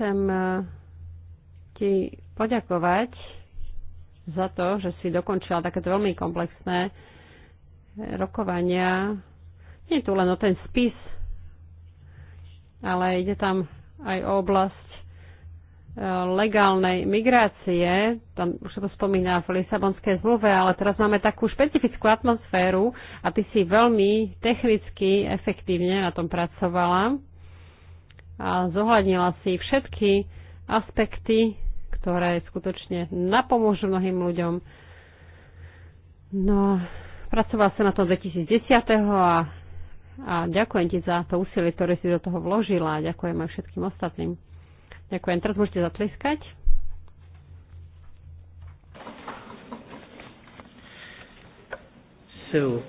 Chcem e, ti poďakovať za to, že si dokončila takéto veľmi komplexné e, rokovania. Nie je tu len o ten spis, ale ide tam aj o oblasť e, legálnej migrácie, tam už sa to spomína v Lisabonskej zmluve, ale teraz máme takú špecifickú atmosféru a ty si veľmi technicky, efektívne na tom pracovala a zohľadnila si všetky aspekty, ktoré skutočne napomôžu mnohým ľuďom. No, pracovala sa na tom 2010. a a ďakujem ti za to úsilie, ktoré si do toho vložila a ďakujem aj všetkým ostatným. Ďakujem. Teraz môžete zatliskať. So,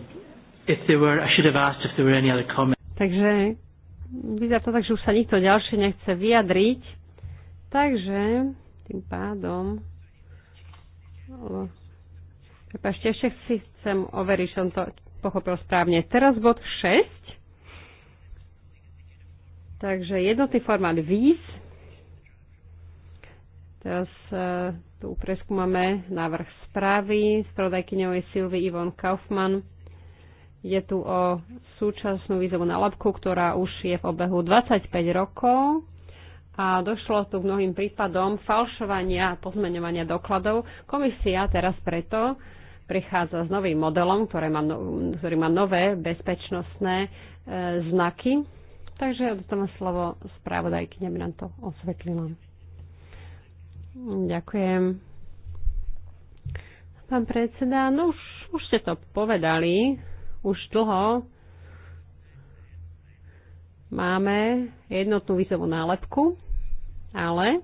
if there were, I should have asked if there were any other comments. Takže vyzerá to tak, že už sa nikto ďalšie nechce vyjadriť. Takže tým pádom... Prepašte, ešte si chcem overiť, že som to pochopil správne. Teraz bod 6. Takže jednotný formát víz. Teraz e, tu preskúmame návrh správy. Spravodajkyňou je Silvy Ivon Kaufmann. Je tu o súčasnú výzvu na labku, ktorá už je v obehu 25 rokov a došlo tu k mnohým prípadom falšovania a pozmeňovania dokladov. Komisia teraz preto prichádza s novým modelom, ktoré má, no- ktorý má nové bezpečnostné e, znaky. Takže dostávam slovo správodajky, aby nám to osvetlila. Ďakujem. Pán predseda, no už, už ste to povedali už dlho máme jednotnú výzovú nálepku, ale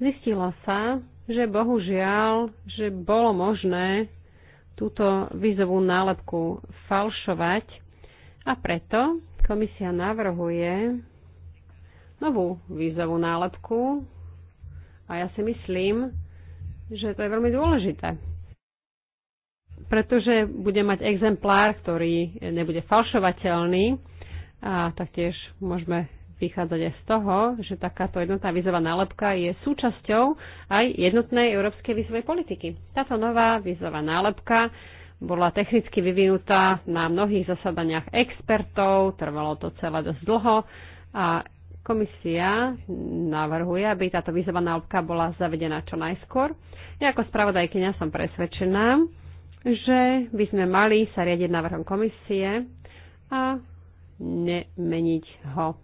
zistilo sa, že bohužiaľ, že bolo možné túto výzovú nálepku falšovať a preto komisia navrhuje novú výzovú nálepku a ja si myslím, že to je veľmi dôležité pretože bude mať exemplár, ktorý nebude falšovateľný a taktiež môžeme vychádzať aj z toho, že takáto jednotná vízová nálepka je súčasťou aj jednotnej európskej vízovej politiky. Táto nová vízová nálepka bola technicky vyvinutá na mnohých zasadaniach expertov, trvalo to celé dosť dlho a komisia navrhuje, aby táto výzová nálepka bola zavedená čo najskôr. Ja ako spravodajkyňa som presvedčená, že by sme mali sa riadiť návrhom komisie a nemeniť ho.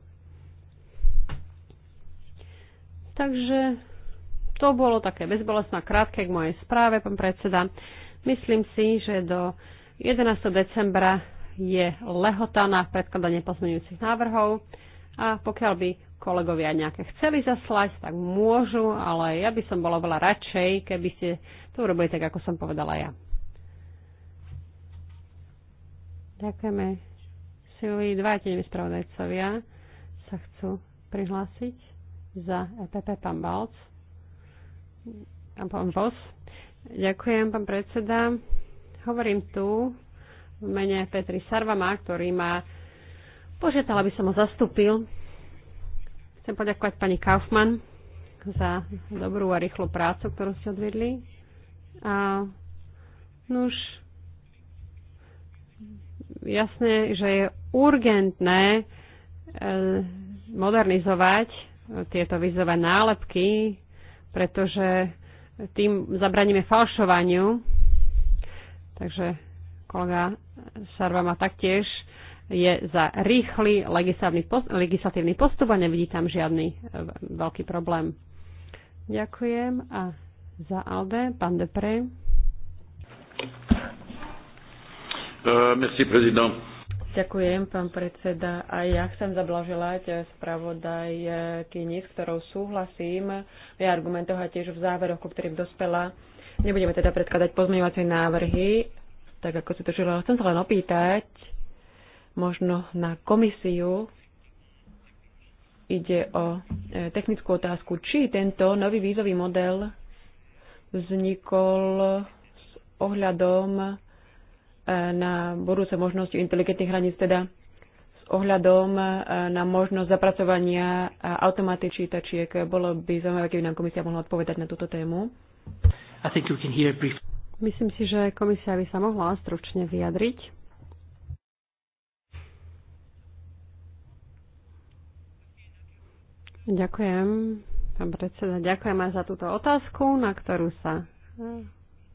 Takže to bolo také bezbolestné krátke k mojej správe, pán predseda. Myslím si, že do 11. decembra je lehota na predkladanie pozmeňujúcich návrhov a pokiaľ by kolegovia nejaké chceli zaslať, tak môžu, ale ja by som bola veľa radšej, keby ste to urobili tak, ako som povedala ja. Ďakujeme. Sili dva tiež spravodajcovia sa chcú prihlásiť za EPP pán Balc a pán Vos. Ďakujem, pán predseda. Hovorím tu v mene Petri Sarvama, ktorý ma požiadal, aby som ho zastúpil. Chcem poďakovať pani Kaufmann za dobrú a rýchlu prácu, ktorú ste odvedli. A no už jasné, že je urgentné e, modernizovať e, tieto vizové nálepky, pretože tým zabraníme falšovaniu. Takže kolega Sarva má taktiež je za rýchly legislatívny postup a nevidí tam žiadny e, veľký problém. Ďakujem a za Alde, pán Depre. Eh, merci, Ďakujem, pán predseda. A ja chcem zablaželať eh, spravodajkyni, s ktorou súhlasím v argumentoch a tiež v záveroch, ku ktorým dospela. Nebudeme teda predkladať pozmeňovacie návrhy, tak ako si to želala. Chcem sa len opýtať, možno na komisiu ide o eh, technickú otázku, či tento nový vízový model vznikol s ohľadom E, na budúce možnosti inteligentných hraníc, teda s ohľadom e, na možnosť zapracovania e, automaty čítačiek. Bolo by zaujímavé, keby nám komisia mohla odpovedať na túto tému. I think can hear brief. Myslím si, že komisia by sa mohla stručne vyjadriť. Ďakujem, pán predseda. Ďakujem aj za túto otázku, na ktorú sa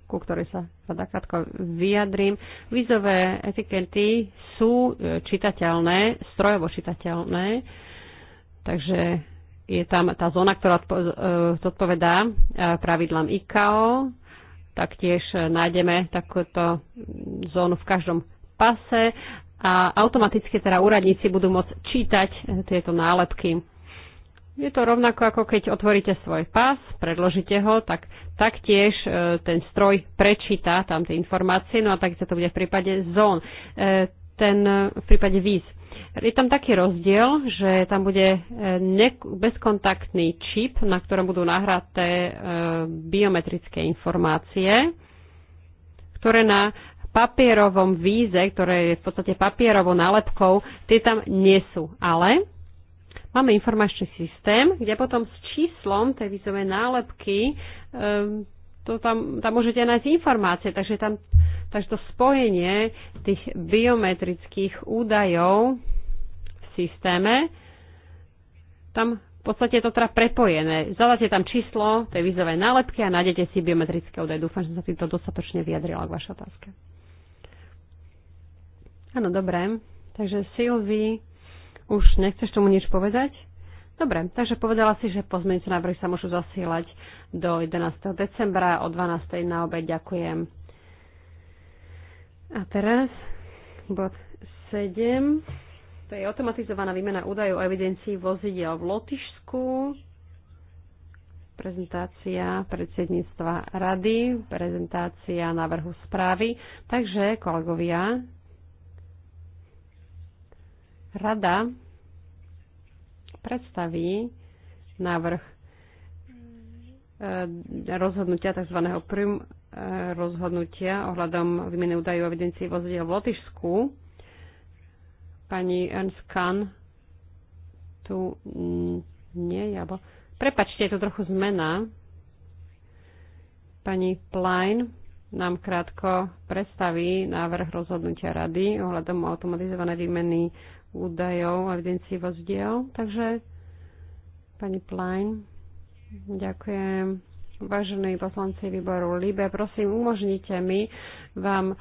ku ktorej sa rada krátko vyjadrím. Vízové etikety sú e, čitateľné, strojovo čitateľné, takže je tam tá zóna, ktorá e, zodpovedá e, pravidlám ICAO. Taktiež nájdeme takúto zónu v každom pase a automaticky teda úradníci budú môcť čítať tieto nálepky. Je to rovnako ako keď otvoríte svoj pás, predložíte ho, tak taktiež e, ten stroj prečíta tam tie informácie, no a takisto to bude v prípade zón, e, ten e, v prípade víz. Je tam taký rozdiel, že tam bude e, ne- bezkontaktný čip, na ktorom budú nahraté e, biometrické informácie, ktoré na papierovom víze, ktoré je v podstate papierovou nálepkou, tie tam nie sú. Ale Máme informačný systém, kde potom s číslom tej vízovej nálepky ehm, to tam, tam môžete nájsť informácie, takže, tam, takže to spojenie tých biometrických údajov v systéme, tam v podstate je to teda prepojené. Zadáte tam číslo tej vízovej nálepky a nájdete si biometrické údaje. Dúfam, že sa týmto dostatočne vyjadrila k vašej otázke. Áno, dobré. Takže Sylvie už nechceš tomu nič povedať? Dobre, takže povedala si, že pozmeňujúce návrhy sa môžu zasielať do 11. decembra o 12. na obed. Ďakujem. A teraz bod 7. To je automatizovaná výmena údajov o evidencii vozidiel v Lotyšsku. Prezentácia predsedníctva rady, prezentácia návrhu správy. Takže, kolegovia, Rada predstaví návrh e, rozhodnutia tzv. prim e, rozhodnutia ohľadom výmeny údajú a evidencii vozidel v Lotyšsku. Pani Ernst Kahn tu nie je, alebo prepačte, je to trochu zmena. Pani Plein nám krátko predstaví návrh rozhodnutia rady ohľadom automatizovanej výmeny údajov a evidencií vozdiel. Takže, pani Plain, ďakujem. Vážení poslanci výboru LIBE, prosím, umožnite mi vám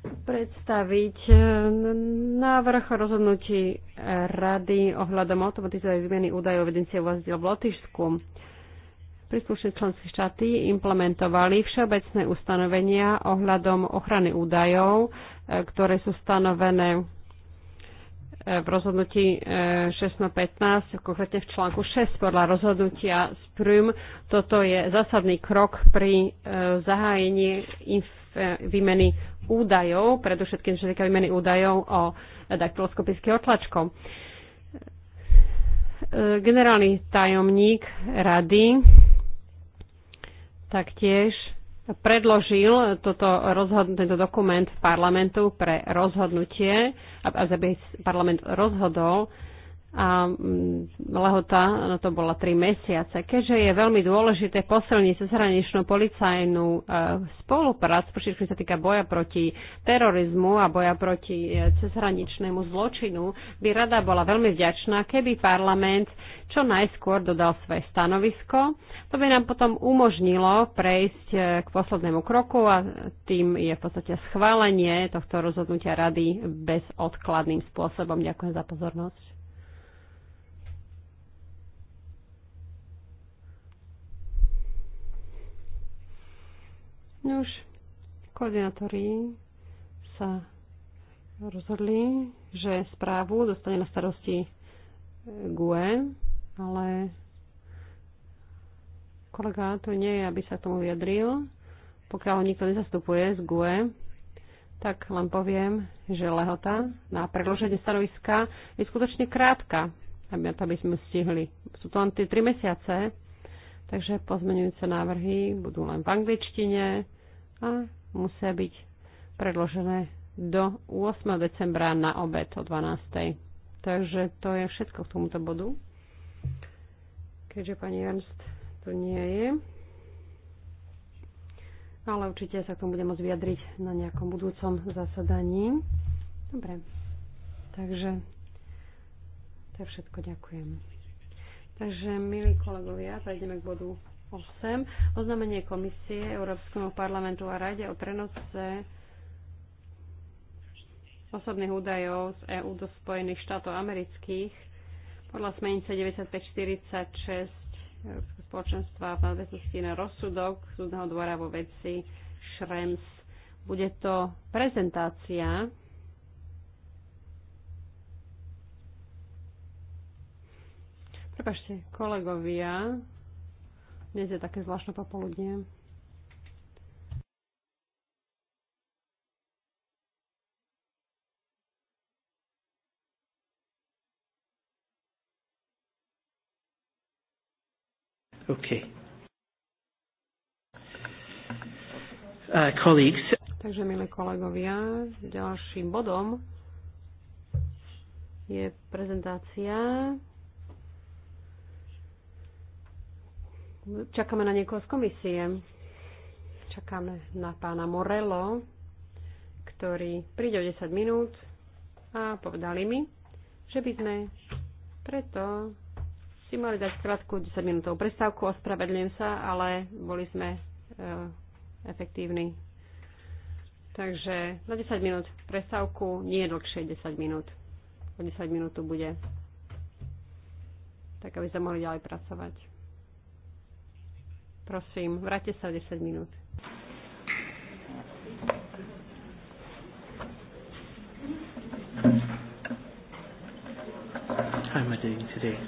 predstaviť e, návrh rozhodnutí Rady ohľadom automatizovej výmeny údajov evidencie vozdiel v Lotyšsku. Príslušné členské štáty implementovali všeobecné ustanovenia ohľadom ochrany údajov, e, ktoré sú stanovené E, v rozhodnutí 1615, e, konkrétne v článku 6 podľa rozhodnutia z Prüm. Toto je zásadný krok pri e, zahájení výmeny údajov, predovšetkým, čo týka výmeny údajov o daktyloskopických otlačkov. Generálny tajomník rady taktiež predložil toto rozhodn- tento dokument parlamentu pre rozhodnutie, aby parlament rozhodol a mm, lehota no to bola tri mesiace. Keďže je veľmi dôležité posilniť cezhraničnú policajnú e, spoluprácu, všetko sa týka boja proti terorizmu a boja proti e, cezhraničnému zločinu, by rada bola veľmi vďačná, keby parlament čo najskôr dodal svoje stanovisko. To by nám potom umožnilo prejsť e, k poslednému kroku a tým je v podstate schválenie tohto rozhodnutia rady bezodkladným spôsobom. Ďakujem za pozornosť. No už koordinátori sa rozhodli, že správu dostane na starosti e, GUE, ale kolega tu nie je, aby sa k tomu vyjadril. Pokiaľ ho nikto nezastupuje z GUE, tak len poviem, že lehota na predloženie stanoviska je skutočne krátka, aby, to, aby sme stihli. Sú to len tie tri mesiace, Takže pozmenujúce návrhy budú len v angličtine a musia byť predložené do 8. decembra na obed o 12. Takže to je všetko k tomuto bodu. Keďže pani Ernst tu nie je. Ale určite sa k tomu budem môcť vyjadriť na nejakom budúcom zasadaní. Dobre. Takže to je všetko. Ďakujem. Takže, milí kolegovia, prejdeme k bodu 8. Oznámenie komisie Európskeho parlamentu a rade o prenose osobných údajov z EÚ do Spojených štátov amerických podľa smenice 9546 Európskeho spoločenstva v nadväznosti na rozsudok súdneho dvora vo veci Šrems. Bude to prezentácia Prepašte, kolegovia, dnes je také zvláštne popoludne. OK. Uh, colleagues. Takže, milí kolegovia, ďalším bodom je prezentácia Čakáme na niekoho z komisie. Čakáme na pána Morello, ktorý príde o 10 minút a povedali mi, že by sme preto si mali dať krátku 10 minútovú prestávku, ospravedlňujem sa, ale boli sme e, efektívni. Takže na 10 minút prestávku, nie dlhšie 10 minút. O 10 minút tu bude. Tak aby sme mohli ďalej pracovať. Prosím, vráte sa o 10 minút. How am I doing today?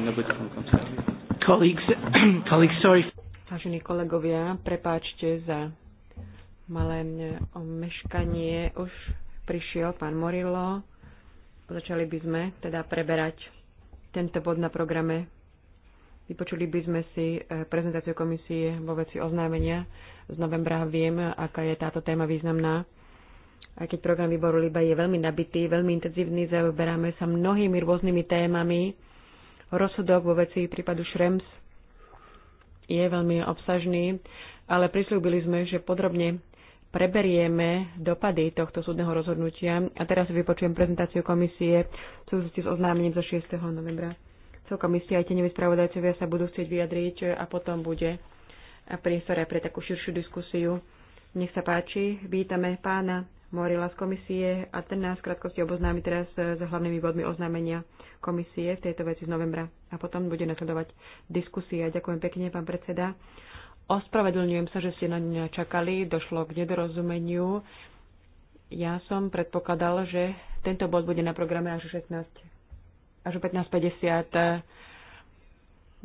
Vážení kolegovia, prepáčte za malé omeškanie. Už prišiel pán Morilo. Začali by sme teda preberať tento bod na programe. Vypočuli by sme si eh, prezentáciu komisie vo veci oznámenia z novembra. Viem, aká je táto téma významná aj keď program výboru LIBA je veľmi nabitý, veľmi intenzívny, zaoberáme sa mnohými rôznymi témami Rozsudok vo veci prípadu Šrems je veľmi obsažný, ale prislúbili sme, že podrobne preberieme dopady tohto súdneho rozhodnutia a teraz vypočujem prezentáciu komisie v súvislosti s oznámením zo 6. novembra. Co komisia aj tie spravodajcovia sa budú chcieť vyjadriť a potom bude priestor aj pre takú širšiu diskusiu. Nech sa páči, vítame pána Morila z komisie a ten nás krátkosti oboznámi teraz eh, s hlavnými bodmi oznámenia komisie v tejto veci z novembra a potom bude nasledovať diskusia. Ďakujem pekne, pán predseda. Ospravedlňujem sa, že ste na mňa čakali, došlo k nedorozumeniu. Ja som predpokladal, že tento bod bude na programe až o 16, až o 15.50.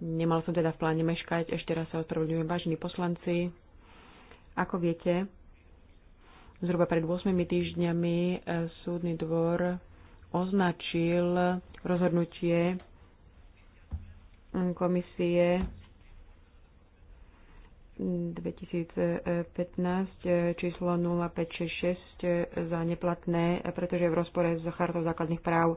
Nemal som teda v pláne meškať, ešte raz sa ospravedlňujem, vážení poslanci. Ako viete, Zhruba pred 8 týždňami e, súdny dvor označil rozhodnutie komisie 2015 e, číslo 0566 e, za neplatné, pretože je v rozpore s chartou základných práv.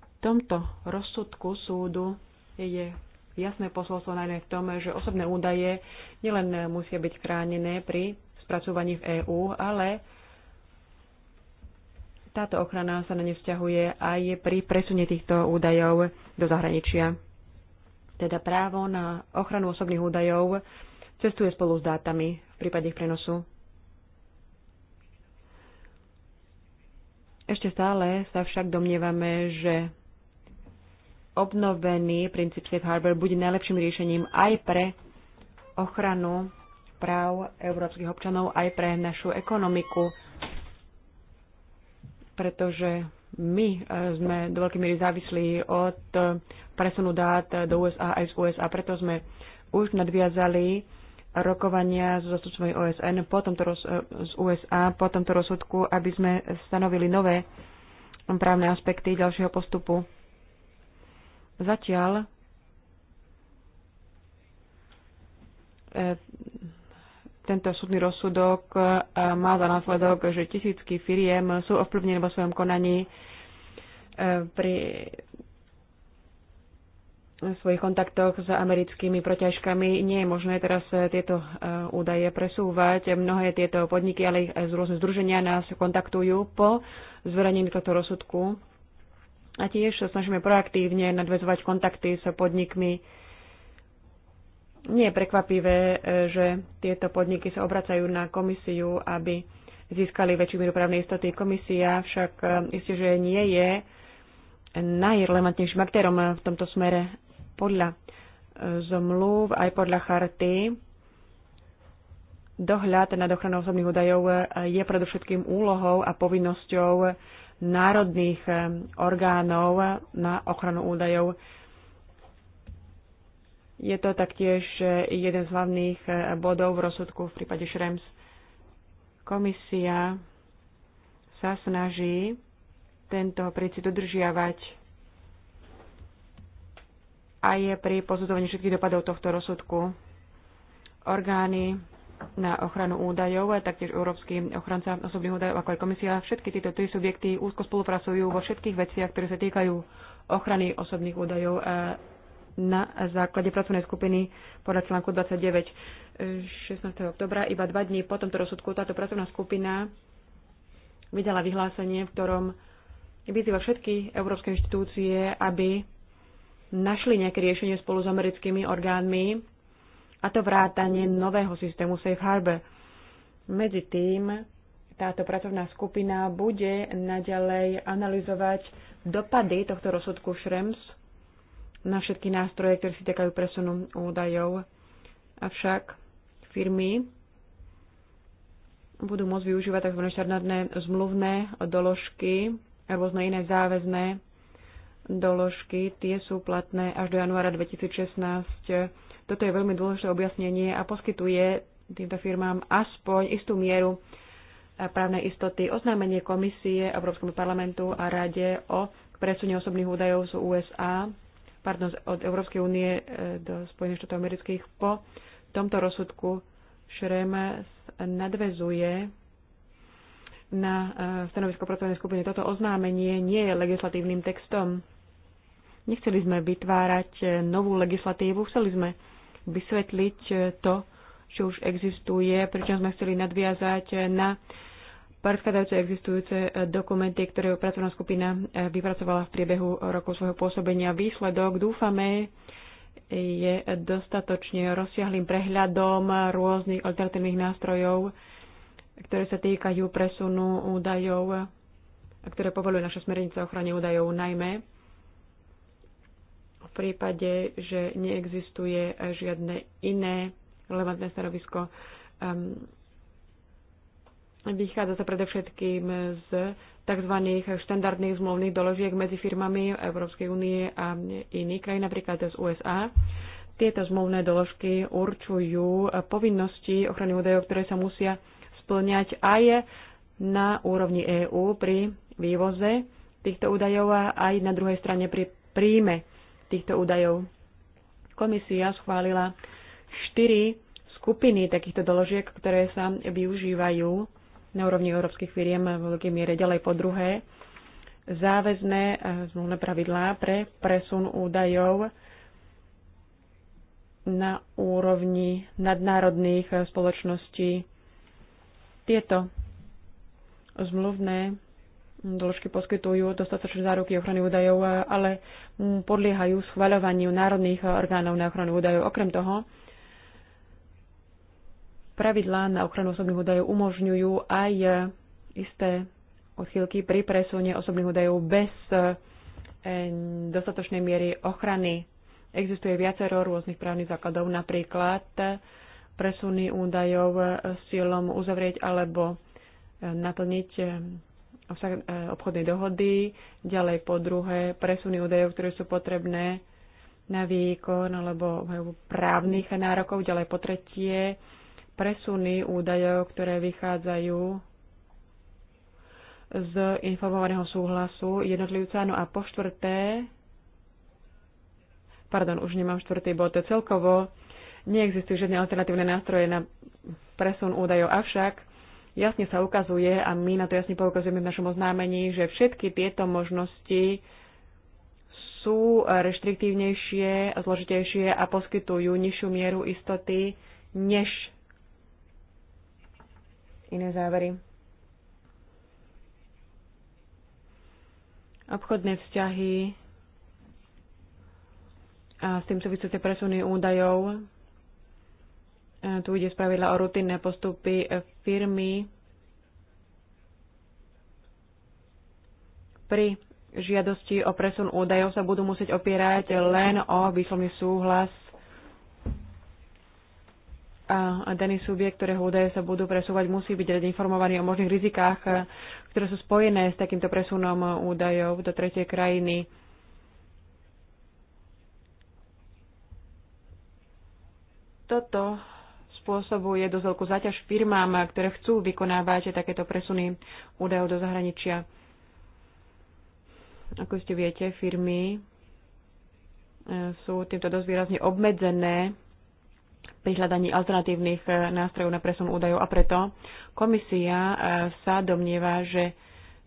V tomto rozsudku súdu je jasné posolstvo najmä v tom, že osobné údaje nielen musia byť chránené pri spracovaní v EÚ, ale táto ochrana sa na ne vzťahuje aj pri presune týchto údajov do zahraničia. Teda právo na ochranu osobných údajov cestuje spolu s dátami v prípade ich prenosu. Ešte stále sa však domnievame, že obnovený princíp Safe Harbor bude najlepším riešením aj pre ochranu práv európskych občanov, aj pre našu ekonomiku, pretože my e, sme do veľkej miery závislí od e, presunu dát do USA aj z USA, preto sme už nadviazali rokovania so zastupcami OSN po tomto roz, e, z USA po tomto rozsudku, aby sme stanovili nové právne aspekty ďalšieho postupu. Zatiaľ e, tento súdny rozsudok e, má za následok, že tisícky firiem sú ovplyvnené vo svojom konaní e, pri svojich kontaktoch s americkými protiažkami. Nie je možné teraz tieto údaje presúvať. Mnohé tieto podniky, ale ich rôzne združenia nás kontaktujú po zverejnení tohto rozsudku a tiež sa snažíme proaktívne nadvezovať kontakty s podnikmi. Nie je prekvapivé, e, že tieto podniky sa obracajú na komisiu, aby získali väčšiu míru právnej istoty. Komisia však e, isté, že nie je najrelevantnejším aktérom v tomto smere podľa e, zomluv aj podľa charty. Dohľad nad ochranou osobných údajov je predovšetkým úlohou a povinnosťou národných eh, orgánov na ochranu údajov. Je to taktiež eh, jeden z hlavných eh, bodov v rozsudku v prípade Šrems. Komisia sa snaží tento princíp dodržiavať aj pri posudzovaní všetkých dopadov tohto rozsudku. Orgány na ochranu údajov, a taktiež Európsky ochranca osobných údajov, ako aj komisia. Všetky tieto tri subjekty úzko spolupracujú vo všetkých veciach, ktoré sa týkajú ochrany osobných údajov na základe pracovnej skupiny podľa článku 29 16. E, oktobra. Iba dva dní po tomto rozsudku táto pracovná skupina vydala vyhlásenie, v ktorom vyzýva všetky európske inštitúcie, aby našli nejaké riešenie spolu s americkými orgánmi a to vrátanie nového systému Safe Harbor. Medzi tým táto pracovná skupina bude naďalej analyzovať dopady tohto rozsudku Schrems na všetky nástroje, ktoré si týkajú presunu údajov. Avšak firmy budú môcť využívať tzv. štandardné zmluvné doložky a rôzne iné záväzné doložky. Tie sú platné až do januára 2016 toto je veľmi dôležité objasnenie a poskytuje týmto firmám aspoň istú mieru eh, právnej istoty. Oznámenie komisie Európskemu parlamentu a rade o presunie osobných údajov z USA, pardon, od Európskej únie eh, do Spojených štátov amerických po tomto rozsudku Šrem nadvezuje na eh, stanovisko pracovnej skupiny. Toto oznámenie nie je legislatívnym textom. Nechceli sme vytvárať novú legislatívu, chceli sme vysvetliť to, čo už existuje, pričom sme chceli nadviazať na predchádzajúce existujúce dokumenty, ktoré pracovná skupina eh, vypracovala v priebehu rokov svojho pôsobenia. Výsledok, dúfame, je dostatočne rozsiahlým prehľadom rôznych alternatívnych nástrojov, ktoré sa týkajú presunu údajov, ktoré povolujú naša smernica ochrany údajov najmä prípade, že neexistuje žiadne iné relevantné stanovisko. Um, vychádza sa predovšetkým z tzv. štandardných zmluvných doložiek medzi firmami Európskej únie a iných krajín, napríklad z USA. Tieto zmluvné doložky určujú povinnosti ochrany údajov, ktoré sa musia splňať aj na úrovni EÚ pri vývoze týchto údajov a aj na druhej strane pri príjme týchto údajov. Komisia schválila štyri skupiny takýchto doložiek, ktoré sa využívajú na úrovni európskych firiem v veľkej miere ďalej po druhé. Záväzné eh, zmluvné pravidlá pre presun údajov na úrovni nadnárodných eh, spoločností. Tieto zmluvné doložky poskytujú dostatočné záruky ochrany údajov, e, ale podliehajú schvaľovaniu národných e, orgánov na ochranu údajov. Okrem toho, pravidlá na ochranu osobných údajov umožňujú aj e, isté odchýlky pri presune osobných údajov bez dostatočnej miery ochrany. Existuje viacero rôznych právnych základov, napríklad presuny údajov s cieľom uzavrieť alebo naplniť obsah e, obchodnej dohody, ďalej po druhé presuny údajov, ktoré sú potrebné na výkon alebo právnych nárokov, ďalej po tretie presuny údajov, ktoré vychádzajú z informovaného súhlasu jednotlivca. No a po štvrté, pardon, už nemám štvrtý bod, celkovo neexistujú žiadne alternatívne nástroje na presun údajov, avšak jasne sa ukazuje a my na to jasne poukazujeme v našom oznámení, že všetky tieto možnosti sú reštriktívnejšie, zložitejšie a poskytujú nižšiu mieru istoty než iné závery. Obchodné vzťahy a s tým súvisiace presuny údajov tu ide spravidla o rutinné postupy firmy pri žiadosti o presun údajov sa budú musieť opierať len o výslovný súhlas a daný subjekt, ktorého údaje sa budú presúvať, musí byť informovaný o možných rizikách, ktoré sú spojené s takýmto presunom údajov do tretej krajiny. Toto spôsobuje dosť veľkú zaťaž firmám, ktoré chcú vykonávať takéto presuny údajov do zahraničia. Ako ste viete, firmy e, sú týmto dosť výrazne obmedzené pri hľadaní alternatívnych e, nástrojov na presun údajov a preto komisia e, sa domnieva, že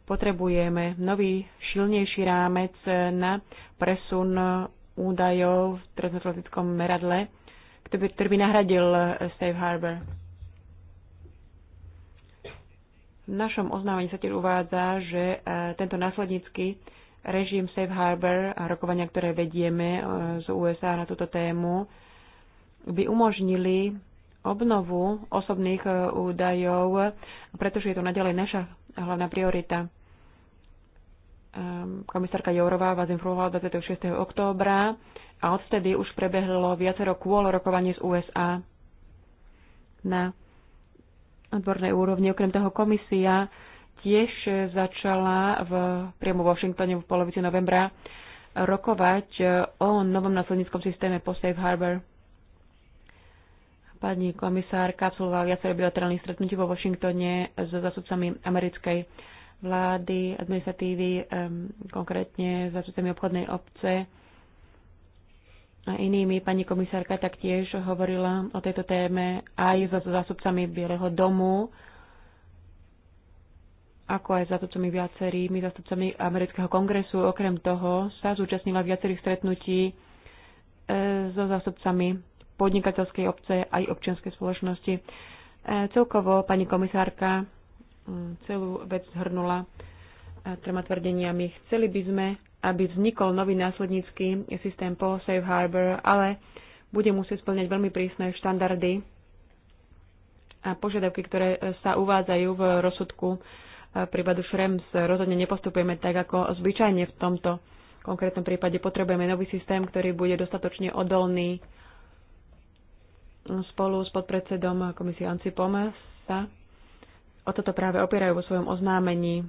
potrebujeme nový, šilnejší rámec na presun údajov v transatlantickom meradle ktorý by, ktorý by nahradil e, Safe Harbor. V našom oznámení sa tiež uvádza, že e, tento následnícky režim Safe Harbor a rokovania, ktoré vedieme e, z USA na túto tému, by umožnili obnovu osobných údajov, pretože je to naďalej naša hlavná priorita. Ehm, komisárka Jourová vás informovala 26. októbra a odtedy už prebehlo viacero kôl rokovanie z USA na odbornej úrovni. Okrem toho komisia tiež začala v, priamo v Washingtone v polovici novembra rokovať o novom následníckom systéme po Safe Harbor. Pani komisárka absolvovala viacero bilaterálnych stretnutí vo Washingtone s zasudcami americkej vlády, administratívy, konkrétne zasudcami obchodnej obce a inými. Pani komisárka taktiež hovorila o tejto téme aj so zásupcami Bieleho domu, ako aj zástupcami viacerými zástupcami amerického kongresu. Okrem toho sa zúčastnila viacerých stretnutí e, so zástupcami podnikateľskej obce aj občianskej spoločnosti. E, celkovo pani komisárka celú vec zhrnula e, trema tvrdeniami. Chceli by sme aby vznikol nový následnícky systém po Safe Harbor, ale bude musieť splňať veľmi prísne štandardy a požiadavky, ktoré sa uvádzajú v rozsudku e, prípadu Schrems. Rozhodne nepostupujeme tak, ako zvyčajne v tomto konkrétnom prípade. Potrebujeme nový systém, ktorý bude dostatočne odolný spolu s podpredsedom komisie Ancipom sa o toto práve opierajú vo svojom oznámení.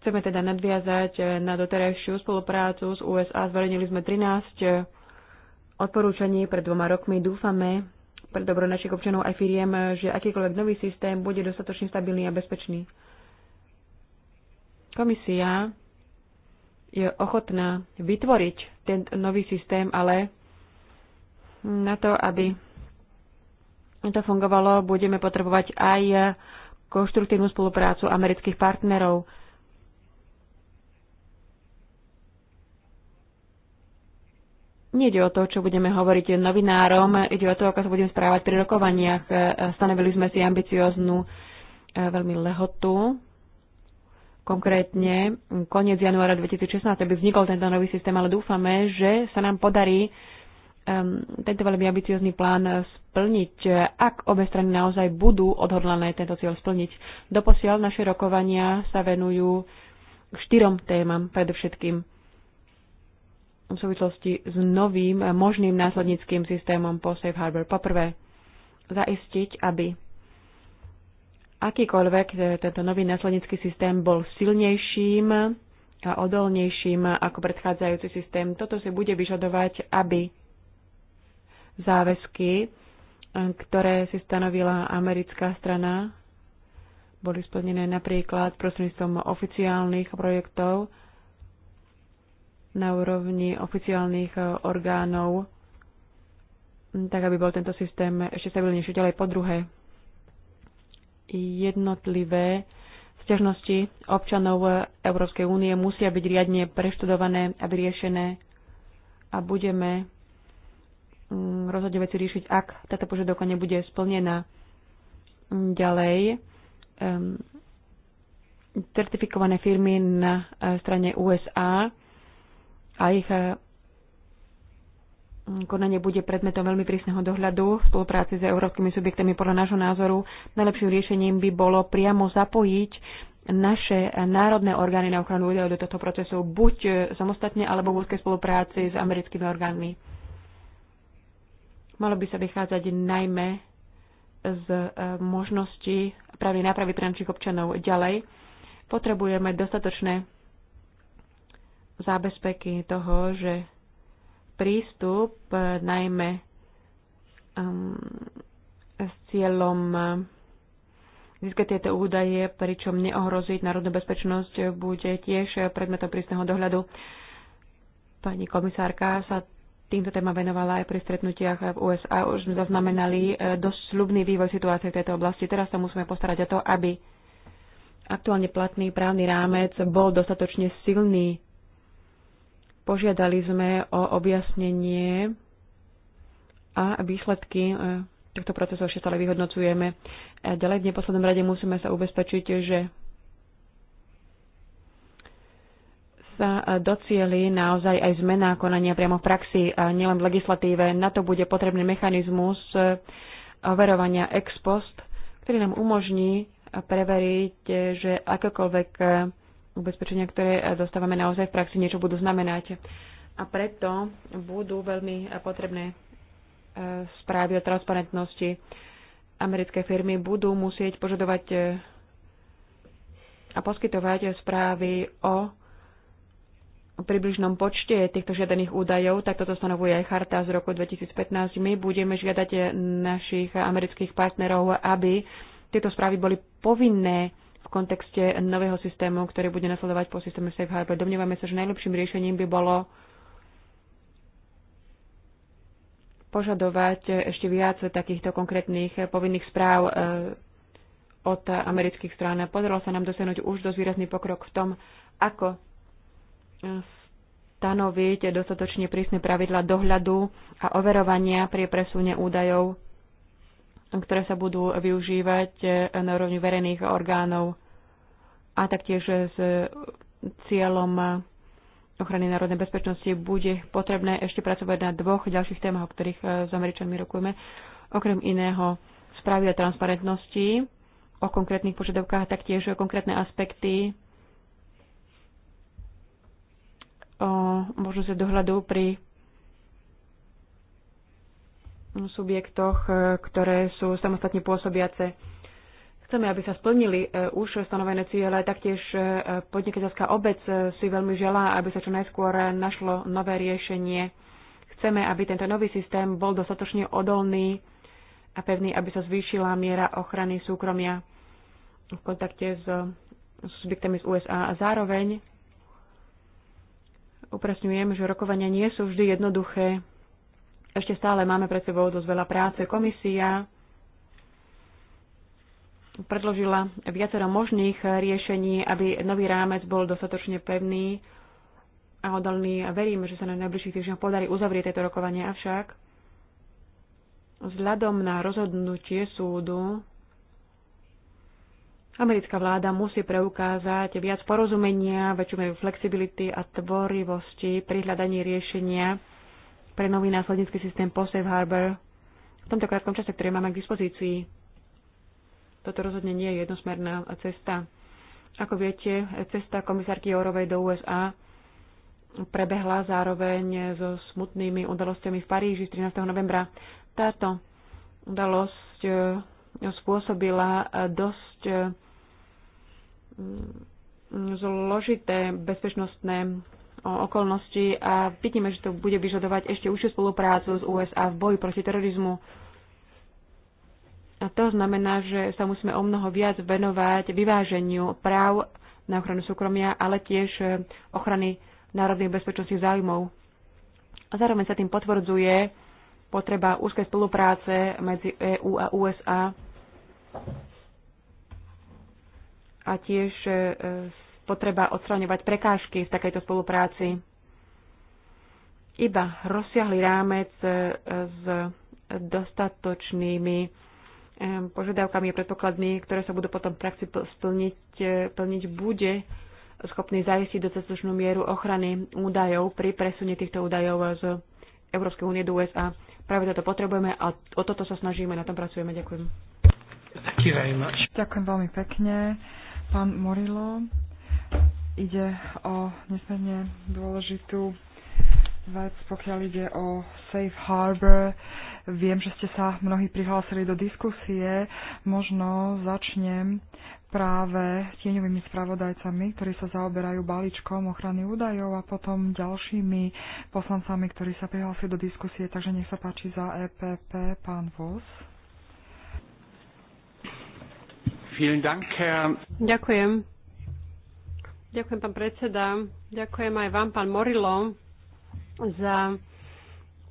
Chceme teda nadviazať eh, na doterajšiu spoluprácu s USA. Zverejnili sme 13 eh, odporúčaní pred dvoma rokmi. Dúfame pre dobro našich občanov aj firiem, eh, že akýkoľvek nový systém bude dostatočne stabilný a bezpečný. Komisia je ochotná vytvoriť ten nový systém, ale na to, aby to fungovalo, budeme potrebovať aj konštruktívnu spoluprácu amerických partnerov Nejde o to, čo budeme hovoriť novinárom, ide o to, ako sa budeme správať pri rokovaniach. E, stanovili sme si ambicioznú e, veľmi lehotu, konkrétne koniec januára 2016, aby vznikol tento nový systém, ale dúfame, že sa nám podarí um, tento veľmi ambiciozný plán splniť, ak obe strany naozaj budú odhodlané tento cieľ splniť. Doposiaľ naše rokovania sa venujú štyrom témam predovšetkým v súvislosti s novým eh, možným následníckým systémom po Safe Harbor. Poprvé, zaistiť, aby akýkoľvek eh, tento nový následnícky systém bol silnejším a odolnejším ako predchádzajúci systém. Toto si bude vyžadovať, aby záväzky, eh, ktoré si stanovila americká strana, boli splnené napríklad prostredníctvom oficiálnych projektov, na úrovni oficiálnych e, orgánov, tak aby bol tento systém ešte stabilnejší. Ďalej po druhé, jednotlivé stiažnosti občanov Európskej únie musia byť riadne preštudované a vyriešené a budeme rozhodne veci riešiť, ak táto požiadavka nebude splnená. Ďalej, um, certifikované firmy na e, strane USA a ich e, konanie bude predmetom veľmi prísneho dohľadu v spolupráci s európskymi subjektami. Podľa nášho názoru najlepším riešením by bolo priamo zapojiť naše národné orgány na ochranu údajov do tohto procesu buď e, samostatne alebo v úzkej spolupráci s americkými orgánmi. Malo by sa vychádzať najmä z e, možnosti právej nápravy trančích občanov ďalej. Potrebujeme dostatočné zábezpeky toho, že prístup eh, najmä um, s cieľom eh, získať tieto údaje, pričom neohroziť národnú bezpečnosť, eh, bude tiež predmetom prísneho dohľadu. Pani komisárka sa týmto téma venovala aj pri stretnutiach v USA. Už sme zaznamenali dosť slubný vývoj situácie v tejto oblasti. Teraz sa musíme postarať o to, aby aktuálne platný právny rámec bol dostatočne silný Požiadali sme o objasnenie a výsledky e, tohto procesu ešte stále vyhodnocujeme. A e, ďalej v neposlednom rade musíme sa ubezpečiť, že sa e, docieli naozaj aj zmena konania priamo v praxi a nielen v legislatíve. Na to bude potrebný mechanizmus overovania ex post, ktorý nám umožní preveriť, že akékoľvek ubezpečenia, ktoré eh, dostávame naozaj v praxi, niečo budú znamenať. A preto budú veľmi eh, potrebné eh, správy o transparentnosti. Americké firmy budú musieť požadovať a poskytovať správy o približnom počte týchto žiadaných údajov, tak toto stanovuje aj charta z roku 2015. My budeme žiadať našich amerických partnerov, aby tieto správy boli povinné kontexte nového systému, ktorý bude nasledovať po systéme Safe Harbor. Domnievame sa, že najlepším riešením by bolo požadovať ešte viac takýchto konkrétnych povinných správ e, od amerických strán. Podarilo sa nám dosiahnuť už dosť výrazný pokrok v tom, ako e, stanoviť dostatočne prísne pravidla dohľadu a overovania pri presune údajov ktoré sa budú využívať e, na úrovni verejných orgánov a taktiež s cieľom ochrany národnej bezpečnosti bude potrebné ešte pracovať na dvoch ďalších témach, o ktorých e, s Američanmi rokujeme. Okrem iného správy o transparentnosti, o konkrétnych požiadavkách, taktiež o konkrétne aspekty o možnosti dohľadu pri subjektoch, e, ktoré sú samostatne pôsobiace. Chceme, aby sa splnili e, už stanovené ciele, taktiež e, podnikateľská obec si veľmi želá, aby sa čo najskôr našlo nové riešenie. Chceme, aby tento nový systém bol dostatočne odolný a pevný, aby sa zvýšila miera ochrany súkromia v kontakte s subjektami z USA. A zároveň upresňujem, že rokovania nie sú vždy jednoduché ešte stále máme pred sebou dosť veľa práce. Komisia predložila viacero možných riešení, aby nový rámec bol dostatočne pevný a odolný. A veríme, že sa na najbližších týždňoch podarí uzavrieť tieto rokovanie. Avšak vzhľadom na rozhodnutie súdu americká vláda musí preukázať viac porozumenia, väčšiu flexibility a tvorivosti pri hľadaní riešenia pre nový následnícky systém po Safe Harbor v tomto krátkom čase, ktoré máme k dispozícii. Toto rozhodne nie je jednosmerná cesta. Ako viete, cesta komisárky Jourovej do USA prebehla zároveň so smutnými udalosťami v Paríži 13. novembra. Táto udalosť eh, spôsobila eh, dosť eh, mm, zložité bezpečnostné okolnosti a vidíme, že to bude vyžadovať ešte užšiu spoluprácu s USA v boji proti terorizmu. A to znamená, že sa musíme o mnoho viac venovať vyváženiu práv na ochranu súkromia, ale tiež e, ochrany národných bezpečnostných záujmov. A zároveň sa tým potvrdzuje potreba úzkej spolupráce medzi EÚ a USA a tiež e, e, potreba odstraňovať prekážky v takejto spolupráci. Iba rozsiahly rámec e, s dostatočnými e, požiadavkami a predpokladmi, ktoré sa budú potom v praxi splniť, e, plniť, bude schopný zajistiť dostatočnú mieru ochrany údajov pri presune týchto údajov z Európskej únie do USA. Práve toto potrebujeme a o toto sa snažíme, na tom pracujeme. Ďakujem. Ďakujem veľmi pekne. Pán Morilo, Ide o nesmierne dôležitú vec, pokiaľ ide o Safe Harbor. Viem, že ste sa mnohí prihlásili do diskusie. Možno začnem práve tieňovými spravodajcami, ktorí sa zaoberajú balíčkom ochrany údajov a potom ďalšími poslancami, ktorí sa prihlásili do diskusie. Takže nech sa páči za EPP, pán Vos. Ďakujem. Ďakujem, pán predseda. Ďakujem aj vám, pán Morilo, za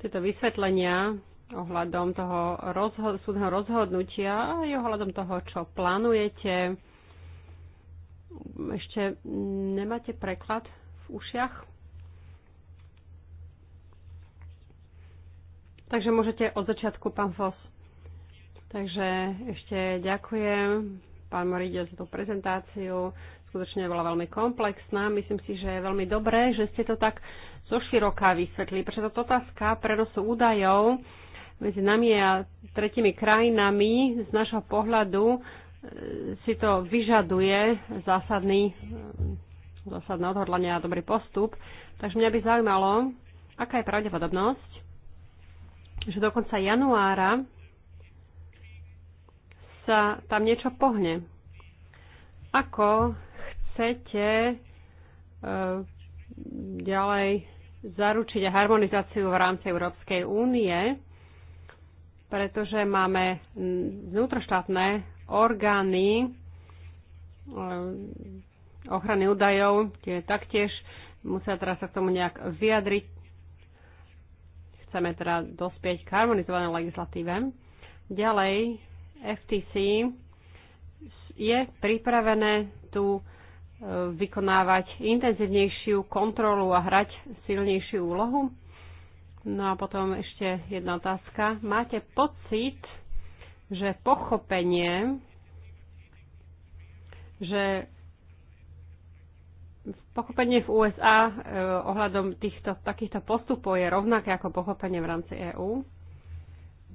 tieto vysvetlenia ohľadom toho rozho- súdneho rozhodnutia a aj ohľadom toho, čo plánujete. Ešte nemáte preklad v ušiach? Takže môžete od začiatku, pán Fos. Takže ešte ďakujem, pán Moridio, za tú prezentáciu skutočne bola veľmi komplexná. Myslím si, že je veľmi dobré, že ste to tak zoširoka vysvetlili, pretože táto otázka prenosu údajov medzi nami a tretimi krajinami z našho pohľadu e, si to vyžaduje zásadný, e, zásadné odhodlanie a dobrý postup. Takže mňa by zaujímalo, aká je pravdepodobnosť, že do konca januára sa tam niečo pohne. Ako chcete e, ďalej zaručiť harmonizáciu v rámci Európskej únie, pretože máme vnútroštátne orgány e, ochrany údajov, tie taktiež musia teraz sa k tomu nejak vyjadriť. Chceme teda dospieť k harmonizovanej legislatíve. Ďalej, FTC je pripravené tú vykonávať intenzívnejšiu kontrolu a hrať silnejšiu úlohu? No a potom ešte jedna otázka. Máte pocit, že pochopenie, že pochopenie v USA e, ohľadom týchto, takýchto postupov je rovnaké ako pochopenie v rámci EÚ?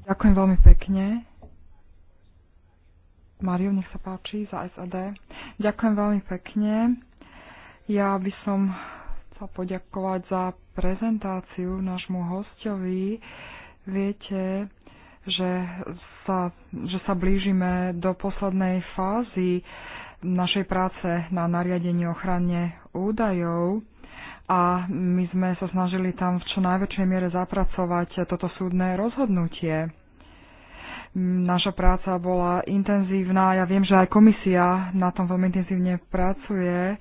Ďakujem veľmi pekne. Mariu, nech sa páči, za SAD. Ďakujem veľmi pekne. Ja by som chcel poďakovať za prezentáciu nášmu hostovi. Viete, že sa, že sa blížime do poslednej fázy našej práce na nariadení ochrane údajov a my sme sa snažili tam v čo najväčšej miere zapracovať toto súdne rozhodnutie. Naša práca bola intenzívna. Ja viem, že aj komisia na tom veľmi intenzívne pracuje.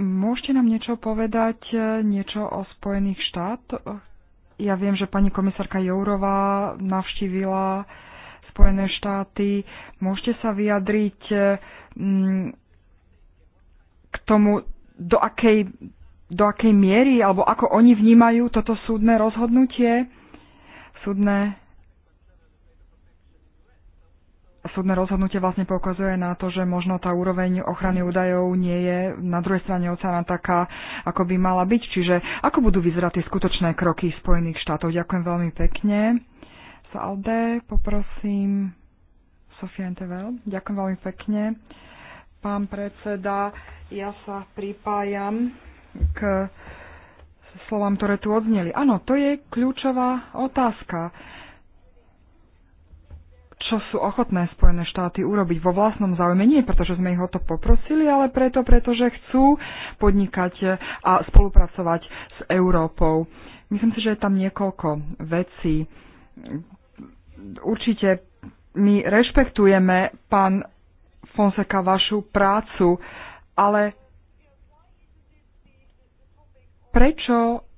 Môžete nám niečo povedať, e, niečo o Spojených štátoch? Ja viem, že pani komisárka Jourová navštívila Spojené štáty. Môžete sa vyjadriť e, k tomu, do akej, do akej miery alebo ako oni vnímajú toto súdne rozhodnutie? Súdne súdne rozhodnutie vlastne poukazuje na to, že možno tá úroveň ochrany údajov nie je na druhej strane oceána taká, ako by mala byť. Čiže ako budú vyzerať tie skutočné kroky Spojených štátov? Ďakujem veľmi pekne. Salde, poprosím. Sofia Entevel. Ďakujem veľmi pekne. Pán predseda, ja sa pripájam k slovám, ktoré tu odzneli. Áno, to je kľúčová otázka čo sú ochotné Spojené štáty urobiť vo vlastnom záujme. Nie preto, že sme ich o to poprosili, ale preto, pretože chcú podnikať a spolupracovať s Európou. Myslím si, že je tam niekoľko vecí. Určite my rešpektujeme, pán Fonseka, vašu prácu, ale prečo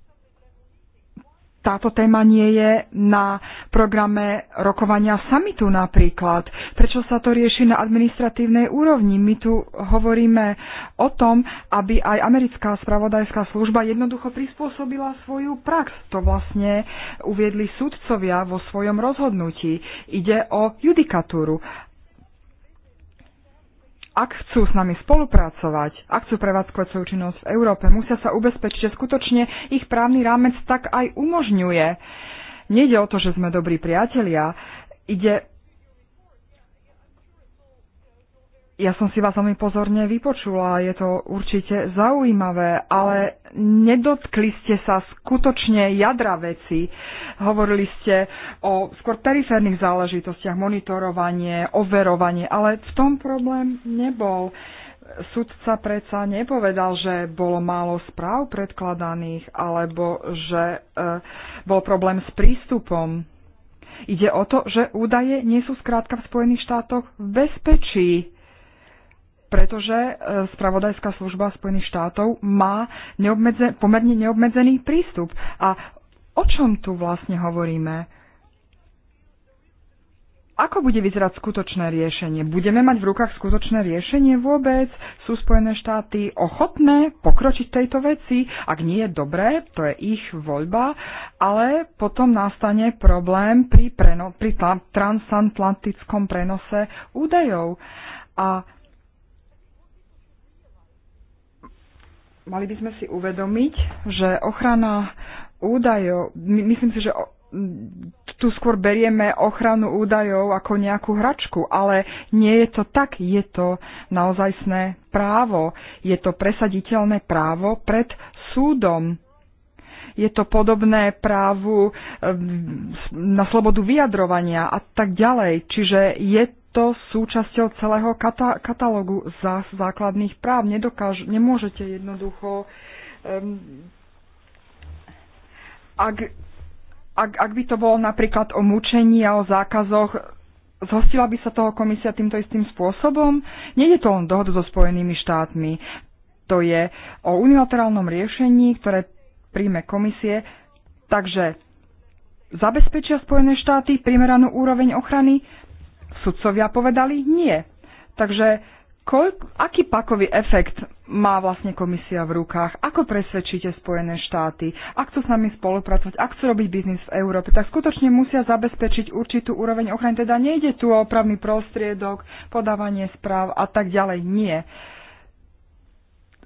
táto téma nie je na programe rokovania samitu napríklad? Prečo sa to rieši na administratívnej úrovni? My tu hovoríme o tom, aby aj americká spravodajská služba jednoducho prispôsobila svoju prax. To vlastne uviedli súdcovia vo svojom rozhodnutí. Ide o judikatúru ak chcú s nami spolupracovať, ak chcú prevádzkovať svoju činnosť v Európe, musia sa ubezpečiť, že skutočne ich právny rámec tak aj umožňuje. Nejde o to, že sme dobrí priatelia, ide ja som si vás veľmi pozorne vypočula, je to určite zaujímavé, ale nedotkli ste sa skutočne jadra veci. Hovorili ste o skôr periférnych záležitostiach, monitorovanie, overovanie, ale v tom problém nebol. Sudca predsa nepovedal, že bolo málo správ predkladaných alebo že e, bol problém s prístupom Ide o to, že údaje nie sú skrátka v Spojených štátoch v bezpečí pretože e, spravodajská služba Spojených štátov má neobmedze, pomerne neobmedzený prístup. A o čom tu vlastne hovoríme? Ako bude vyzerať skutočné riešenie? Budeme mať v rukách skutočné riešenie vôbec? Sú Spojené štáty ochotné pokročiť tejto veci? Ak nie je dobré, to je ich voľba, ale potom nastane problém pri, preno, pri transatlantickom prenose údajov. A mali by sme si uvedomiť, že ochrana údajov, myslím si, že tu skôr berieme ochranu údajov ako nejakú hračku, ale nie je to tak. Je to naozajstné právo. Je to presaditeľné právo pred súdom. Je to podobné právu ehm, na slobodu vyjadrovania a tak ďalej. Čiže je to súčasťou celého kata- katalógu zás základných práv. Nedokáž- nemôžete jednoducho... Um, ak, ak, ak by to bolo napríklad o mučení a o zákazoch, zhostila by sa toho komisia týmto istým spôsobom? Nejde to len dohodu so Spojenými štátmi. To je o unilaterálnom riešení, ktoré príjme komisie. Takže zabezpečia Spojené štáty primeranú úroveň ochrany? sudcovia povedali nie. Takže koľko, aký pakový efekt má vlastne komisia v rukách? Ako presvedčíte Spojené štáty? Ak chcú s nami spolupracovať, ak chcú robiť biznis v Európe, tak skutočne musia zabezpečiť určitú úroveň ochrany. Teda nejde tu o opravný prostriedok, podávanie správ a tak ďalej. Nie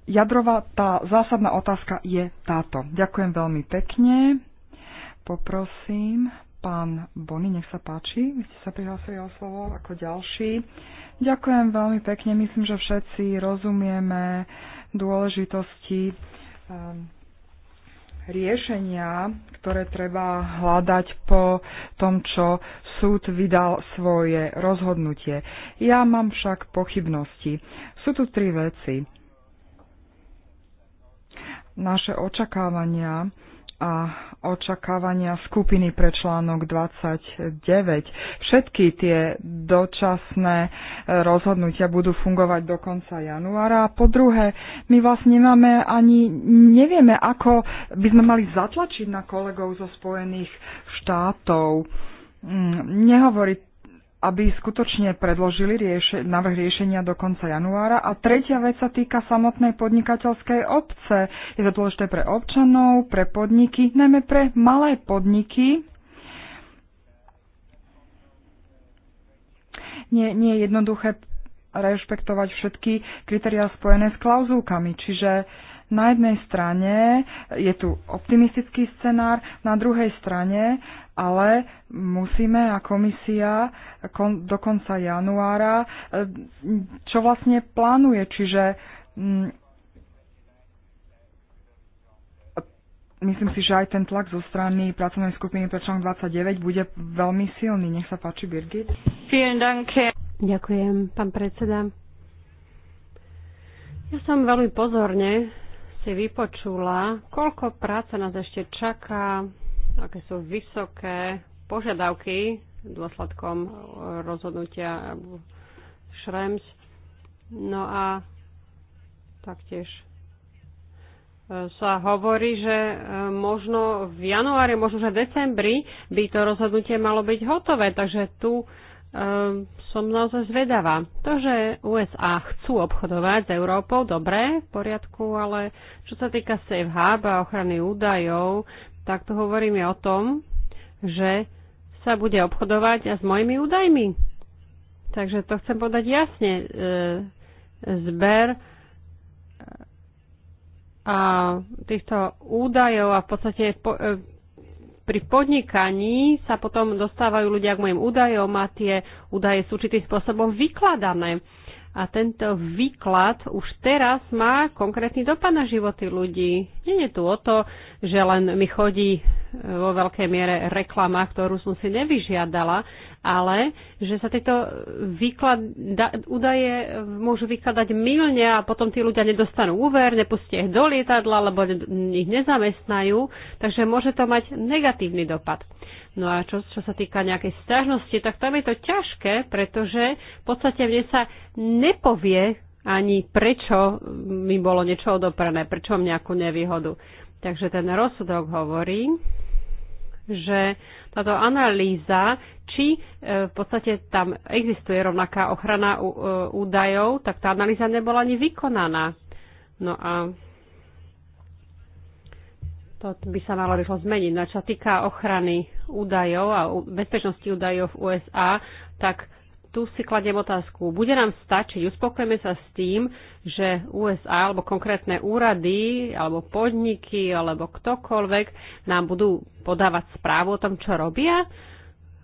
jadrová tá zásadná otázka je táto. Ďakujem veľmi pekne. Poprosím Pán Bony, nech sa páči, vy ste sa prihlásili o slovo ako ďalší. Ďakujem veľmi pekne, myslím, že všetci rozumieme dôležitosti um, riešenia, ktoré treba hľadať po tom, čo súd vydal svoje rozhodnutie. Ja mám však pochybnosti. Sú tu tri veci. Naše očakávania a očakávania skupiny pre článok 29. Všetky tie dočasné e, rozhodnutia budú fungovať do konca januára. A po druhé, my vlastne nemáme ani, nevieme, ako by sme mali zatlačiť na kolegov zo Spojených štátov. Mm, nehovorí aby skutočne predložili rieše, návrh riešenia do konca januára. A tretia vec sa týka samotnej podnikateľskej obce. Je to dôležité pre občanov, pre podniky, najmä pre malé podniky. Nie, nie je jednoduché rešpektovať všetky kritériá spojené s klauzulkami. Čiže uh, na jednej strane je tu optimistický scenár, na druhej strane ale musíme a komisia kon, do konca januára, e, čo vlastne plánuje, čiže mm, myslím si, že aj ten tlak zo strany pracovnej skupiny pre článok 29 bude veľmi silný. Nech sa páči, Birgit. Ďakujem, pán predseda. Ja som veľmi pozorne si vypočula, koľko práce nás ešte čaká, aké sú vysoké požiadavky dôsledkom rozhodnutia Šrems. No a taktiež e, sa hovorí, že e, možno v januári, možno že v decembri by to rozhodnutie malo byť hotové. Takže tu Ehm, som naozaj zvedavá. To, že USA chcú obchodovať s Európou, dobre, v poriadku, ale čo sa týka Safe Hub a ochrany údajov, tak tu hovoríme o tom, že sa bude obchodovať a s mojimi údajmi. Takže to chcem podať jasne. Ehm, zber ehm, a týchto údajov a v podstate pri podnikaní sa potom dostávajú ľudia k mojim údajom a tie údaje sú určitým spôsobom vykladané. A tento výklad už teraz má konkrétny dopad na životy ľudí. Nie je tu o to, že len mi chodí vo veľkej miere reklama, ktorú som si nevyžiadala, ale že sa tieto výklad, da, údaje môžu vykladať mylne a potom tí ľudia nedostanú úver, nepustia ich do lietadla, lebo ich nezamestnajú, takže môže to mať negatívny dopad. No a čo, čo sa týka nejakej stiažnosti, tak tam je to ťažké, pretože v podstate mne sa nepovie ani prečo mi bolo niečo odoprné, prečo mám nejakú nevýhodu. Takže ten rozsudok hovorí, že táto analýza, či e, v podstate tam existuje rovnaká ochrana e, údajov, tak tá analýza nebola ani vykonaná. No a to by sa malo rýchlo zmeniť. No čo sa týka ochrany údajov a bezpečnosti údajov v USA, tak tu si kladiem otázku, bude nám stačiť, uspokojme sa s tým, že USA alebo konkrétne úrady alebo podniky alebo ktokoľvek nám budú podávať správu o tom, čo robia?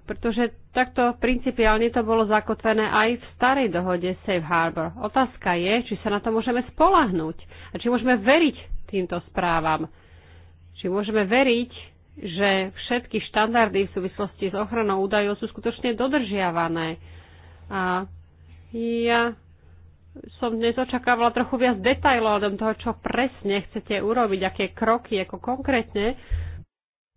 Pretože takto principiálne to bolo zakotvené aj v starej dohode Safe Harbor. Otázka je, či sa na to môžeme spolahnuť a či môžeme veriť týmto správam. Či môžeme veriť že všetky štandardy v súvislosti s ochranou údajov sú skutočne dodržiavané. A ja som dnes očakávala trochu viac detajlov o toho, čo presne chcete urobiť, aké kroky, ako konkrétne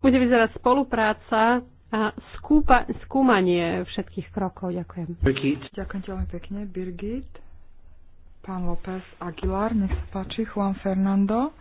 bude vyzerať spolupráca a skúpa, skúmanie všetkých krokov. Ďakujem. Birgit. Ďakujem ti veľmi pekne, Birgit. Pán López Aguilar, nech sa páči, Juan Fernando.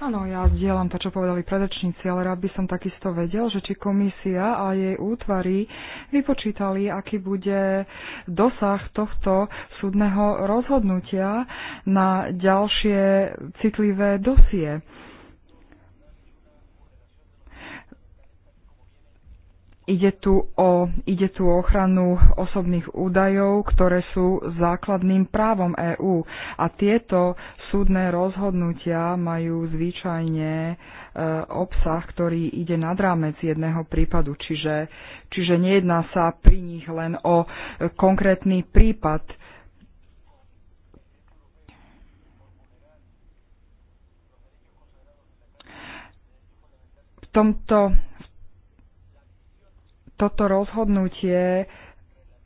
Áno, ja zdieľam to, čo povedali predečníci, ale rád by som takisto vedel, že či komisia a jej útvary vypočítali, aký bude dosah tohto súdneho rozhodnutia na ďalšie citlivé dosie. Ide tu, o, ide tu o ochranu osobných údajov, ktoré sú základným právom EÚ. A tieto súdne rozhodnutia majú zvyčajne e, obsah, ktorý ide nad rámec jedného prípadu. Čiže, čiže nejedná sa pri nich len o e, konkrétny prípad. V tomto toto rozhodnutie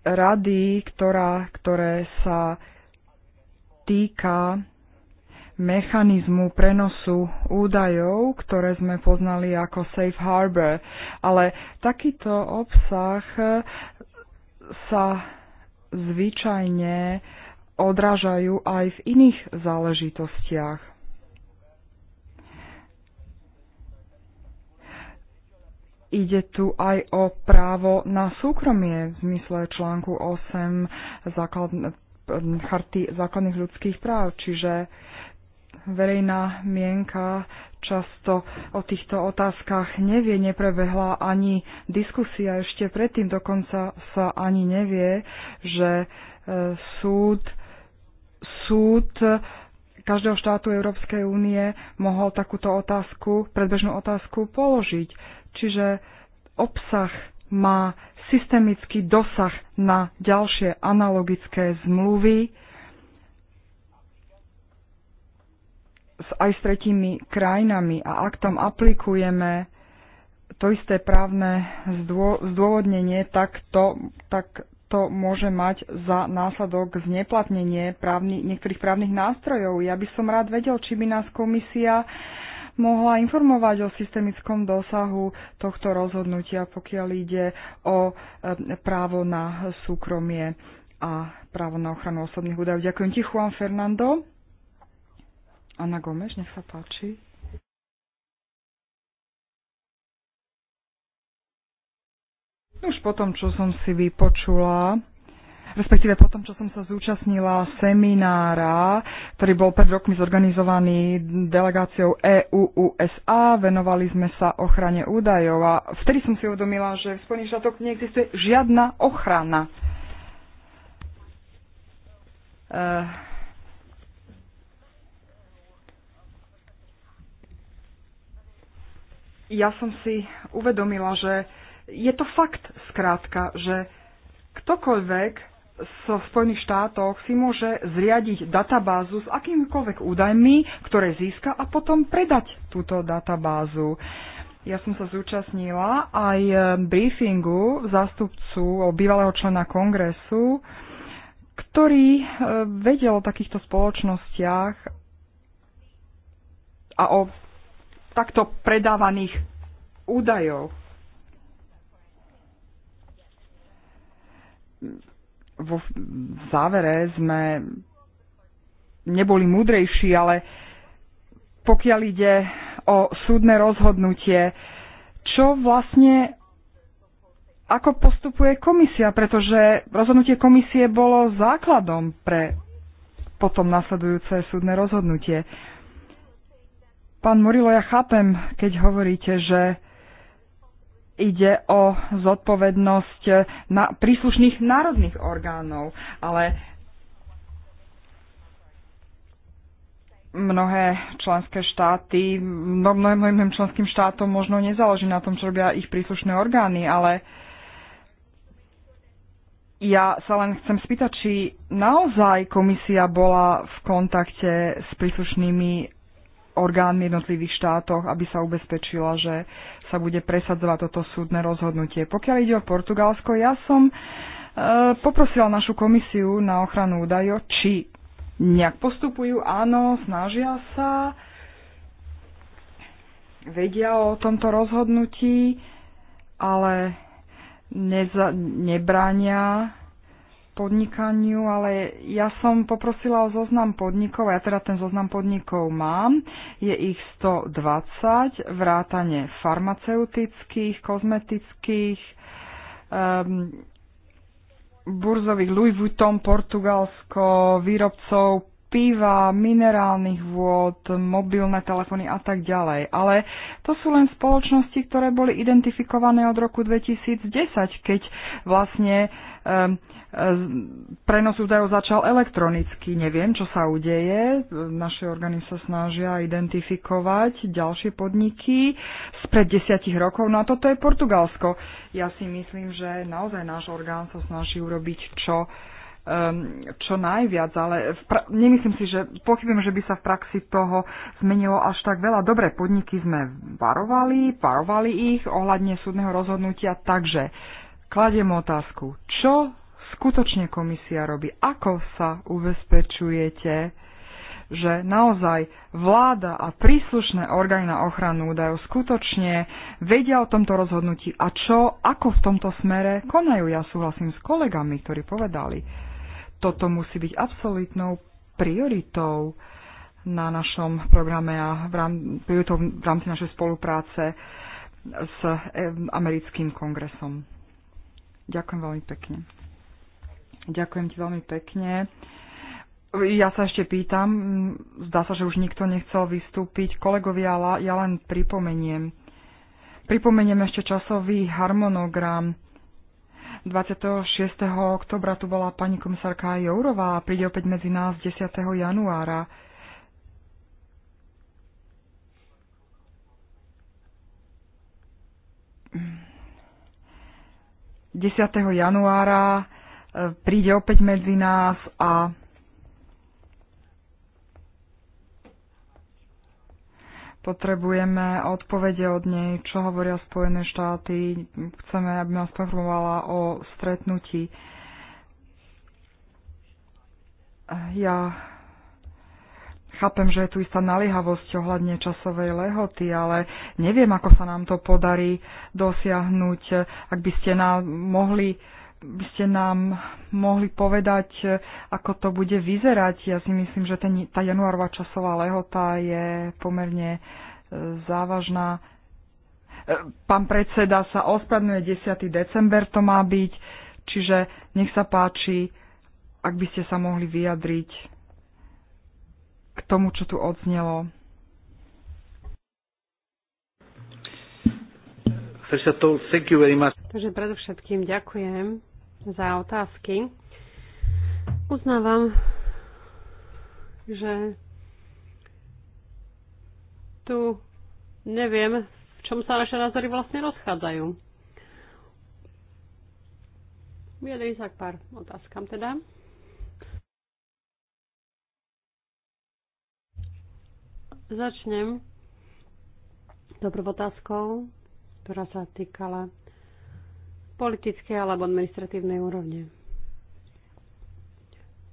rady, ktorá, ktoré sa týka mechanizmu prenosu údajov, ktoré sme poznali ako Safe Harbor. Ale takýto obsah sa zvyčajne odrážajú aj v iných záležitostiach. Ide tu aj o právo na súkromie v zmysle článku 8 základ, charty základných ľudských práv, čiže verejná mienka často o týchto otázkach nevie, neprebehla ani diskusia ešte predtým, dokonca sa ani nevie, že e, súd, súd každého štátu Európskej únie mohol takúto otázku, predbežnú otázku položiť. Čiže obsah má systemický dosah na ďalšie analogické zmluvy aj s tretími krajinami a ak tom aplikujeme to isté právne zdôvodnenie, tak, to, tak to môže mať za následok zneplatnenie právny, niektorých právnych nástrojov. Ja by som rád vedel, či by nás komisia mohla informovať o systemickom dosahu tohto rozhodnutia, pokiaľ ide o e, právo na súkromie a právo na ochranu osobných údajov. Ďakujem ti, Juan Fernando. Ana Gomez, nech sa páči. Už potom, čo som si vypočula, respektíve potom, čo som sa zúčastnila seminára, ktorý bol pred rokmi zorganizovaný delegáciou EU-USA, venovali sme sa ochrane údajov a vtedy som si uvedomila, že v Spojených štátoch neexistuje žiadna ochrana. Uh, ja som si uvedomila, že je to fakt skrátka, že ktokoľvek so Spojených štátoch si môže zriadiť databázu s akýmkoľvek údajmi, ktoré získa a potom predať túto databázu. Ja som sa zúčastnila aj e, briefingu zástupcu bývalého člena kongresu, ktorý e, vedel o takýchto spoločnostiach a o takto predávaných údajov. vo závere sme neboli múdrejší, ale pokiaľ ide o súdne rozhodnutie, čo vlastne ako postupuje komisia, pretože rozhodnutie komisie bolo základom pre potom nasledujúce súdne rozhodnutie. Pán Morilo, ja chápem, keď hovoríte, že ide o zodpovednosť na príslušných národných orgánov, ale mnohé členské štáty, no mnohým členským štátom možno nezáleží na tom, čo robia ich príslušné orgány, ale ja sa len chcem spýtať, či naozaj komisia bola v kontakte s príslušnými orgánmi jednotlivých štátoch, aby sa ubezpečila, že sa bude presadzovať toto súdne rozhodnutie. Pokiaľ ide o Portugalsko, ja som e, poprosila našu komisiu na ochranu údajov, či nejak postupujú, áno, snažia sa, vedia o tomto rozhodnutí, ale neza, nebránia podnikaniu, ale ja som poprosila o zoznam podnikov, a ja teda ten zoznam podnikov mám, je ich 120, vrátane farmaceutických, kozmetických, um, burzových Louis Vuitton, Portugalsko, výrobcov piva, minerálnych vôd, mobilné telefóny a tak ďalej. Ale to sú len spoločnosti, ktoré boli identifikované od roku 2010, keď vlastne um, prenos údajov začal elektronicky. Neviem, čo sa udeje. Naše orgány sa snažia identifikovať ďalšie podniky spred desiatich rokov. No a toto je Portugalsko. Ja si myslím, že naozaj náš orgán sa snaží urobiť čo um, čo najviac, ale v pra- nemyslím si, že pochybujem, že by sa v praxi toho zmenilo až tak veľa. dobré podniky sme varovali, varovali ich ohľadne súdneho rozhodnutia, takže kladiem otázku, čo skutočne komisia robí, ako sa ubezpečujete, že naozaj vláda a príslušné orgány na ochranu údajov skutočne vedia o tomto rozhodnutí a čo, ako v tomto smere konajú. Ja súhlasím s kolegami, ktorí povedali, toto musí byť absolútnou prioritou na našom programe a v, rám, v rámci našej spolupráce s e, americkým kongresom. Ďakujem veľmi pekne. Ďakujem ti veľmi pekne. Ja sa ešte pýtam, zdá sa, že už nikto nechcel vystúpiť. Kolegovia, ja len pripomeniem. Pripomeniem ešte časový harmonogram. 26. oktobra tu bola pani komisárka Jourová a príde opäť medzi nás 10. januára. desiatého 10. januára e, príde opäť medzi nás a Potrebujeme odpovede od nej, čo hovoria Spojené štáty. Chceme, aby nás informovala o stretnutí. Ja chápem, že je tu istá naliehavosť ohľadne časovej lehoty, ale neviem, ako sa nám to podarí dosiahnuť. Ak by ste nám mohli uh, by ste nám mohli povedať, ako to bude vyzerať. Ja si myslím, že ten, tá januárová časová lehota je pomerne e, závažná. E, pán predseda sa ospravňuje 10. december to má byť, čiže nech sa páči, ak by ste sa mohli vyjadriť k tomu, čo tu odznelo. Takže predovšetkým ďakujem za otázky. Uznávam, že tu neviem, v čom sa naše názory vlastne rozchádzajú. Vyjadri sa k pár otázkam teda. Začnem dobrou otázkou, ktorá sa týkala politickej alebo administratívnej úrovne.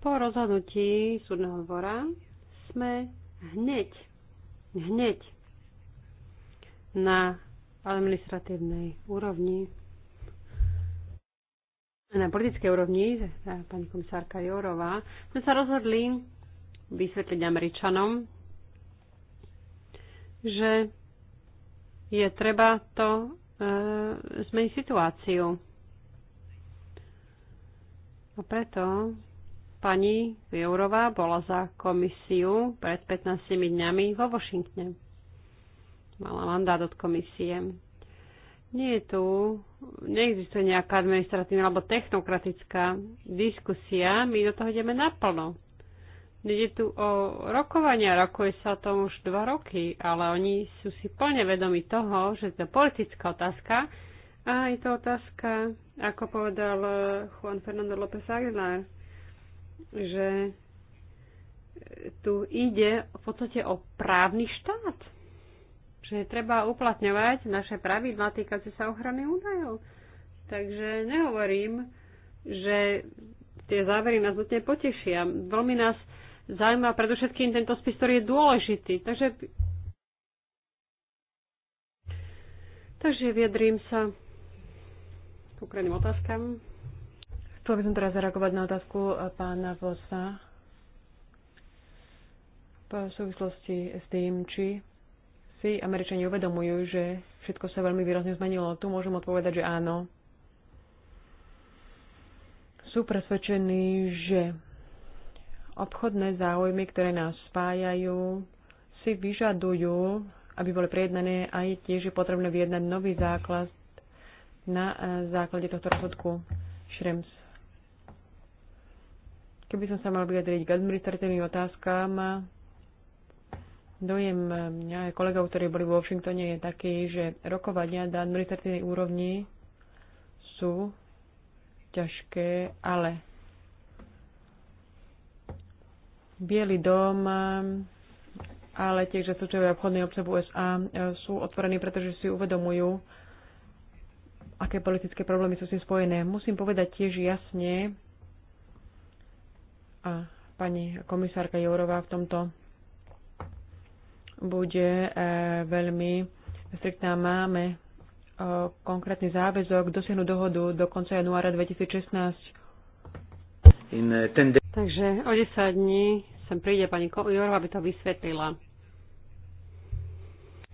Po rozhodnutí súdneho dvora sme hneď, hneď na administratívnej úrovni, na politickej úrovni, pani komisárka Jourová, sme sa rozhodli vysvetliť Američanom, že je treba to E, zmeniť situáciu. A preto pani Jourová bola za komisiu pred 15 dňami vo Washingtone. Mala mandát od komisie. Nie je tu, neexistuje nejaká administratívna alebo technokratická diskusia, my do toho ideme naplno. Ide tu o rokovania, rokuje sa o tom už dva roky, ale oni sú si plne vedomi toho, že to je politická otázka a je to otázka, ako povedal Juan Fernando López Aguilar, že tu ide v podstate o právny štát. Že treba uplatňovať naše pravidla týkajúce sa ochrany údajov. Takže nehovorím, že tie závery nás nutne potešia. Veľmi nás zaujíma predovšetkým tento spis, ktorý je dôležitý. Takže, takže vyjadrím sa k ukreným otázkam. Chcel by som teraz zareagovať na otázku eh, pána Vosa v súvislosti s tým, či si Američani uvedomujú, že všetko sa veľmi výrazne zmenilo. Tu môžem odpovedať, že áno. Sú presvedčení, že Obchodné záujmy, ktoré nás spájajú, si vyžadujú, aby boli prejednané je tiež je potrebné vyjednať nový základ na e, základe tohto rozhodku Šrems. Keby som sa mal vyjadriť k administratívnym otázkam, dojem mňa aj kolegov, ktorí boli vo Washingtone, je taký, že rokovania na administratívnej úrovni sú ťažké, ale Bielý dom, ale tiež zastupcovia obchodnej obce v USA e, sú otvorení, pretože si uvedomujú, aké politické problémy sú s tým spojené. Musím povedať tiež jasne, a pani komisárka Jourová v tomto bude e, veľmi striktná. Máme e, konkrétny záväzok dosiahnuť dohodu do konca januára 2016. Takže o 10 dní sem príde pani Jorova, aby to vysvetlila.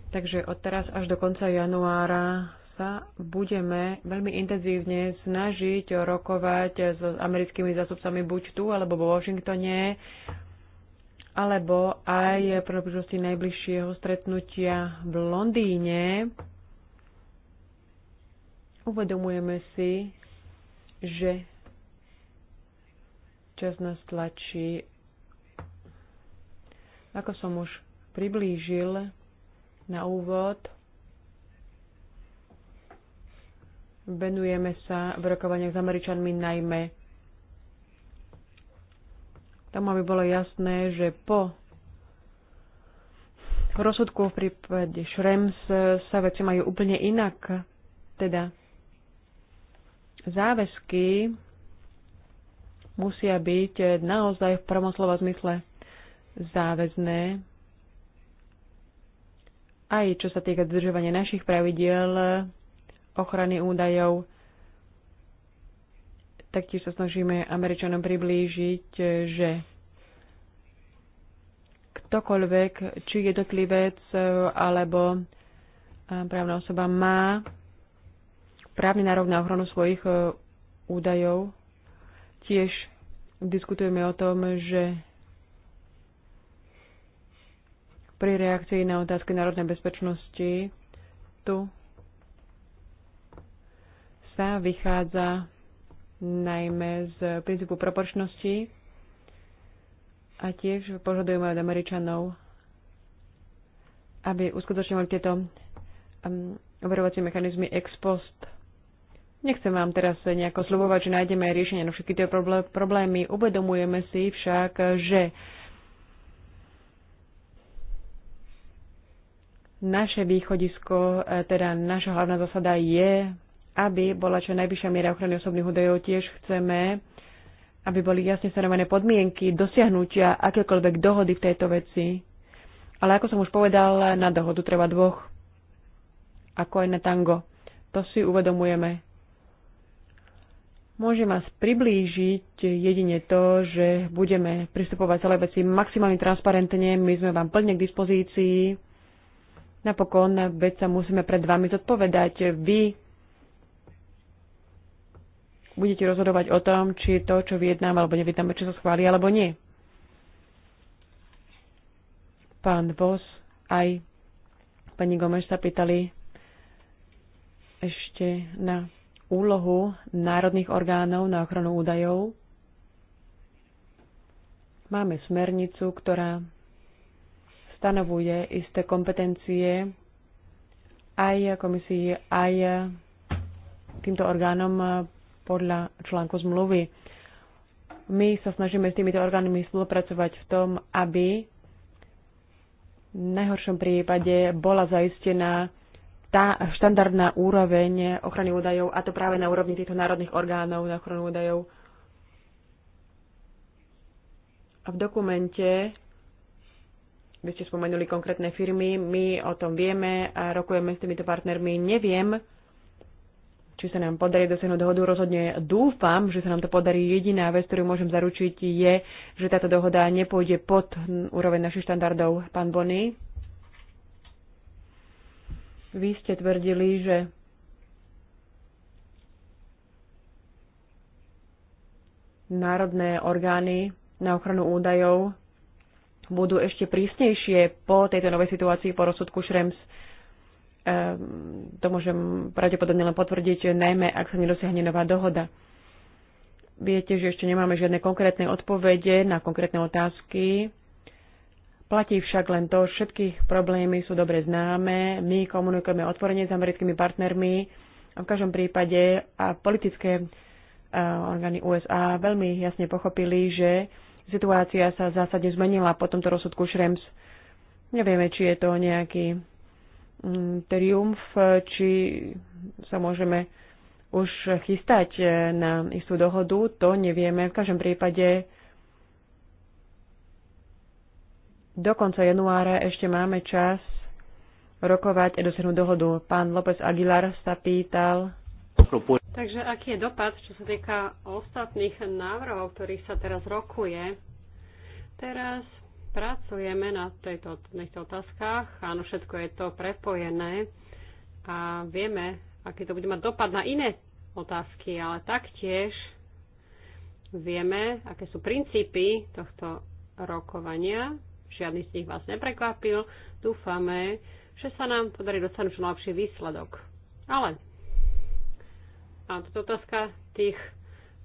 Takže od teraz až do konca januára sa budeme veľmi intenzívne snažiť rokovať s americkými zástupcami buď tu, alebo vo Washingtone, alebo aj pre príležitosti najbližšieho stretnutia v Londýne. Uvedomujeme si, že čas nás tlačí ako som už priblížil na úvod, venujeme sa v rokovaniach s Američanmi najmä tam, aby bolo jasné, že po rozsudku v prípade Šrems sa veci majú úplne inak. Teda záväzky musia byť naozaj v prvom slova zmysle záväzné. Aj čo sa týka dodržovania našich pravidiel, ochrany údajov, taktiež sa snažíme Američanom priblížiť, že ktokoľvek, či jednotlivec alebo právna osoba má právny nárok na ochranu svojich e, údajov. Tiež diskutujeme o tom, že pri reakcii na otázky národnej bezpečnosti tu sa vychádza najmä z princípu proporčnosti a tiež požadujeme od Američanov, aby uskutočňovali tieto um, overovacie mechanizmy ex post. Nechcem vám teraz nejako slubovať, že nájdeme riešenie na všetky tie problémy. Uvedomujeme si však, že Naše východisko, e, teda naša hlavná zásada je, aby bola čo najvyššia miera ochrany osobných údajov. Tiež chceme, aby boli jasne stanovené podmienky dosiahnutia akékoľvek dohody v tejto veci. Ale ako som už povedal, na dohodu treba dvoch, ako aj na tango. To si uvedomujeme. Môže vás priblížiť jedine to, že budeme pristupovať celé veci maximálne transparentne. My sme vám plne k dispozícii Napokon, veď sa musíme pred vami zodpovedať. Vy budete rozhodovať o tom, či to, čo vyjednáme alebo nevyjednáme, či sa schváli alebo nie. Pán Vos aj pani Gomeš sa pýtali ešte na úlohu národných orgánov na ochranu údajov. Máme smernicu, ktorá stanovuje isté kompetencie aj komisii, aj týmto orgánom podľa článku zmluvy. My sa snažíme s týmito orgánmi spolupracovať v tom, aby v najhoršom prípade bola zaistená tá štandardná úroveň ochrany údajov, a to práve na úrovni týchto národných orgánov na ochranu údajov. A v dokumente vy ste spomenuli konkrétne firmy, my o tom vieme a rokujeme s týmito partnermi. Neviem, či sa nám podarí dosiahnuť dohodu. Rozhodne dúfam, že sa nám to podarí. Jediná vec, ktorú môžem zaručiť, je, že táto dohoda nepôjde pod úroveň našich štandardov. Pán Bony, vy ste tvrdili, že národné orgány na ochranu údajov budú ešte prísnejšie po tejto novej situácii, po rozsudku Šrems. Ehm, to môžem pravdepodobne len potvrdiť, najmä ak sa nedosiahne nová dohoda. Viete, že ešte nemáme žiadne konkrétne odpovede na konkrétne otázky. Platí však len to, všetky problémy sú dobre známe, my komunikujeme otvorene s americkými partnermi a v každom prípade a politické eh, orgány USA veľmi jasne pochopili, že Situácia sa v zásade zmenila po tomto rozsudku Šrems. Nevieme, či je to nejaký mm, triumf, či sa môžeme už chystať e, na istú dohodu, to nevieme. V každom prípade do konca januára ešte máme čas rokovať a dosiahnuť dohodu. Pán López Aguilar sa pýtal Takže aký je dopad, čo sa týka ostatných návrhov, ktorých sa teraz rokuje? Teraz pracujeme na tejto, týchto otázkach. Áno, všetko je to prepojené a vieme, aký to bude mať dopad na iné otázky, ale taktiež vieme, aké sú princípy tohto rokovania. Žiadny z nich vás neprekvapil. Dúfame, že sa nám podarí dosiahnuť čo najlepší výsledok. Ale a toto otázka tých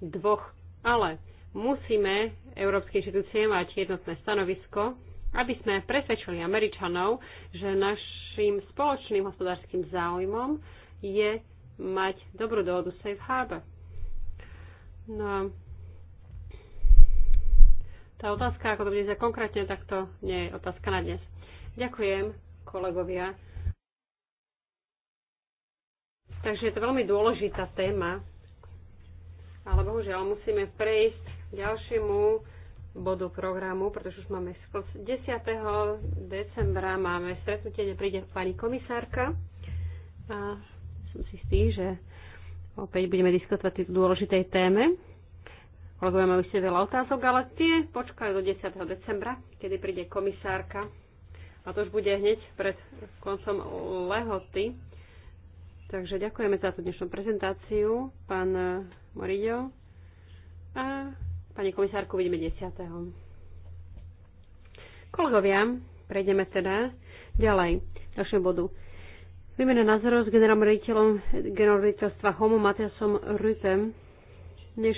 dvoch ale. Musíme európske inštitúcie mať jednotné stanovisko, aby sme presvedčili Američanov, že našim spoločným hospodárskym záujmom je mať dobrú dohodu Safe Harbor. No tá otázka, ako to bude za konkrétne, tak to nie je otázka na dnes. Ďakujem kolegovia Takže je to veľmi dôležitá téma. Ale bohužiaľ musíme prejsť k ďalšiemu bodu programu, pretože už máme 10. decembra máme stretnutie, kde príde pani komisárka. A som si istý, že opäť budeme diskutovať o dôležitej téme. Kolegovia majú ešte veľa otázok, ale tie počkajú do 10. decembra, kedy príde komisárka. A to už bude hneď pred koncom lehoty. Takže ďakujeme za tú dnešnú prezentáciu, pán Morillo. A pani komisárku vidíme 10. Kolegovia, prejdeme teda ďalej k bodu. Výmena názorov s generálnym riaditeľom generáliteľstva Homo Matiasom Rutem. Než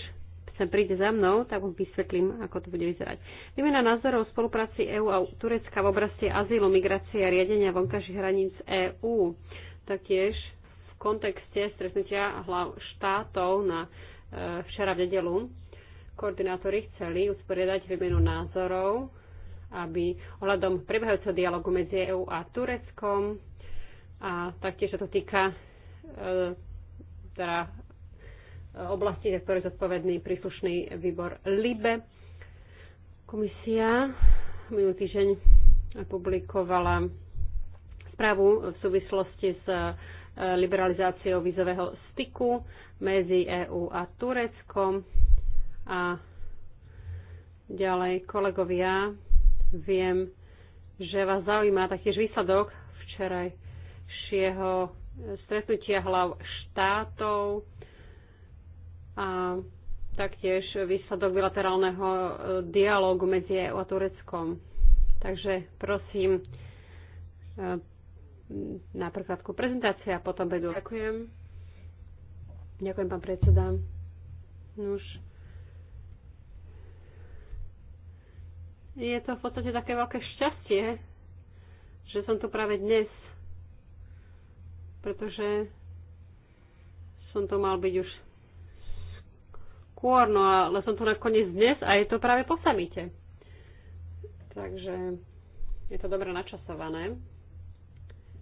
sem príde za mnou, tak vám vysvetlím, ako to bude vyzerať. Výmena názorov o spolupráci EÚ a Turecka v oblasti azylu, migrácie a riadenia vonkajších hraníc EÚ. Taktiež kontexte stretnutia hlav štátov na e, včera v nedelu. Koordinátori chceli usporiadať výmenu názorov, aby ohľadom prebiehajúceho dialogu medzi EÚ a Tureckom a taktiež sa to týka e, teda oblasti, za ktoré je zodpovedný príslušný výbor LIBE. Komisia minulý týždeň publikovala správu v súvislosti s liberalizáciou vízového styku medzi EÚ a Tureckom. A ďalej, kolegovia, viem, že vás zaujíma taktiež výsledok včerajšieho stretnutia hlav štátov a taktiež výsledok bilaterálneho e, dialógu medzi EU a Tureckom. Takže prosím, e, Mm, na krátku prezentáciu a potom vedú. Ďakujem. Ďakujem, pán predseda. Nuž. Je to v podstate také veľké šťastie, že som tu práve dnes, pretože som to mal byť už skôr, no ale som tu nakoniec dnes a je to práve po samite. Takže je to dobre načasované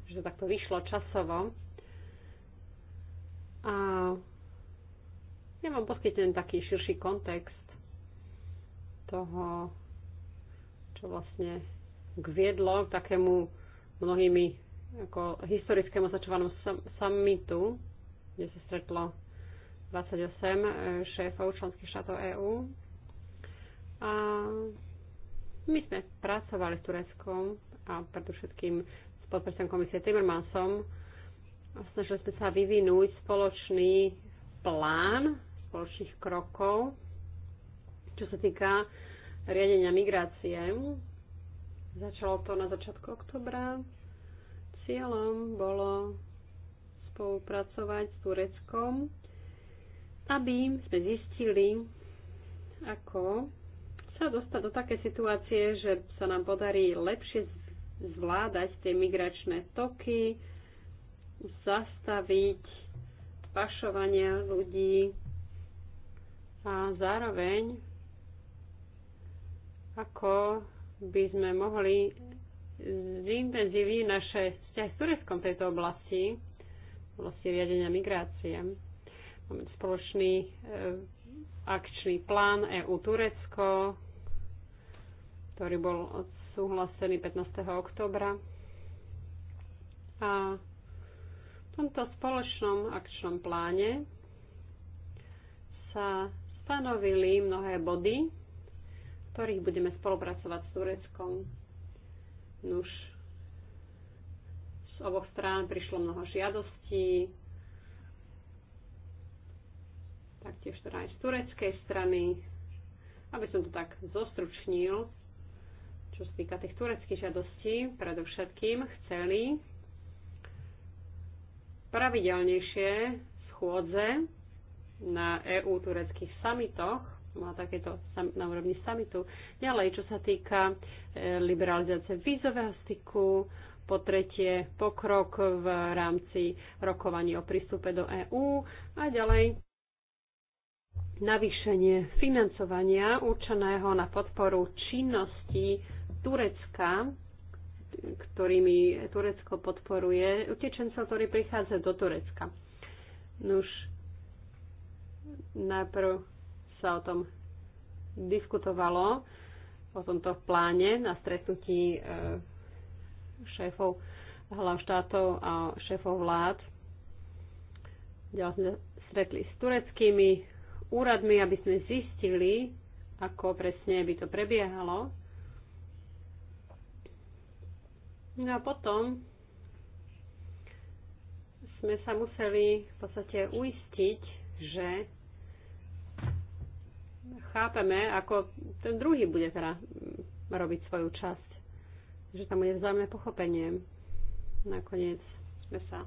že to takto vyšlo časovo. A ja vám poskytnem taký širší kontext toho, čo vlastne viedlo k takému mnohými ako historickému začovanom summitu, kde sa stretlo 28 šéfov členských štátov EÚ. A my sme pracovali s Tureckom a predovšetkým podpredsedom komisie Timmermansom, snažili sme sa vyvinúť spoločný plán spoločných krokov, čo sa týka riadenia migrácie. Začalo to na začiatku oktobra. Cieľom bolo spolupracovať s Tureckom, aby sme zistili, ako sa dostať do také situácie, že sa nám podarí lepšie zvládať tie migračné toky, zastaviť pašovanie ľudí a zároveň ako by sme mohli zintenzívniť naše vzťahy s Tureckom v tejto oblasti, v oblasti riadenia migrácie. Máme spoločný e, akčný plán EU-Turecko, ktorý bol súhlasený 15. oktobra. A v tomto spoločnom akčnom pláne sa stanovili mnohé body, v ktorých budeme spolupracovať s Tureckom. Nuž, z oboch strán prišlo mnoho žiadostí, taktiež teda aj z tureckej strany. Aby som to tak zostručnil, čo sa týka tých tureckých žiadostí, predovšetkým chceli pravidelnejšie schôdze na EU tureckých samitoch, má takéto na úrovni samitu. Ďalej, čo sa týka e, liberalizácie vízového styku, po tretie pokrok v rámci rokovaní o prístupe do EÚ a ďalej navýšenie financovania určeného na podporu činnosti Turecka, ktorými Turecko podporuje utečencov, ktorí prichádza do Turecka. Nuž, najprv sa o tom diskutovalo, o tomto pláne na stretnutí e, šéfov hlav štátov a šéfov vlád. Ďalej sme stretli s tureckými úradmi, aby sme zistili, ako presne by to prebiehalo. No a potom sme sa museli v podstate uistiť, že chápeme, ako ten druhý bude teda robiť svoju časť. Že tam bude vzájomné pochopenie. Nakoniec sme sa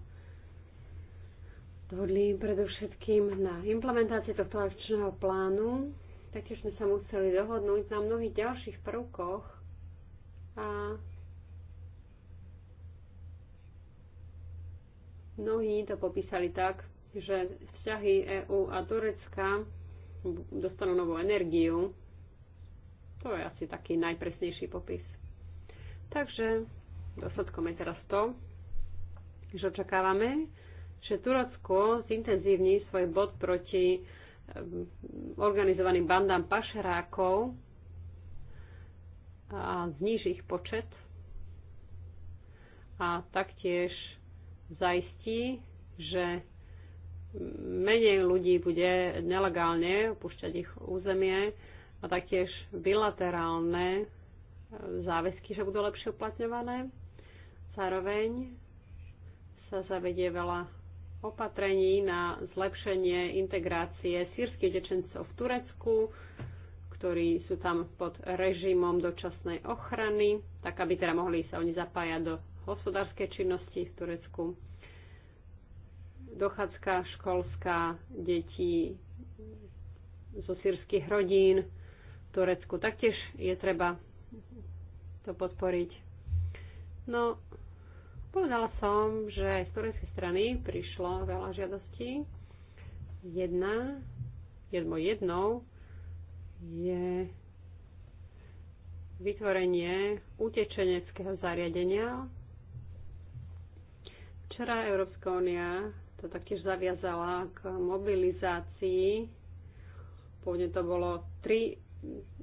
dohodli predovšetkým na implementácii tohto akčného plánu. Taktiež sme sa museli dohodnúť na mnohých ďalších prvkoch a Mnohí to popísali tak, že vzťahy EÚ a Turecka dostanú novú energiu. To je asi taký najpresnejší popis. Takže dosadkom je teraz to, že očakávame, že Turecko zintenzívni svoj bod proti organizovaným bandám pašerákov a zniží ich počet a taktiež zaistí, že menej ľudí bude nelegálne opúšťať ich územie a taktiež bilaterálne záväzky, že budú lepšie uplatňované. Zároveň sa zavedie veľa opatrení na zlepšenie integrácie sírskych Dečencov v Turecku, ktorí sú tam pod režimom dočasnej ochrany, tak aby teda mohli sa oni zapájať do hospodárske činnosti v Turecku. Dochádzka školská detí zo sírskych rodín v Turecku. Taktiež je treba to podporiť. No, povedala som, že z tureckej strany prišlo veľa žiadostí. Jedna, jedno jednou je vytvorenie utečeneckého zariadenia Včera Európska únia to taktiež zaviazala k mobilizácii. Pôvodne to bolo 3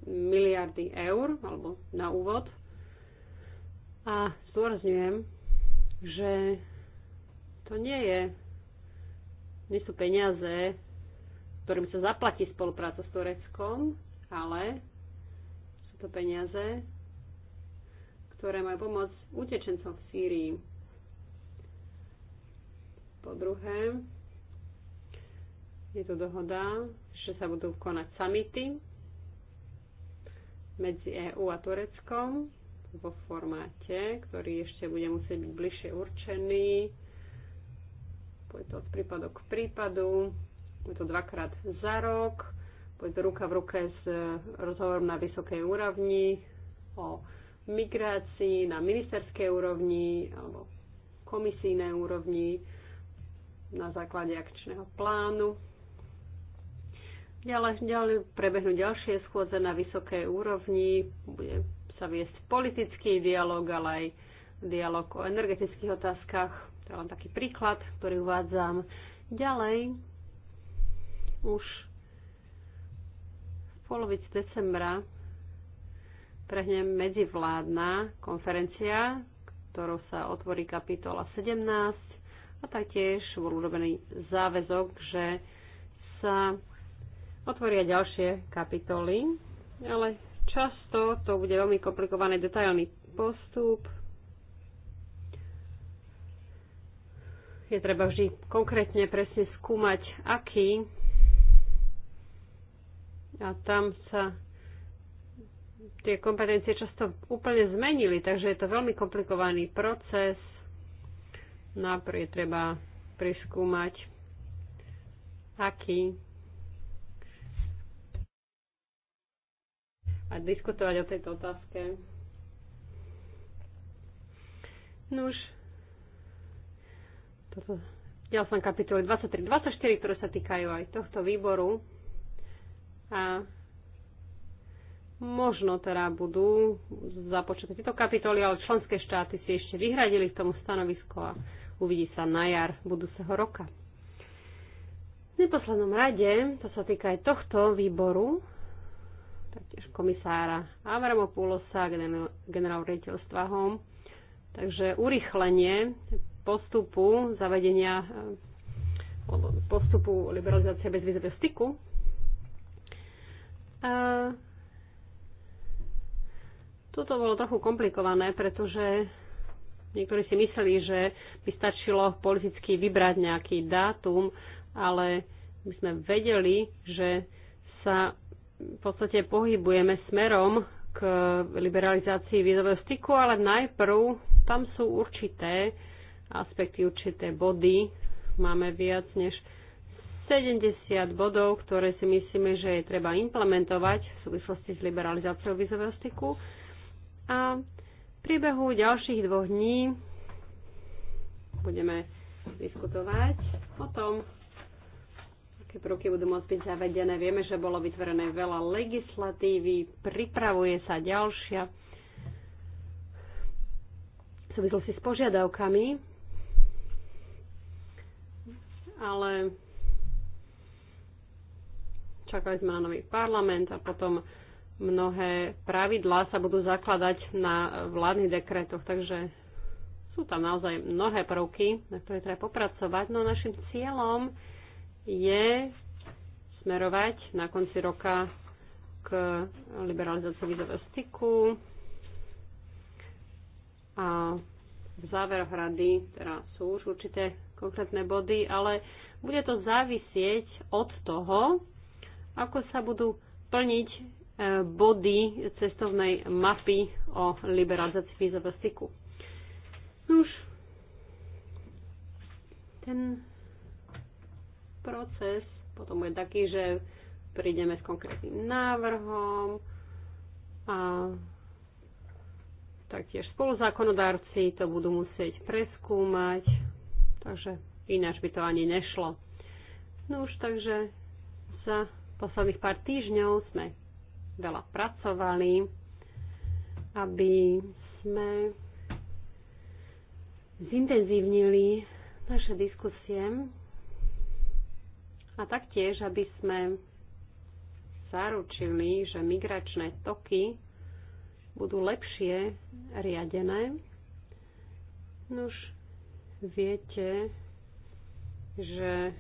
miliardy eur, alebo na úvod. A zdôrazňujem, že to nie je, nie sú peniaze, ktorým sa zaplatí spolupráca s Tureckom, ale sú to peniaze, ktoré majú pomôcť utečencom v Sýrii po druhé, je tu dohoda, že sa budú konať samity medzi EÚ a Tureckom vo formáte, ktorý ešte bude musieť byť bližšie určený. Bude to od prípadu k prípadu. Bude to dvakrát za rok. Bude to ruka v ruke s rozhovorom na vysokej úrovni o migrácii na ministerskej úrovni alebo komisijnej úrovni na základe akčného plánu. Ďalej, ďalej prebehnú ďalšie schôdze na vysokej úrovni, bude sa viesť politický dialog, ale aj dialog o energetických otázkach. To je len taký príklad, ktorý uvádzam. Ďalej už v polovici decembra prehne medzivládna konferencia, ktorou sa otvorí kapitola 17 a taktiež bol urobený záväzok, že sa otvoria ďalšie kapitoly, ale často to bude veľmi komplikovaný detailný postup. Je treba vždy konkrétne presne skúmať, aký a tam sa tie kompetencie často úplne zmenili, takže je to veľmi komplikovaný proces. Najprv no je treba preskúmať, aký a diskutovať o tejto otázke. Nuž, toto, ja som kapitoly 23-24, ktoré sa týkajú aj tohto výboru. A Možno teda budú započaté tieto kapitoly, ale členské štáty si ešte vyhradili k tomu stanovisko a uvidí sa na jar budúceho roka. V neposlednom rade, to sa týka aj tohto výboru, taktiež komisára Avramopulosa, generál rejiteľstva HOM, takže urychlenie postupu zavedenia eh, postupu liberalizácie bezvizového styku. Toto bolo trochu komplikované, pretože niektorí si mysleli, že by stačilo politicky vybrať nejaký dátum, ale my sme vedeli, že sa v podstate pohybujeme smerom k liberalizácii vízového styku, ale najprv tam sú určité aspekty, určité body. Máme viac než 70 bodov, ktoré si myslíme, že je treba implementovať v súvislosti s liberalizáciou vízového styku. A v priebehu ďalších dvoch dní budeme diskutovať o tom, aké prvky budú môcť byť zavedené. Vieme, že bolo vytvorené veľa legislatívy, pripravuje sa ďalšia v súvislosti s požiadavkami, ale čakali sme na nový parlament a potom mnohé pravidlá sa budú zakladať na vládnych dekretoch, takže sú tam naozaj mnohé prvky, na ktoré treba popracovať. No našim cieľom je smerovať na konci roka k liberalizácii vízového styku a v záveroch rady teda sú už určité konkrétne body, ale bude to závisieť od toho, ako sa budú plniť body cestovnej mapy o liberalizácii vízového styku. No už ten proces potom bude taký, že prídeme s konkrétnym návrhom a taktiež spoluzákonodárci to budú musieť preskúmať, takže ináč by to ani nešlo. No už takže za posledných pár týždňov sme veľa pracovali, aby sme zintenzívnili naše diskusie a taktiež, aby sme zaručili, že migračné toky budú lepšie riadené. Nuž viete, že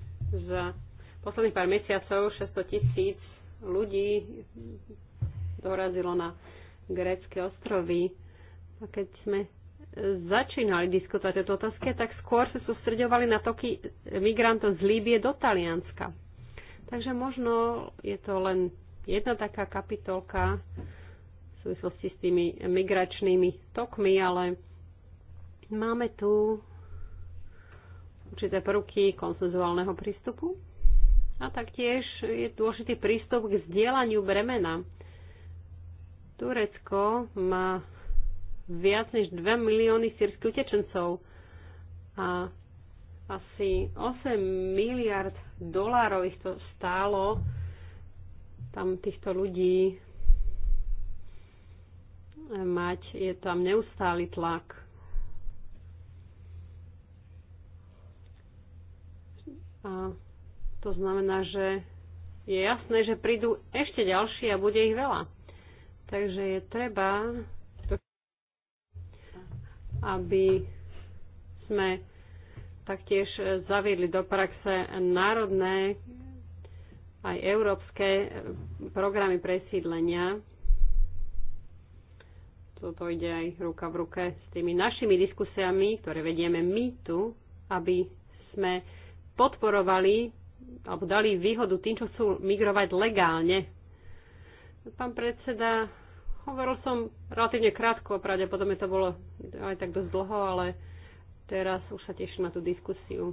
za posledných pár mesiacov 600 tisíc ľudí dorazilo na grécké ostrovy. A keď sme začínali diskutovať o tejto tak skôr sa sústredovali na toky migrantov z Líbie do Talianska. Takže možno je to len jedna taká kapitolka v súvislosti s tými migračnými tokmi, ale máme tu určité prvky konsenzuálneho prístupu a taktiež je dôležitý prístup k zdieľaniu bremena. Turecko má viac než 2 milióny sírskych utečencov a asi 8 miliard dolárov ich to stálo tam týchto ľudí mať, je tam neustály tlak. A to znamená, že je jasné, že prídu ešte ďalší a bude ich veľa. Takže je treba, aby sme taktiež zaviedli do praxe národné aj európske programy presídlenia. Toto ide aj ruka v ruke s tými našimi diskusiami, ktoré vedieme my tu, aby sme podporovali alebo dali výhodu tým, čo chcú migrovať legálne. Pán predseda, hovoril som relatívne krátko, pravdepodobne to bolo aj tak dosť dlho, ale teraz už sa teším na tú diskusiu.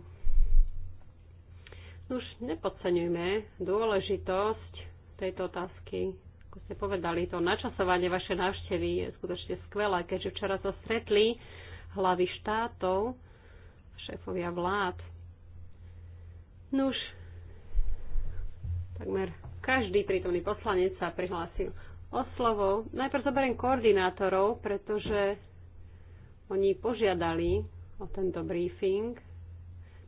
Už nepodceňujme dôležitosť tejto otázky. Ako ste povedali, to načasovanie vaše návštevy je skutočne skvelé, keďže včera sa stretli hlavy štátov, šéfovia vlád. Nuž, Takmer každý prítomný poslanec sa prihlásil o slovo. Najprv zoberiem koordinátorov, pretože oni požiadali o tento briefing.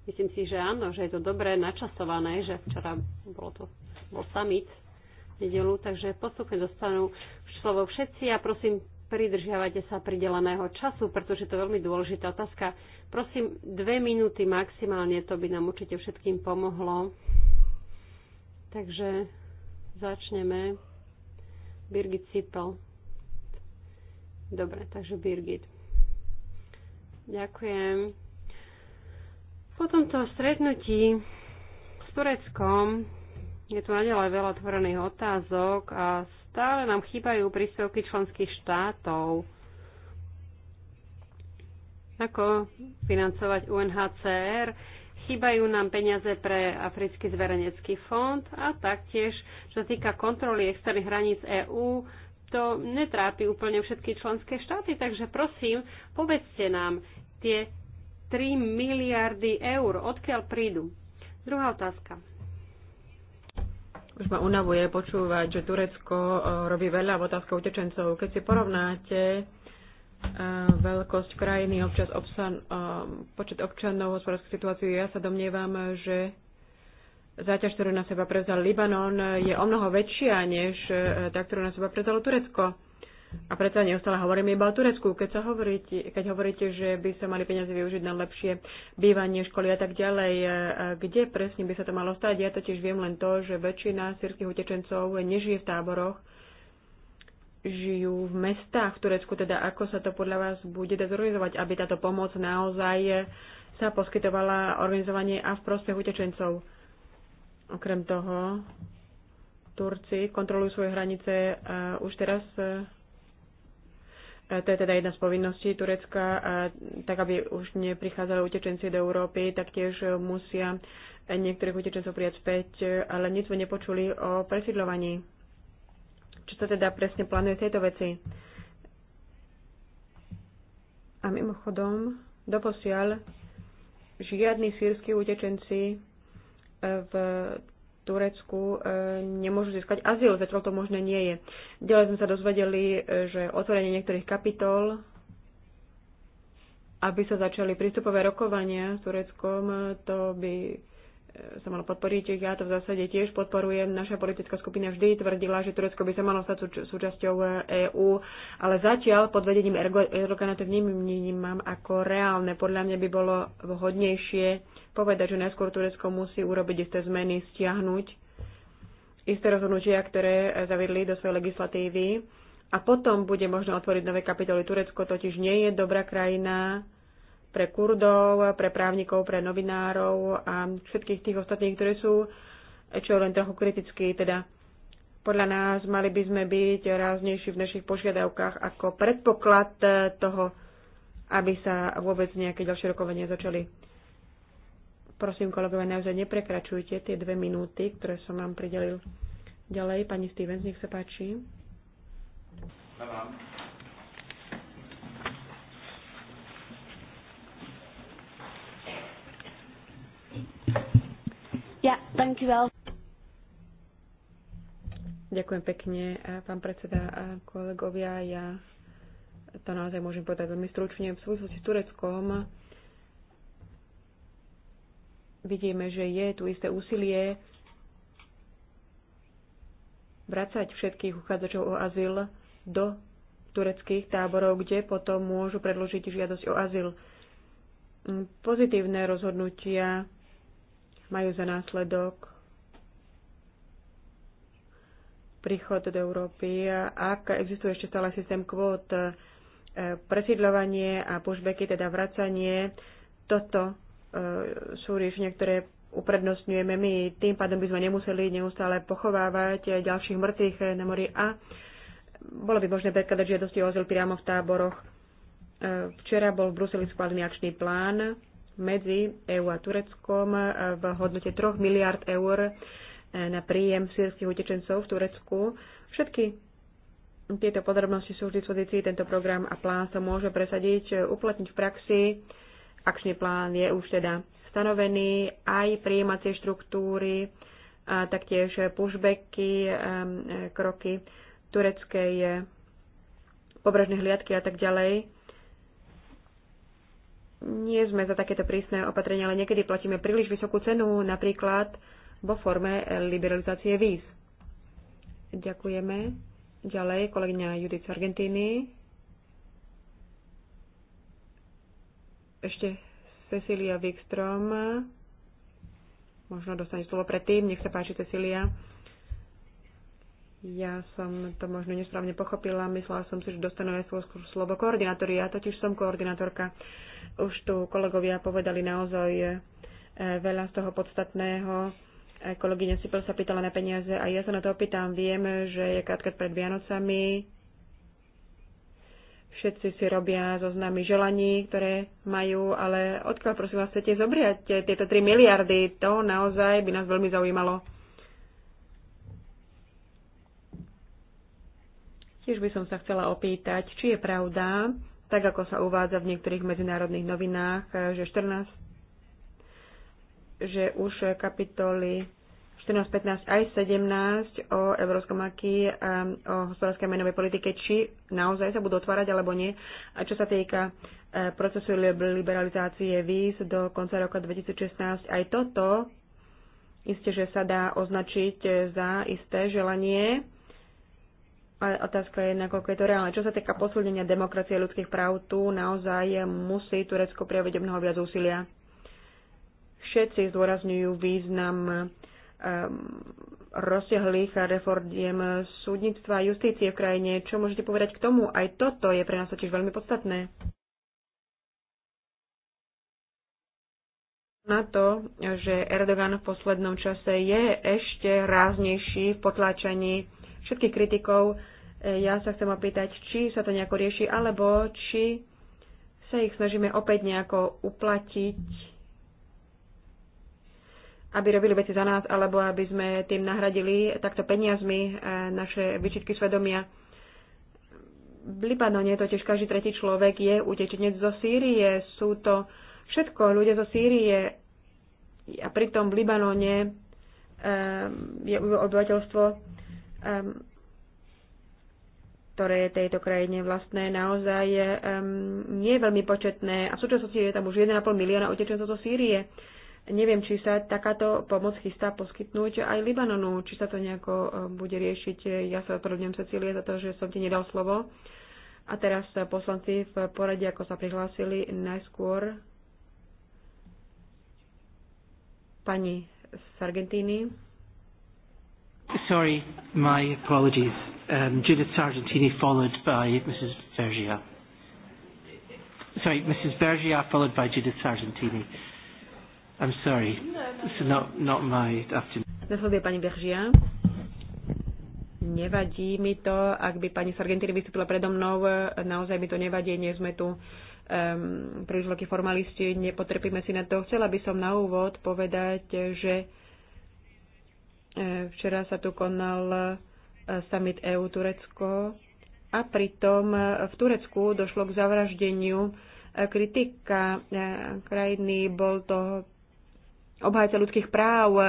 Myslím si, že áno, že je to dobre načasované, že včera bolo to, bol summit nedelu, takže postupne dostanú slovo všetci a prosím, pridržiavajte sa prideleného času, pretože to je veľmi dôležitá otázka. Prosím, dve minúty maximálne, to by nám určite všetkým pomohlo. Takže začneme. Birgit Sipel. Dobre, takže Birgit. Ďakujem. Po tomto stretnutí s Tureckom je tu naďalej veľa otvorených otázok a stále nám chýbajú príspevky členských štátov. Ako financovať UNHCR? Chýbajú nám peniaze pre Africký zverejnecký fond a taktiež, čo sa týka kontroly externých hraníc EÚ, to netrápi úplne všetky členské štáty, takže prosím, povedzte nám tie 3 miliardy eur, odkiaľ prídu. Druhá otázka. Už ma unavuje počúvať, že Turecko eh, robí veľa v otázke utečencov. Keď si porovnáte veľkosť krajiny, občas obsan, počet občanov, hospodárskú situáciu. Ja sa domnievam, že záťaž, ktorú na seba prevzal Libanon, je o mnoho väčšia než e, tá, ktorú na seba prevzalo Turecko. A predsa neustále hovoríme iba o Turecku. Keď, sa hovoríte, keď hovoríte, že by sa mali peniaze využiť na lepšie bývanie, školy a tak ďalej, e, kde presne by sa to malo stať? Ja totiž viem len to, že väčšina sírskych utečencov nežije v táboroch, žijú v mestách v Turecku, teda ako sa to podľa vás bude dezorganizovať, aby táto pomoc naozaj sa poskytovala organizovanie a v prospech utečencov. Okrem toho, Turci kontrolujú svoje hranice uh, už teraz. Uh, to je teda jedna z povinností Turecka, uh, tak aby už neprichádzali utečenci do Európy, taktiež musia niektorých utečencov prijať späť, ale nic sme nepočuli o presídľovaní čo sa teda presne plánuje tejto veci. A mimochodom, doposiaľ žiadni sírsky utečenci e, v Turecku e, nemôžu získať azyl, zatiaľ to možné nie je. Ďalej sme sa dozvedeli, e, že otvorenie niektorých kapitol, aby sa začali prístupové rokovania s Tureckom, to by sa malo podporiť. Ja to v zásade tiež podporujem. Naša politická skupina vždy tvrdila, že Turecko by sa malo stať súčasťou EÚ, e ale zatiaľ pod vedením Erdogana to vnímam ako reálne. Podľa mňa by bolo vhodnejšie povedať, že najskôr Turecko musí urobiť isté zmeny, stiahnuť isté rozhodnutia, ktoré zaviedli do svojej legislatívy. A potom bude možno otvoriť nové kapitoly. Turecko totiž nie je dobrá krajina, pre Kurdov, pre právnikov, pre novinárov a všetkých tých ostatných, ktorí sú čo len trochu kritickí. Teda podľa nás mali by sme byť ráznejší v našich požiadavkách ako predpoklad toho, aby sa vôbec nejaké ďalšie rokovania začali. Prosím, kolegové, naozaj neprekračujte tie dve minúty, ktoré som vám pridelil. Ďalej, pani Stevens, nech sa páči. Ja, Ďakujem pekne, eh, pán predseda a eh, kolegovia. Ja to naozaj môžem povedať veľmi stručne. V súvislosti s Tureckom vidíme, že je tu isté úsilie vracať všetkých uchádzačov o azyl do tureckých táborov, kde potom môžu predložiť žiadosť o azyl. Mm, pozitívne rozhodnutia majú za následok príchod do Európy, ak existuje ešte stále systém kvót, e, presídľovanie a pushbacky, teda vracanie, toto e, sú riešenia, ktoré uprednostňujeme my. Tým pádom by sme nemuseli neustále pochovávať ďalších mŕtvych na mori a bolo by možné predkladať žiadosti o azyl priamo v táboroch. E, včera bol v Bruseli schválený akčný plán medzi EÚ a Tureckom e, v hodnote 3 miliard eur e, na príjem sírskych utečencov v Turecku. Všetky tieto podrobnosti sú v dispozícii, tento program a plán sa môže presadiť, e, uplatniť v praxi. Akčný plán je už teda stanovený, aj prijímacie štruktúry, a taktiež pushbacky, kroky tureckej pobrežnej hliadky a tak ďalej nie sme za takéto prísne opatrenia, ale niekedy platíme príliš vysokú cenu, napríklad vo forme liberalizácie víz. Ďakujeme. Ďalej kolegyňa Judith z Argentíny. Ešte Cecilia Wikstrom. Možno dostane slovo predtým. Nech sa páči, Cecilia. Ja som to možno nesprávne pochopila. Myslela som si, že dostanú aj slovo koordinátory. Ja totiž som koordinátorka. Už tu kolegovia povedali naozaj eh, veľa z toho podstatného. Eh, kolegyňa Sipel sa pýtala na peniaze a ja sa na to opýtam. Viem, že je krátka pred Vianocami. Všetci si robia zoznamy želaní, ktoré majú, ale odkiaľ prosím vás chcete zobriať eh, tieto 3 miliardy? To naozaj by nás veľmi zaujímalo. Tiež by som sa chcela opýtať, či je pravda, tak ako sa uvádza v niektorých medzinárodných novinách, že 14 že už kapitoly 14, 15 aj 17 o Európskom aký a um, o hospodárskej menovej politike, či naozaj sa budú otvárať alebo nie. A čo sa týka uh, procesu liberalizácie víz do konca roka 2016, aj toto isté, že sa dá označiť za isté želanie ale otázka je, nakoľko je to reálne. Čo sa týka posúdenia demokracie a ľudských práv, tu naozaj musí Turecko prijaviť mnoho viac úsilia. Všetci zdôrazňujú význam ehm, rozsiahlých reformiem súdnictva a justície v krajine. Čo môžete povedať k tomu? Aj toto je pre nás totiž veľmi podstatné. Na to, že Erdogan v poslednom čase je ešte ráznejší v potláčaní všetkých kritikov ja sa chcem opýtať, či sa to nejako rieši, alebo či sa ich snažíme opäť nejako uplatiť, aby robili veci za nás, alebo aby sme tým nahradili takto peniazmi e, naše vyčitky svedomia. V Libanone totiž každý tretí človek je utečenec zo Sýrie. Sú to všetko ľudia zo Sýrie a pritom v Libanone e, je obyvateľstvo e, ktoré je tejto krajine vlastné, naozaj um, nie je veľmi početné a v súčasnosti je tam už 1,5 milióna utečencov zo Sýrie. Neviem, či sa takáto pomoc chystá poskytnúť aj Libanonu, či sa to nejako eh, bude riešiť. Ja sa odpravdujem Cecílie za to, že som ti nedal slovo. A teraz eh, poslanci v poradí, ako sa prihlásili, najskôr pani z Argentíny. Sorry, my apologies um, Judith Sargentini, followed by Mrs. Vergia. Sorry, Mrs. Vergia, followed by Judith Sargentini. I'm sorry. No, no, This is not, not my afternoon. pani Veržia. Nevadí mi to, ak by pani Sargentini vystúpila predo mnou, naozaj mi to nevadí, nie sme tu um, príliš veľkí formalisti, nepotrpíme si na to. Chcela by som na úvod povedať, že eh, včera sa tu konal summit EU-Turecko a pritom v Turecku došlo k zavraždeniu e, kritika e, krajiny, bol to obhajca ľudských práv, e,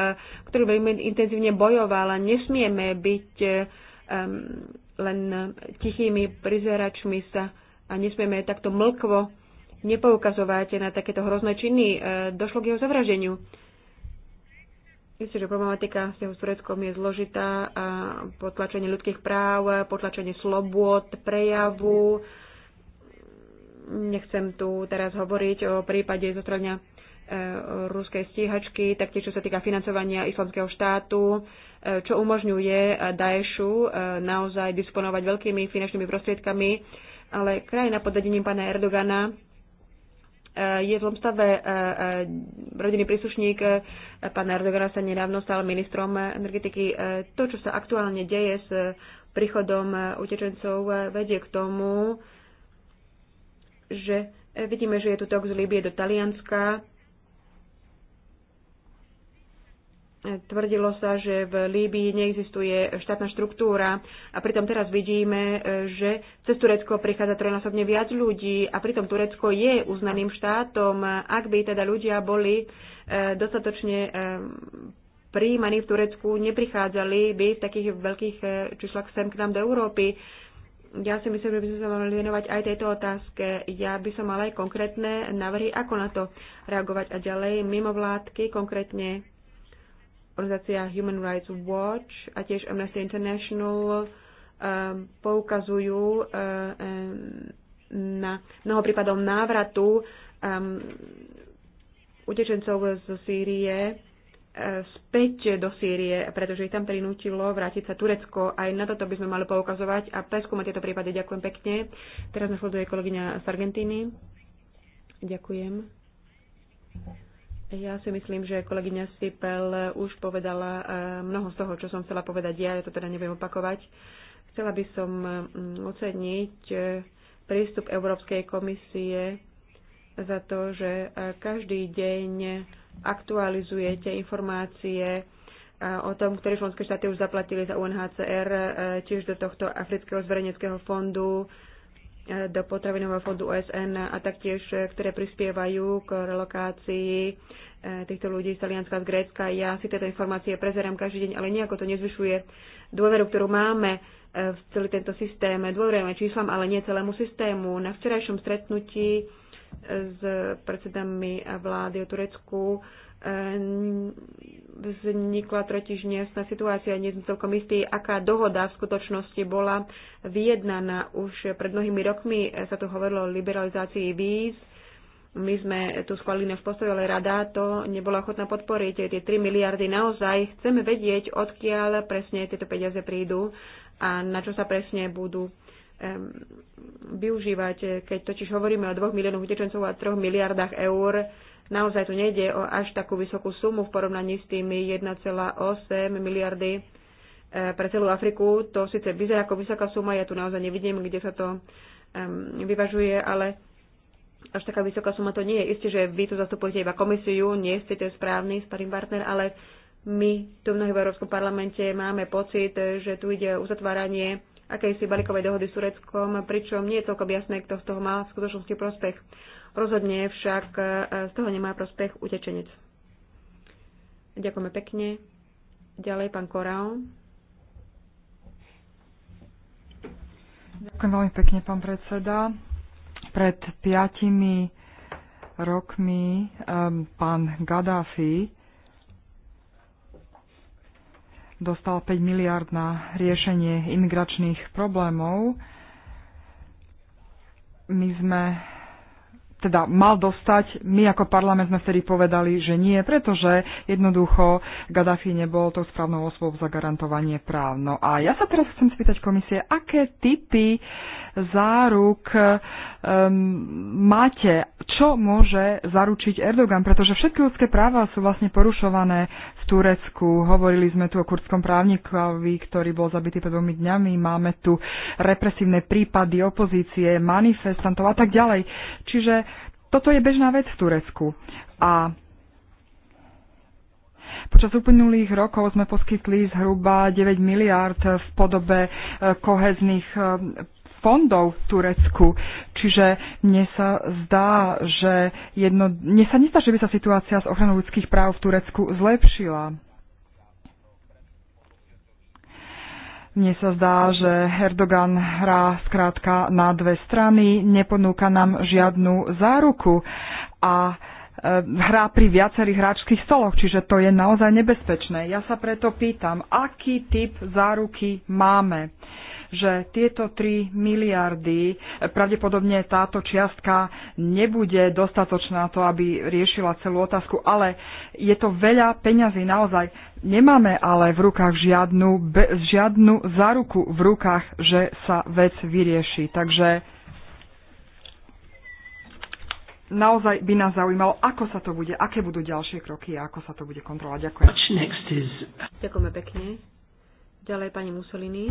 ktorý veľmi intenzívne bojoval a nesmieme byť um, len tichými prizeračmi sa a nesmieme takto mlkvo nepoukazovať na takéto hrozné činy. Došlo k jeho zavraženiu. Myslím, že problematika vzťahu s Tureckom je zložitá. Potlačenie ľudských práv, potlačenie slobôd, prejavu. Nechcem tu teraz hovoriť o prípade zotrania e, ruskej stíhačky, taktiež čo sa týka financovania islamského štátu, e, čo umožňuje Daešu e, naozaj disponovať veľkými finančnými prostriedkami, ale krajina pod vedením pána Erdogana Eh, je v zlom stave. Eh, eh, rodinný príslušník pána Erdogana sa nedávno stal ministrom energetiky. To, čo sa aktuálne deje s príchodom utečencov, vedie k tomu, že vidíme, že je tu tok z Líbie do Talianska Tvrdilo sa, že v Líbii neexistuje štátna štruktúra a pritom teraz vidíme, že cez Turecko prichádza trojnásobne viac ľudí a pritom Turecko je uznaným štátom. Ak by teda ľudia boli eh, dostatočne eh, príjmaní v Turecku, neprichádzali by v takých veľkých eh, číslach sem k nám do Európy. Ja si myslím, že by sme sa mali venovať aj tejto otázke. Ja by som mala aj konkrétne návrhy, ako na to reagovať a ďalej. Mimovládky konkrétne organizácia Human Rights Watch a tiež Amnesty International um, poukazujú um, na mnoho prípadov návratu um, utečencov z Sýrie uh, späť do Sýrie, pretože ich tam prinútilo vrátiť sa Turecko. Aj na toto by sme mali poukazovať a preskúmať tieto prípady. Ďakujem pekne. Teraz nasleduje kolegyňa z Argentíny. Ďakujem. Ja si myslím, že kolegyňa Sipel už povedala eh, mnoho z toho, čo som chcela povedať ja, ja to teda nebudem opakovať. Chcela by som mm, oceniť eh, prístup Európskej komisie za to, že eh, každý deň aktualizujete informácie o tom, ktoré členské štáty už zaplatili za UNHCR, tiež do tohto Afrického zverejneckého fondu, do potravinového fondu OSN a taktiež, e, ktoré prispievajú k relokácii e, týchto ľudí z Talianska, z Grécka. Ja si tieto informácie prezerám každý deň, ale nejako to nezvyšuje dôveru, ktorú máme e, v celý tento systém. Dôverujeme číslam, ale nie celému systému. Na včerajšom stretnutí s predsedami vlády o Turecku Ehm, vznikla totiž nejasná situácia. Nie som celkom istý, aká dohoda v skutočnosti bola vyjednaná. Už pred mnohými rokmi sa tu hovorilo o liberalizácii víz. My sme tu schválili na postoj, ale rada to nebola ochotná podporiť. Tie 3 miliardy naozaj chceme vedieť, odkiaľ presne tieto peniaze prídu a na čo sa presne budú ehm, využívať. Keď totiž hovoríme o 2 miliónoch utečencov a 3 miliardách eur, Naozaj tu nejde o až takú vysokú sumu v porovnaní s tými 1,8 miliardy e, pre celú Afriku. To síce vyzerá ako vysoká suma, ja tu naozaj nevidím, kde sa to vyvažuje, ale až taká vysoká suma to nie je. Isté, že vy tu zastupujete iba komisiu, nie ste to správny starým partner, ale my tu v Európskom parlamente máme pocit, že tu ide o uzatváranie akejsi balikovej dohody s Tureckom, pričom nie je celkom jasné, kto z toho má v skutočnosti prospech. Rozhodne však e, z toho nemá prospech utečenec. Ďakujeme pekne. Ďalej pán Korál. Ďakujem veľmi pekne, pán predseda. Pred piatimi rokmi um, pán Gaddafi dostal 5 miliard na riešenie imigračných problémov. My sme teda mal dostať. My ako parlament sme vtedy povedali, že nie, pretože jednoducho Gaddafi nebol tou správnou osobou za garantovanie práv. No a ja sa teraz chcem spýtať komisie, aké typy záruk um, máte, čo môže zaručiť Erdogan, pretože všetky ľudské práva sú vlastne porušované v Turecku. Hovorili sme tu o kurdskom právnikovi, ktorý bol zabitý pred dvomi dňami. Máme tu represívne prípady opozície, manifestantov a tak ďalej. Čiže toto je bežná vec v Turecku. A Počas uplynulých rokov sme poskytli zhruba 9 miliárd v podobe eh, kohezných eh, fondov v Turecku. Čiže mne sa zdá, že jedno, mne sa nezdá, že by sa situácia s ochranou ľudských práv v Turecku zlepšila. Mne sa zdá, že Erdogan hrá skrátka na dve strany, neponúka nám žiadnu záruku a e, hrá pri viacerých hráčských stoloch, čiže to je naozaj nebezpečné. Ja sa preto pýtam, aký typ záruky máme že tieto 3 miliardy, pravdepodobne táto čiastka nebude dostatočná to, aby riešila celú otázku, ale je to veľa peňazí naozaj. Nemáme ale v rukách žiadnu, be, žiadnu záruku v rukách, že sa vec vyrieši. Takže naozaj by nás zaujímalo, ako sa to bude, aké budú ďalšie kroky a ako sa to bude kontrolovať. Ďakujem. Ďakujeme pekne. Ďalej pani Mussolini.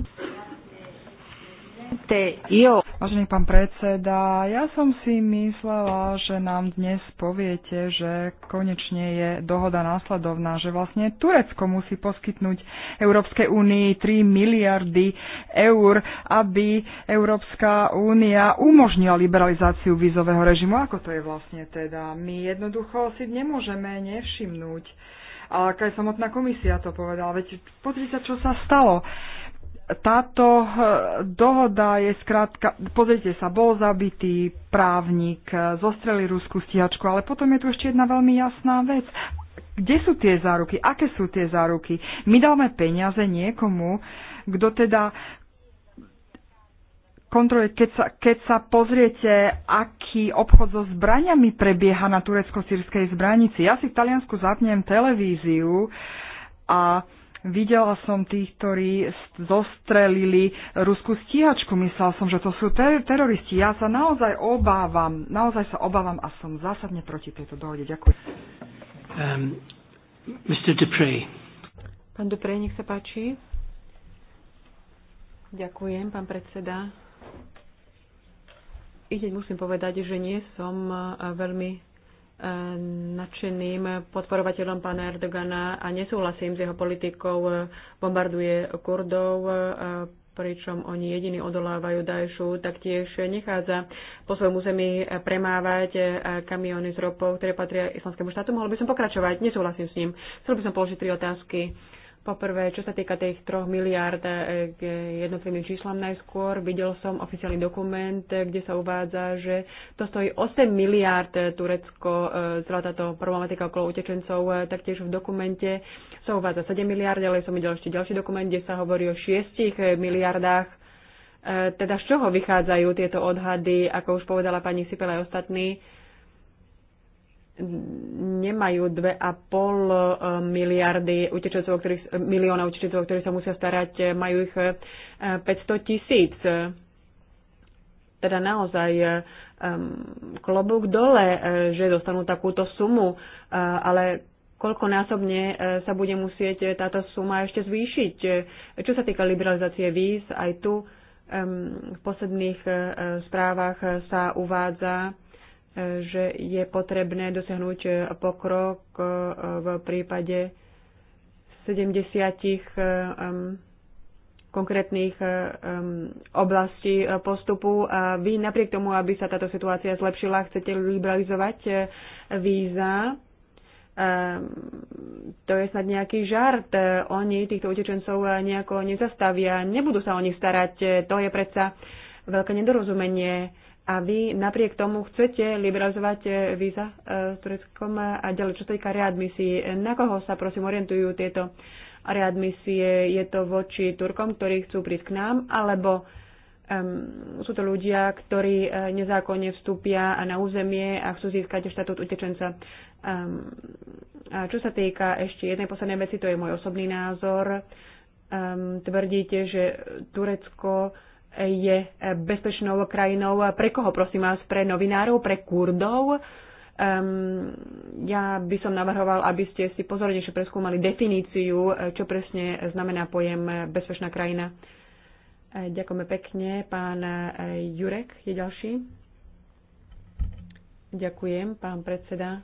Vážený pán predseda, ja som si myslela, že nám dnes poviete, že konečne je dohoda následovná, že vlastne Turecko musí poskytnúť Európskej únii 3 miliardy eur, aby Európska únia umožnila liberalizáciu vízového režimu. Ako to je vlastne teda? My jednoducho si nemôžeme nevšimnúť. A aj samotná komisia to povedala. Veď pozrite, čo sa stalo táto eh, dohoda je skrátka, pozrite sa, bol zabitý právnik, eh, zostreli ruskú stíhačku, ale potom je tu ešte jedna veľmi jasná vec. Kde sú tie záruky? Aké sú tie záruky? My dáme peniaze niekomu, kto teda kontroluje, keď sa, keď sa pozriete, aký obchod so zbraniami prebieha na turecko-sírskej zbranici. Ja si v Taliansku zapnem televíziu a Videla som tých, ktorí zostrelili ruskú stíhačku. Myslel som, že to sú ter- teroristi. Ja sa naozaj obávam, naozaj sa obávam a som zásadne proti tejto dohode. Ďakujem. Um, Mr. Dupré. Pán Dupré, nech sa páči. Ďakujem, pán predseda. I musím povedať, že nie som eh, veľmi nadšeným podporovateľom pána Erdogana a nesúhlasím s jeho politikou. E, bombarduje Kurdov, e, pričom oni jediní odolávajú Daešu, taktiež nechádza po svojom území premávať e, kamiony z ropou, ktoré patria islamskému štátu. Mohol by som pokračovať, nesúhlasím s ním. Chcel by som položiť tri otázky. Poprvé, čo sa týka tých 3 miliárd eh, k jednotlivým číslam najskôr, videl som oficiálny dokument, eh, kde sa uvádza, že to stojí 8 miliárd eh, Turecko, celá táto problematika okolo utečencov. Taktiež v dokumente sa uvádza 7 miliárd, ale som videl ešte ďalší dokument, kde sa hovorí o 6 miliardách. Teda z čoho vychádzajú tieto odhady, ako už povedala pani Sipela aj ostatní, nemajú 2,5 e, miliardy utečencov, ktorých, milióna utečencov, ktorí sa musia starať, e, majú ich 500 e, tisíc. Teda naozaj klobúk dole, že dostanú takúto sumu, ale koľkonásobne sa bude musieť táto suma ešte zvýšiť. Čo sa týka liberalizácie víz, aj tu v posledných správach sa uvádza, že je potrebné dosiahnuť pokrok e, v prípade 70 e, konkrétnych e, oblastí postupu. A vy napriek tomu, aby sa táto situácia zlepšila, chcete liberalizovať víza. To je snad nejaký žart. Oni týchto utečencov nejako nezastavia, nebudú sa o nich starať. To je predsa veľké nedorozumenie a vy napriek tomu chcete liberalizovať eh, víza s eh, Tureckom eh, a ďalej, čo sa týka readmisí. Na koho sa prosím orientujú tieto readmisie? Je to voči Turkom, ktorí chcú prísť k nám, alebo um, sú to ľudia, ktorí uh, nezákonne vstúpia na územie a chcú získať štatút utečenca. Um, a čo sa týka ešte jednej poslednej veci, to je môj osobný názor. Um, tvrdíte, že Turecko uh, je bezpečnou krajinou. Pre koho, prosím vás? Pre novinárov? Pre Kurdov? Um, ja by som navrhoval, aby ste si pozornejšie preskúmali definíciu, e, čo presne znamená pojem bezpečná krajina. E, ďakujeme pekne. Pán e, Jurek je ďalší. Ďakujem, pán predseda.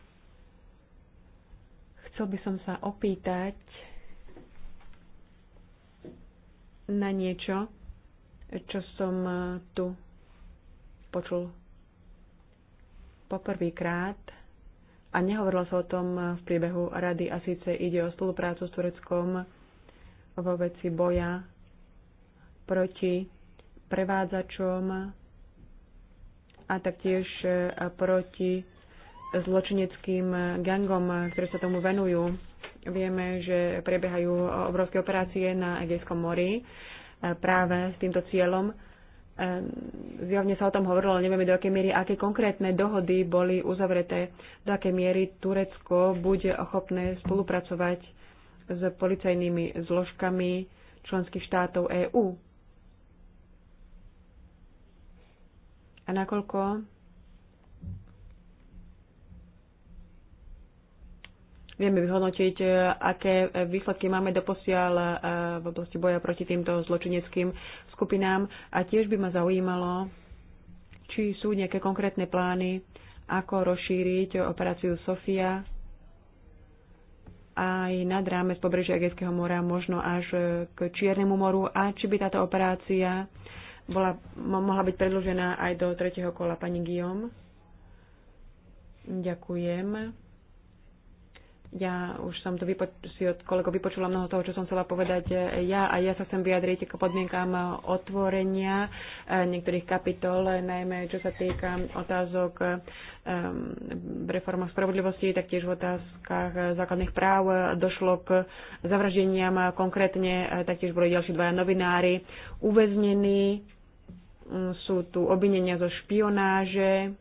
Chcel by som sa opýtať na niečo čo som eh, tu počul poprvýkrát a nehovorilo sa o tom eh, v priebehu rady a síce ide o spoluprácu s Tureckom vo veci boja proti prevádzačom a taktiež eh, proti zločineckým gangom, ktoré sa tomu venujú. Vieme, že prebiehajú obrovské operácie na Egejskom mori E, práve s týmto cieľom. E, zjavne sa o tom hovorilo, ale nevieme do akej miery, aké konkrétne dohody boli uzavreté, do akej miery Turecko bude ochopné spolupracovať s policajnými zložkami členských štátov EÚ. A nakoľko vieme vyhodnotiť, e, aké e, výsledky máme doposiaľ e, v oblasti boja proti týmto zločineckým skupinám. A tiež by ma zaujímalo, či sú nejaké konkrétne plány, ako rozšíriť operáciu Sofia aj nad ráme z pobrežia Egejského mora, možno až k Čiernemu moru a či by táto operácia bola, mohla byť predložená aj do tretieho kola. Pani Guillaume. Ďakujem. Ja už som to si od kolegov vypočula mnoho toho, čo som chcela povedať e, ja a ja sa chcem vyjadriť k podmienkám otvorenia e, niektorých kapitol, najmä čo sa týka otázok e, v reformách spravodlivosti, taktiež v otázkach základných práv došlo k zavraždeniam konkrétne, taktiež boli ďalší dvaja novinári uväznení, mm, sú tu obvinenia zo špionáže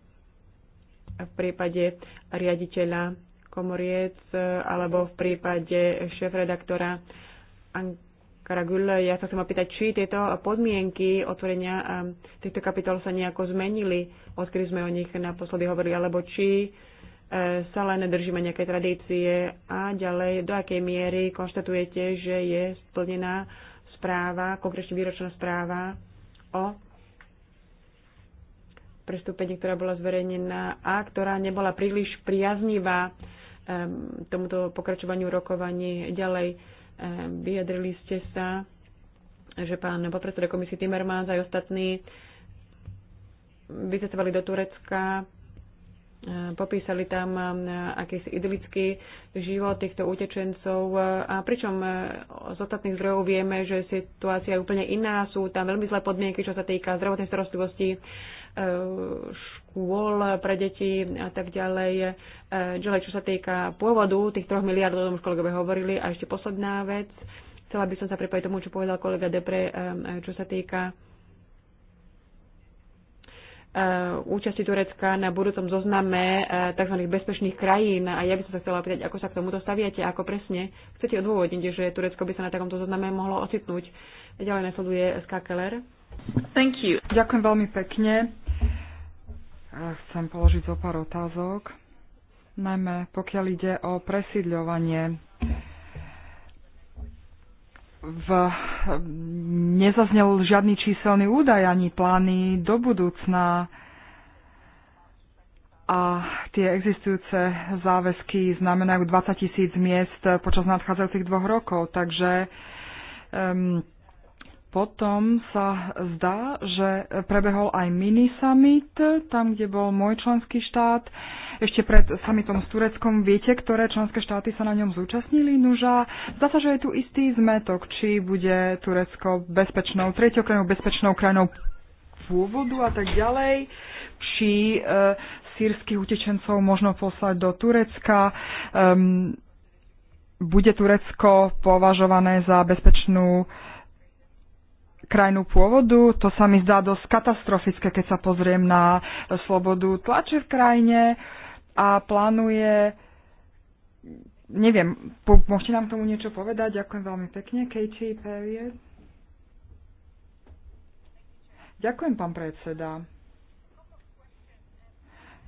v prípade riaditeľa Komoriec e, alebo v prípade šéf-redaktora Ankara Gül. Ja sa chcem opýtať, či tieto podmienky otvorenia e, týchto kapitol sa nejako zmenili, odkedy sme o nich naposledy hovorili, alebo či e, sa len držíme nejaké tradície a ďalej, do akej miery konštatujete, že je splnená správa, konkrétne výročná správa o prestúpení, ktorá bola zverejnená a ktorá nebola príliš priaznivá tomuto pokračovaniu rokovaní ďalej. Vyjadrili ste sa, že pán podpredseda komisie Timmermans aj ostatní vycestovali do Turecka, popísali tam akýsi idylický život týchto utečencov a pričom z ostatných zdrojov vieme, že situácia je úplne iná, sú tam veľmi zlé podmienky, čo sa týka zdravotnej starostlivosti, škôl pre deti a tak ďalej. E, ďalej, čo sa týka pôvodu tých troch miliard, o tom už kolegovia hovorili. A ešte posledná vec. Chcela by som sa pripojiť tomu, čo povedal kolega Depre, e, e, čo sa týka účasti Turecka na budúcom zozname tzv. bezpečných krajín. A ja by som sa chcela opýtať, ako sa k tomuto staviate, ako presne chcete odôvodniť, že Turecko by sa na takomto zozname mohlo ocitnúť. Ďalej nasleduje Skakeler. Thank you. Ďakujem veľmi pekne chcem položiť zo pár otázok, najmä pokiaľ ide o presídľovanie v, nezaznel žiadny číselný údaj ani plány do budúcna a tie existujúce záväzky znamenajú 20 tisíc miest počas nadchádzajúcich dvoch rokov. Takže um, potom sa zdá, že prebehol aj mini summit, tam, kde bol môj členský štát. Ešte pred summitom s Tureckom viete, ktoré členské štáty sa na ňom zúčastnili. Nuža, zdá sa, že je tu istý zmetok, či bude Turecko bezpečnou, tretou krajinou, bezpečnou krajinou pôvodu a tak ďalej, či e, sírskych utečencov možno poslať do Turecka. Um, bude Turecko považované za bezpečnú krajinu pôvodu. To sa mi zdá dosť katastrofické, keď sa pozriem na slobodu tlače v krajine a plánuje neviem, po, môžete nám tomu niečo povedať? Ďakujem veľmi pekne, Katie Perrier. Ďakujem, pán predseda.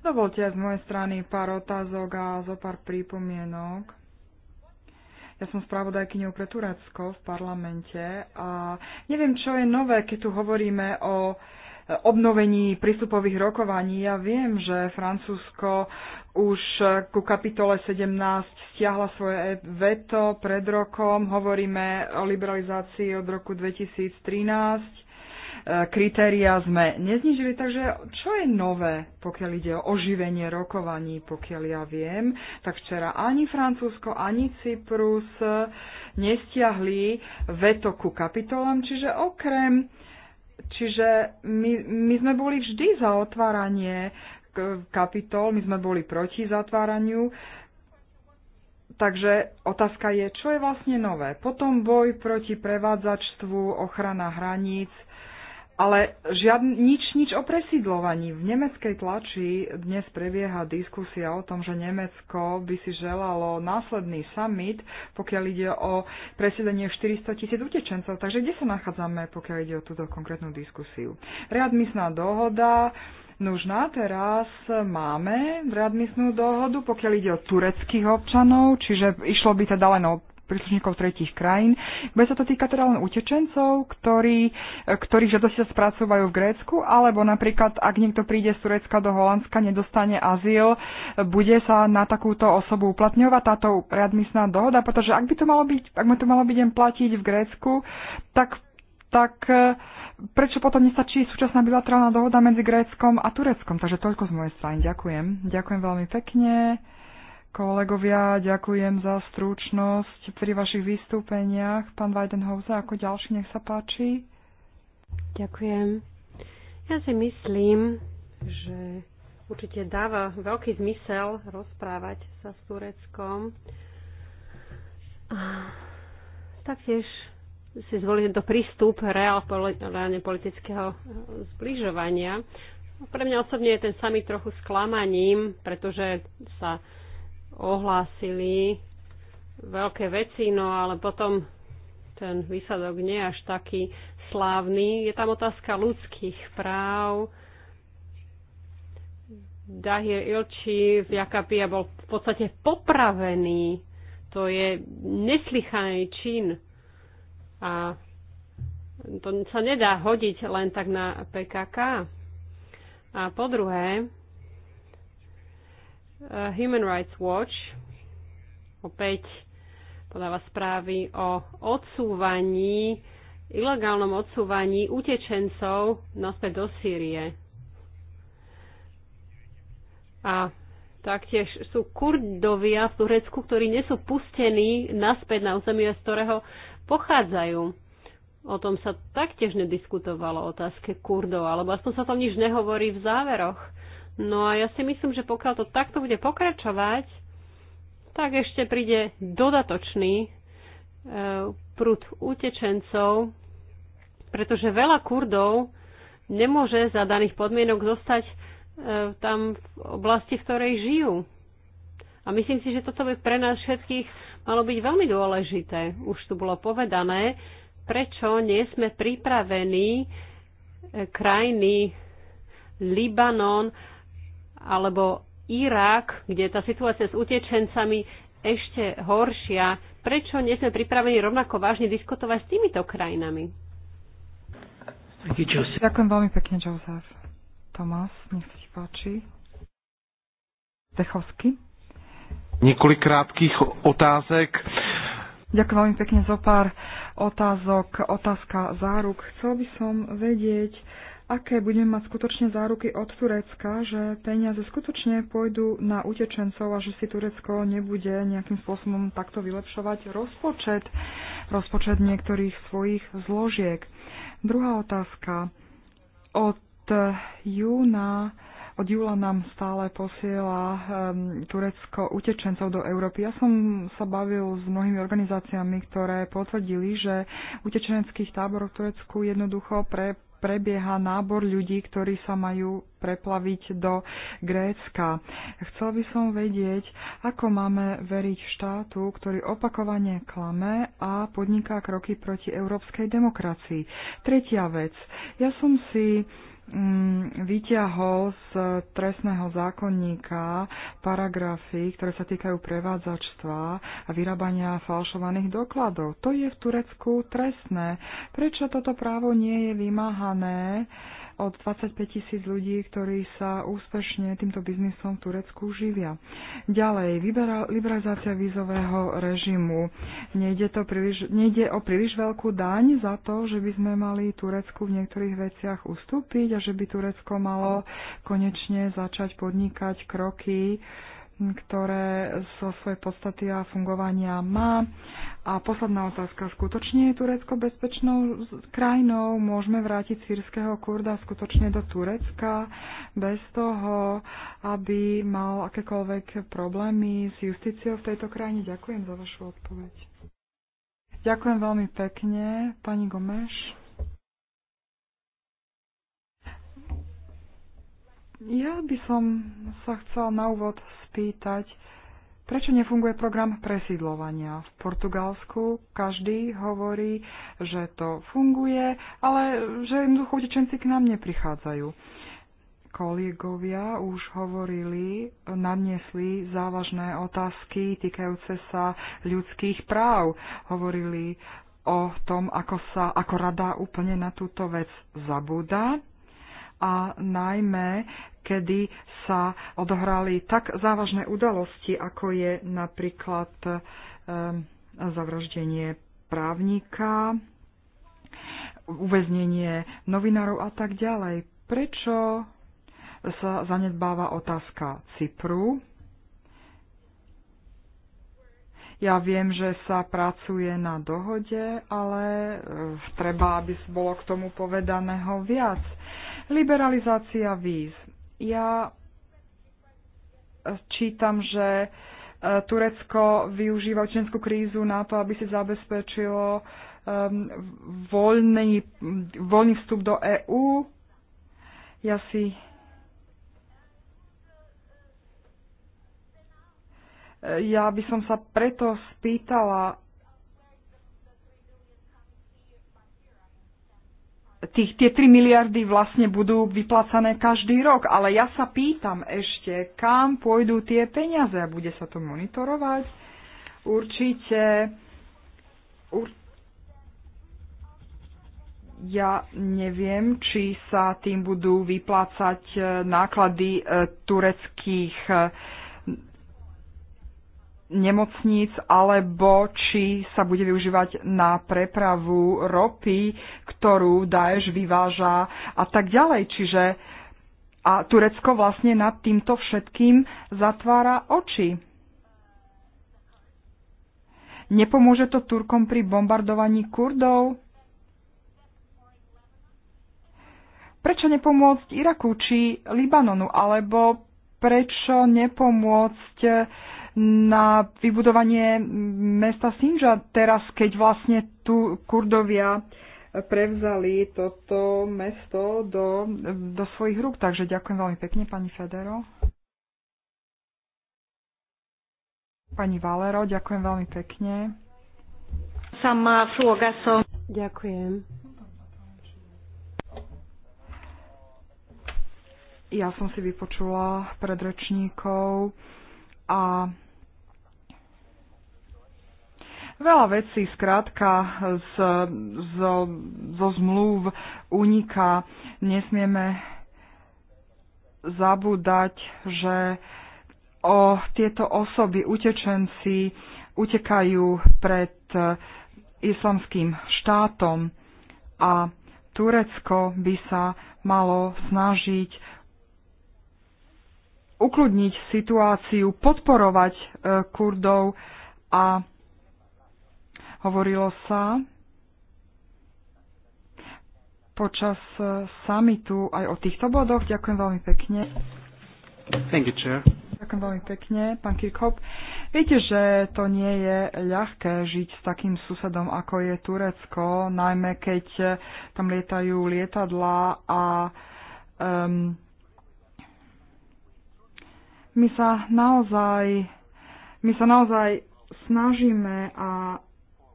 Dovolte z mojej strany pár otázok a zo pár prípomienok. Ja som spravodajkyňou pre Turecko v parlamente a neviem, čo je nové, keď tu hovoríme o obnovení prístupových rokovaní. Ja viem, že Francúzsko už ku kapitole 17 stiahla svoje veto pred rokom. Hovoríme o liberalizácii od roku 2013 kritéria sme neznižili, takže čo je nové, pokiaľ ide o oživenie rokovaní, pokiaľ ja viem, tak včera ani Francúzsko, ani Cyprus e, nestiahli veto ku kapitolám, čiže okrem, čiže my, my sme boli vždy za otváranie e, kapitol, my sme boli proti zatváraniu, Takže otázka je, čo je vlastne nové. Potom boj proti prevádzačstvu, ochrana hraníc, ale žiadn, nič, nič o presídlovaní. V nemeckej tlači dnes prebieha diskusia o tom, že Nemecko by si želalo následný summit, pokiaľ ide o presídlenie 400 tisíc utečencov. Takže kde sa nachádzame, pokiaľ ide o túto konkrétnu diskusiu? Readmisná dohoda. No už na teraz máme readmisnú dohodu, pokiaľ ide o tureckých občanov, čiže išlo by teda len o príslušníkov tretich krajín. Bude sa to týka teda len utečencov, ktorí, e, ktorých žiadosti sa spracovajú v Grécku, alebo napríklad, ak niekto príde z Turecka do Holandska, nedostane azyl, bude sa na takúto osobu uplatňovať táto readmisná dohoda, pretože ak by to malo byť, ak by to malo byť platiť v Grécku, tak tak e, prečo potom nestačí súčasná bilaterálna dohoda medzi Gréckom a Tureckom? Takže toľko z mojej strany. Ďakujem. Ďakujem veľmi pekne. Kolegovia, ďakujem za stručnosť pri vašich vystúpeniach. Pán Weidenhauser, ako ďalší, nech sa páči. Ďakujem. Ja si myslím, že určite dáva veľký zmysel rozprávať sa s Tureckom. Taktiež si zvolili to prístup reálne politického zbližovania. Pre mňa osobne je ten samý trochu sklamaním, pretože sa ohlásili veľké veci, no ale potom ten výsledok nie je až taký slávny. Je tam otázka ľudských práv. Dahir Ilči v Jakapia bol v podstate popravený. To je neslychaný čin. A to sa nedá hodiť len tak na PKK. A po druhé, Eh, Human Rights Watch opäť podáva správy o odsúvaní, ilegálnom odsúvaní utečencov naspäť do Sýrie. A taktiež sú kurdovia v Turecku, ktorí nie sú pustení naspäť na územie, z ktorého pochádzajú. O tom sa taktiež nediskutovalo, otázke kurdov, alebo aspoň sa tam nič nehovorí v záveroch. No a ja si myslím, že pokiaľ to takto bude pokračovať, tak ešte príde dodatočný e, prúd utečencov, pretože veľa Kurdov nemôže za daných podmienok zostať e, tam v oblasti, v ktorej žijú. A myslím si, že toto by pre nás všetkých malo byť veľmi dôležité. Už tu bolo povedané, prečo nie sme pripravení e, krajiny Libanon, alebo Irak, kde je tá situácia s utečencami ešte horšia. Prečo nie sme pripravení rovnako vážne diskutovať s týmito krajinami? Ďakujem veľmi pekne, Joseph. Tomás, nech sa ti páči. Techovsky. Niekoľko krátkých otázek. Ďakujem veľmi pekne za pár otázok. Otázka záruk. Chcel by som vedieť, aké budeme mať skutočne záruky od Turecka, že peniaze skutočne pôjdu na utečencov a že si Turecko nebude nejakým spôsobom takto vylepšovať rozpočet, rozpočet niektorých svojich zložiek. Druhá otázka. Od júna od júla nám stále posiela um, Turecko utečencov do Európy. Ja som sa bavil s mnohými organizáciami, ktoré potvrdili, že utečeneckých táborov v Turecku jednoducho pre prebieha nábor ľudí, ktorí sa majú preplaviť do Grécka. Chcel by som vedieť, ako máme veriť štátu, ktorý opakovane klame a podniká kroky proti európskej demokracii. Tretia vec. Ja som si Mm, vyťahol z trestného zákonníka paragrafy, ktoré sa týkajú prevádzačstva a vyrábania falšovaných dokladov. To je v Turecku trestné. Prečo toto právo nie je vymáhané? od 25 tisíc ľudí, ktorí sa úspešne týmto biznisom v Turecku živia. Ďalej, liberalizácia vízového režimu. Nejde, to príliš, nejde o príliš veľkú daň za to, že by sme mali Turecku v niektorých veciach ustúpiť a že by Turecko malo konečne začať podnikať kroky, ktoré zo svojej podstaty a fungovania má. A posledná otázka. Skutočne je Turecko bezpečnou krajinou? Môžeme vrátiť sírskeho kurda skutočne do Turecka bez toho, aby mal akékoľvek problémy s justíciou v tejto krajine? Ďakujem za vašu odpoveď. Ďakujem veľmi pekne, pani Gomeš. Ja by som sa chcela na úvod spýtať, prečo nefunguje program presídlovania. V Portugalsku každý hovorí, že to funguje, ale že jednoducho utečenci k nám neprichádzajú. Kolegovia už hovorili, nadniesli závažné otázky týkajúce sa ľudských práv. Hovorili o tom, ako sa ako rada úplne na túto vec zabúda a najmä, kedy sa odohrali tak závažné udalosti, ako je napríklad um, zavraždenie právnika, uväznenie novinárov a tak ďalej. Prečo sa zanedbáva otázka Cypru? Ja viem, že sa pracuje na dohode, ale eh, treba, aby bolo k tomu povedaného viac. Liberalizácia víz. Ja čítam, že e, Turecko využíva členskú krízu na to, aby si zabezpečilo e, voľný, voľný vstup do EÚ. Ja si e, ja by som sa preto spýtala, tých, tie 3 miliardy vlastne budú vyplácané každý rok, ale ja sa pýtam ešte, kam pôjdu tie peniaze a bude sa to monitorovať? Určite. Ur... Ja neviem, či sa tým budú vyplácať eh, náklady eh, tureckých eh, nemocníc, alebo či sa bude využívať na prepravu ropy, ktorú Daesh vyváža a tak ďalej. Čiže a Turecko vlastne nad týmto všetkým zatvára oči. Nepomôže to Turkom pri bombardovaní Kurdov? Prečo nepomôcť Iraku či Libanonu? Alebo prečo nepomôcť na vybudovanie mesta Sinža teraz, keď vlastne tu Kurdovia prevzali toto mesto do, do svojich rúk. Takže ďakujem veľmi pekne, pani Federo. Pani Valero, ďakujem veľmi pekne. Sama Fugaso. som... Ďakujem. Ja som si vypočula predrečníkov a veľa vecí zkrátka z, zo, zo zmluv uniká. Nesmieme zabúdať, že o tieto osoby, utečenci, utekajú pred islamským štátom a Turecko by sa malo snažiť ukludniť situáciu, podporovať e, Kurdov a hovorilo sa počas e, samitu aj o týchto bodoch. Ďakujem veľmi pekne. Thank you, chair. Ďakujem veľmi pekne, pán Kirchhoff. Viete, že to nie je ľahké žiť s takým susedom, ako je Turecko, najmä keď e, tam lietajú lietadla a um, my sa naozaj, my sa naozaj snažíme a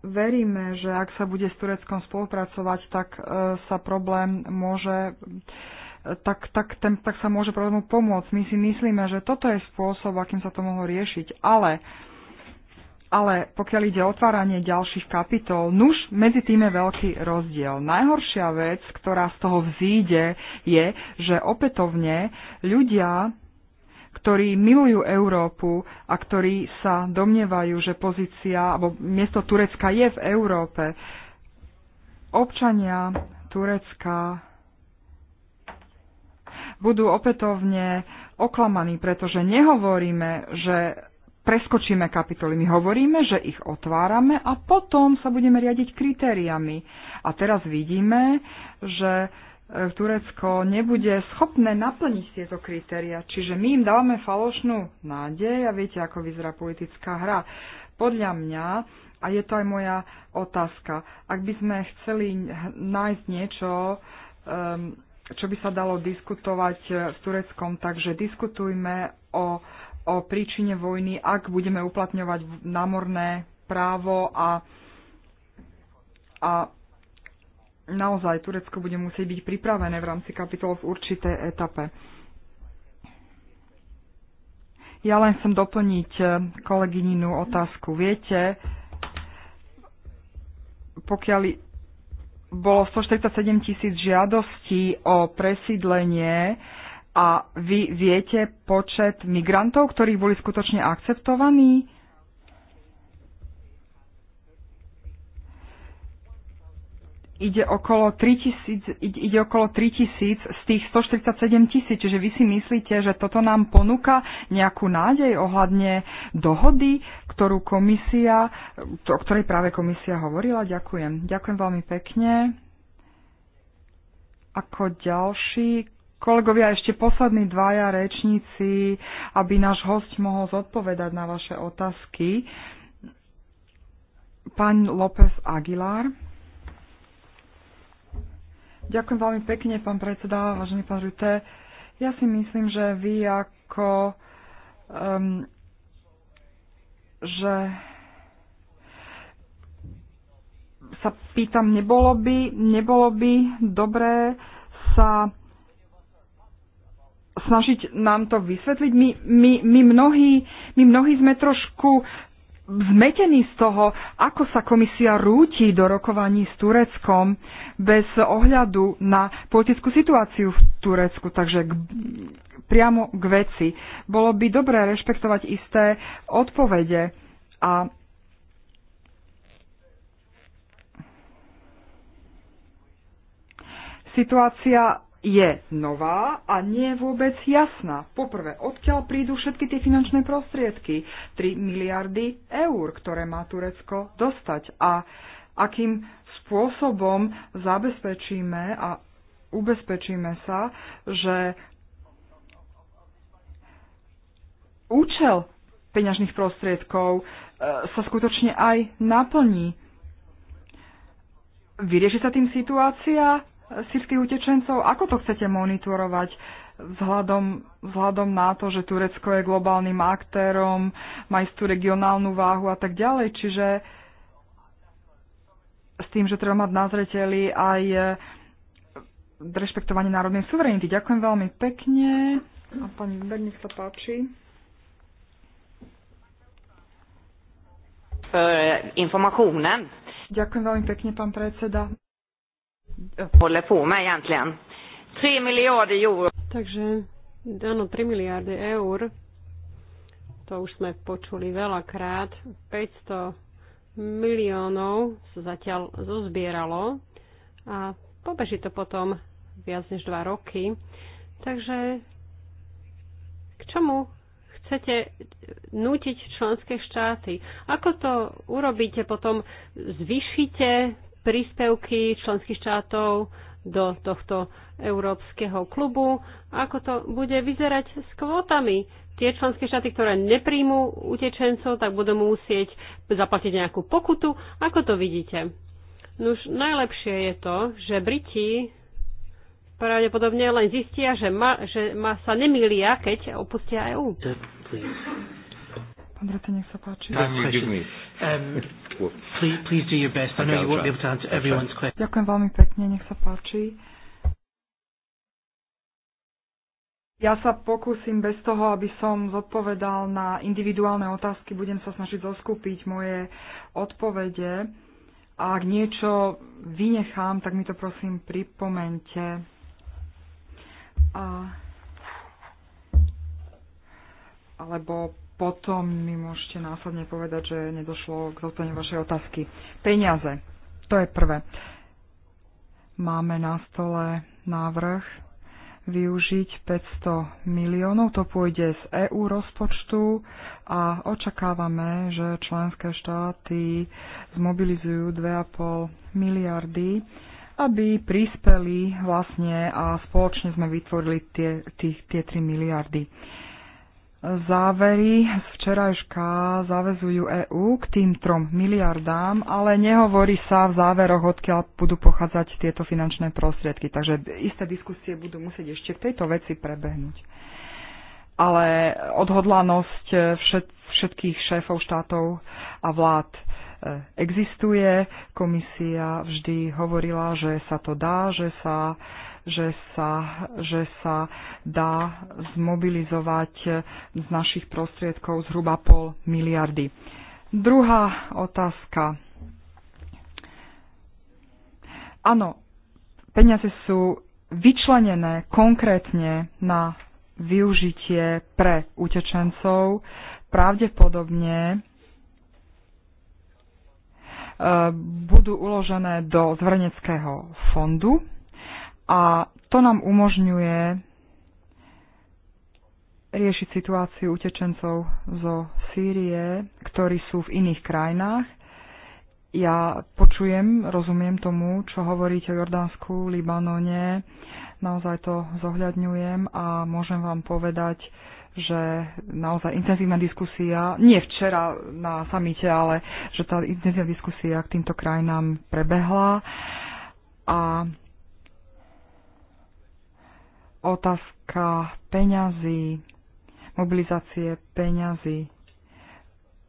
veríme, že ak sa bude s Tureckom spolupracovať, tak e, sa problém môže tak, tak, ten, tak sa môže problému pomôcť. My si myslíme, že toto je spôsob, akým sa to mohlo riešiť. Ale, ale pokiaľ ide o otváranie ďalších kapitol, nuž medzi tým je veľký rozdiel. Najhoršia vec, ktorá z toho vzíde, je, že opätovne ľudia ktorí milujú Európu a ktorí sa domnievajú, že pozícia alebo miesto Turecka je v Európe. Občania Turecka budú opätovne oklamaní, pretože nehovoríme, že preskočíme kapitoly. My hovoríme, že ich otvárame a potom sa budeme riadiť kritériami. A teraz vidíme, že v e, Turecko nebude schopné naplniť tieto kritéria. Čiže my im dávame falošnú nádej a viete, ako vyzerá politická hra. Podľa mňa, a je to aj moja otázka, ak by sme chceli nájsť niečo, čo by sa dalo diskutovať e, s Tureckom, takže diskutujme o, o príčine vojny, ak budeme uplatňovať námorné právo a, a naozaj Turecko bude musieť byť pripravené v rámci kapitol v určitej etape. Ja len chcem doplniť eh, kolegyninú otázku. Viete, pokiaľ bolo 147 tisíc žiadostí o presídlenie a vy viete počet migrantov, ktorí boli skutočne akceptovaní? ide okolo 3000, ide okolo 3000 z tých 147 tisíc. Čiže vy si myslíte, že toto nám ponúka nejakú nádej ohľadne dohody, ktorú komisia, o ktorej práve komisia hovorila? Ďakujem. Ďakujem veľmi pekne. Ako ďalší kolegovia, ešte poslední dvaja rečníci, aby náš host mohol zodpovedať na vaše otázky. Pán López Aguilar. Ďakujem veľmi pekne, pán predseda, vážený pán Rute. Ja si myslím, že vy ako um, že sa pýtam, nebolo by, nebolo by dobré sa snažiť nám to vysvetliť. My, my, my, mnohí, my mnohí sme trošku zmetení z toho, ako sa komisia rúti do rokovaní s Tureckom bez ohľadu na politickú situáciu v Turecku. Takže k, priamo k veci. Bolo by dobré rešpektovať isté odpovede a situácia je nová a nie je vôbec jasná. Poprvé, odkiaľ prídu všetky tie finančné prostriedky? 3 miliardy eur, ktoré má Turecko dostať. A akým spôsobom zabezpečíme a ubezpečíme sa, že účel peňažných prostriedkov e, sa skutočne aj naplní. Vyrieši sa tým situácia? sírskych utečencov? Ako to chcete monitorovať vzhľadom, vzhľadom na to, že Turecko je globálnym aktérom, má istú regionálnu váhu a tak ďalej? Čiže s tým, že treba mať na zreteli aj e, rešpektovanie národnej suverenity. Ďakujem veľmi pekne. A pani Weber, nech sa páči. Ďakujem veľmi pekne, pán predseda håller på med egentligen. 3 euro. Takže, áno, 3 miliardy eur, to už sme počuli veľakrát, 500 miliónov sa zatiaľ zozbieralo a pobeží to potom viac než 2 roky. Takže k čomu chcete nútiť členské štáty? Ako to urobíte potom? Zvyšíte príspevky členských štátov do tohto európskeho klubu. Ako to bude vyzerať s kvótami? Tie členské štáty, ktoré nepríjmú utečencov, tak budú musieť zaplatiť nejakú pokutu. Ako to vidíte? No už najlepšie je to, že Briti pravdepodobne len zistia, že, ma, že ma sa nemýlia, keď opustia EU. Andrete, nech sa páči. Ďakujem veľmi pekne, nech sa páči. Ja sa pokúsim bez toho, aby som zodpovedal na individuálne otázky, budem sa snažiť zoskupiť moje odpovede. A ak niečo vynechám, tak mi to prosím pripomente. A... Alebo potom mi môžete následne povedať, že nedošlo k zostane vašej otázky. Peniaze. To je prvé. Máme na stole návrh využiť 500 miliónov. To pôjde z EU rozpočtu a očakávame, že členské štáty zmobilizujú 2,5 miliardy aby prispeli vlastne a spoločne sme vytvorili tie, tie, tie 3 miliardy. Uh, závery z včerajška zavezujú EÚ k tým trom miliardám, ale nehovorí sa v záveroch, odkiaľ budú pochádzať tieto finančné prostriedky. Takže isté diskusie budú musieť ešte k tejto veci prebehnúť. Ale odhodlanosť všet, všetkých šéfov štátov a vlád e, existuje. Komisia vždy hovorila, že sa to dá, že sa že sa, že sa dá zmobilizovať z našich prostriedkov zhruba pol miliardy. Druhá otázka. Áno, peniaze sú vyčlenené konkrétne na využitie pre utečencov. Pravdepodobne eh, budú uložené do zvrneckého fondu a to nám umožňuje riešiť situáciu utečencov zo Sýrie, ktorí sú v iných krajinách. Ja počujem, rozumiem tomu, čo hovoríte o Jordánsku, Libanone, naozaj to zohľadňujem a môžem vám povedať, že naozaj intenzívna diskusia, nie včera na samite, ale že tá intenzívna diskusia k týmto krajinám prebehla a otázka peňazí, mobilizácie peňazí.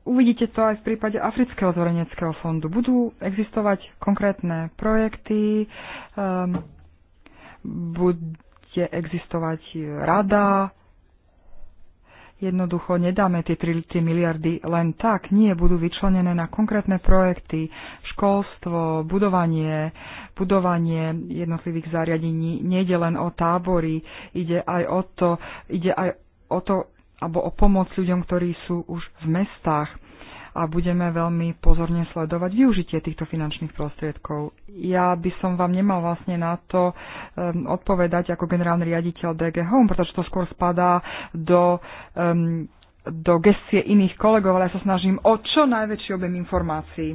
Uvidíte to aj v prípade Afrického zvoreneckého fondu. Budú existovať konkrétne projekty, um, bude existovať rada, Jednoducho nedáme tie 3 miliardy len tak. Nie, budú vyčlenené na konkrétne projekty, školstvo, budovanie, budovanie jednotlivých zariadení. Nejde len o tábory, ide aj o to, ide aj o to, alebo o pomoc ľuďom, ktorí sú už v mestách a budeme veľmi pozorne sledovať využitie týchto finančných prostriedkov. Ja by som vám nemal vlastne na to um, odpovedať ako generálny riaditeľ DG Home, pretože to skôr spadá do um, do gestie iných kolegov, ale ja sa snažím o čo najväčší objem informácií.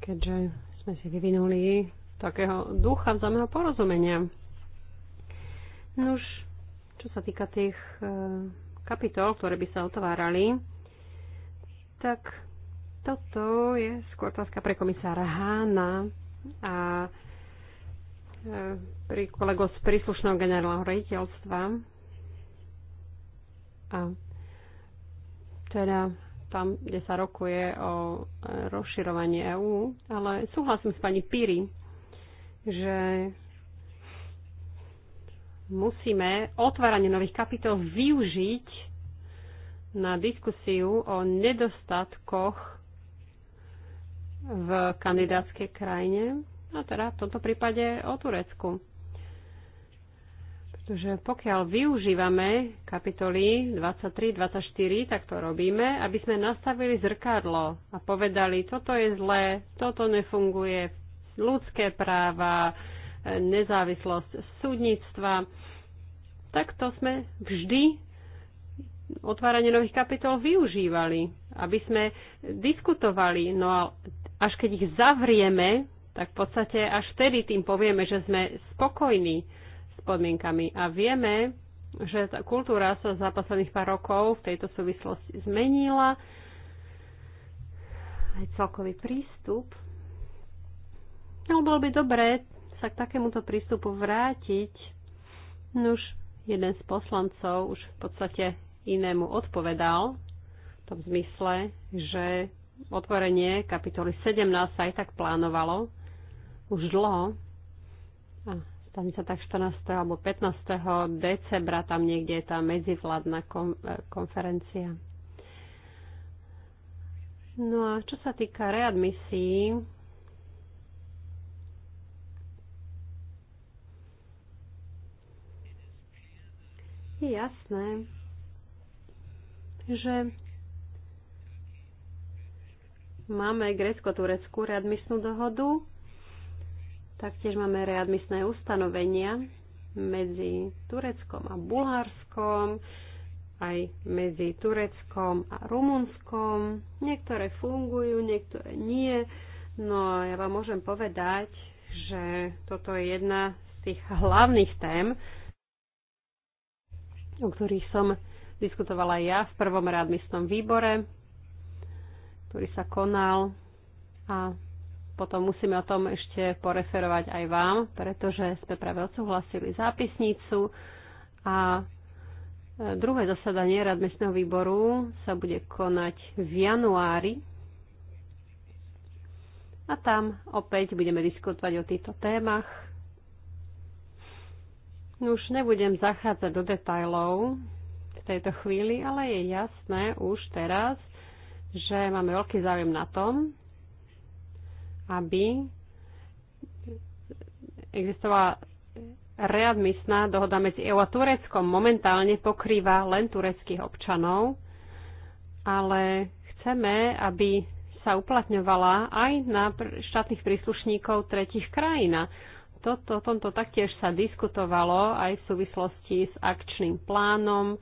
Keďže sme si vyvinuli takého ducha vzájomného porozumenia. už, čo sa týka tých eh, kapitol, ktoré by sa otvárali, tak toto je skôr otázka pre komisára Hána a e, pri kolego z príslušného generálneho rejiteľstva. A teda tam, kde sa rokuje o e, rozširovanie EÚ, ale súhlasím s pani Piri, že musíme otváranie nových kapitol využiť na diskusiu o nedostatkoch v kandidátskej krajine, a teda v tomto prípade o Turecku. Pretože pokiaľ využívame kapitoly 23-24, tak to robíme, aby sme nastavili zrkadlo a povedali, toto je zlé, toto nefunguje, ľudské práva, nezávislosť súdnictva. Takto sme vždy otváranie nových kapitol využívali, aby sme diskutovali. No a až keď ich zavrieme, tak v podstate až vtedy tým povieme, že sme spokojní s podmienkami a vieme, že tá kultúra sa za posledných pár rokov v tejto súvislosti zmenila, aj celkový prístup. No, bolo by dobré sa k takémuto prístupu vrátiť? No už jeden z poslancov už v podstate inému odpovedal v tom zmysle, že otvorenie kapitoly 17 sa aj tak plánovalo už dlho. A stane sa tak 14. alebo 15. decembra, tam niekde je tá medzivládna e, konferencia. No a čo sa týka readmisí, je jasné, že máme grecko-tureckú readmisnú dohodu, taktiež máme readmisné ustanovenia medzi Tureckom a Bulharskom, aj medzi Tureckom a Rumunskom. Niektoré fungujú, niektoré nie. No a ja vám môžem povedať, že toto je jedna z tých hlavných tém, o ktorých som diskutovala ja v prvom rádmistom výbore, ktorý sa konal a potom musíme o tom ešte poreferovať aj vám, pretože sme práve odsúhlasili zápisnicu a e, druhé zasadanie radmestného výboru sa bude konať v januári a tam opäť budeme diskutovať o týchto témach No už nebudem zachádzať do detajlov v tejto chvíli, ale je jasné už teraz, že máme veľký záujem na tom, aby existovala readmisná dohoda medzi EU a Tureckom. Momentálne pokrýva len tureckých občanov, ale chceme, aby sa uplatňovala aj na štátnych príslušníkov tretich krajín toto, tomto taktiež sa diskutovalo aj v súvislosti s akčným plánom,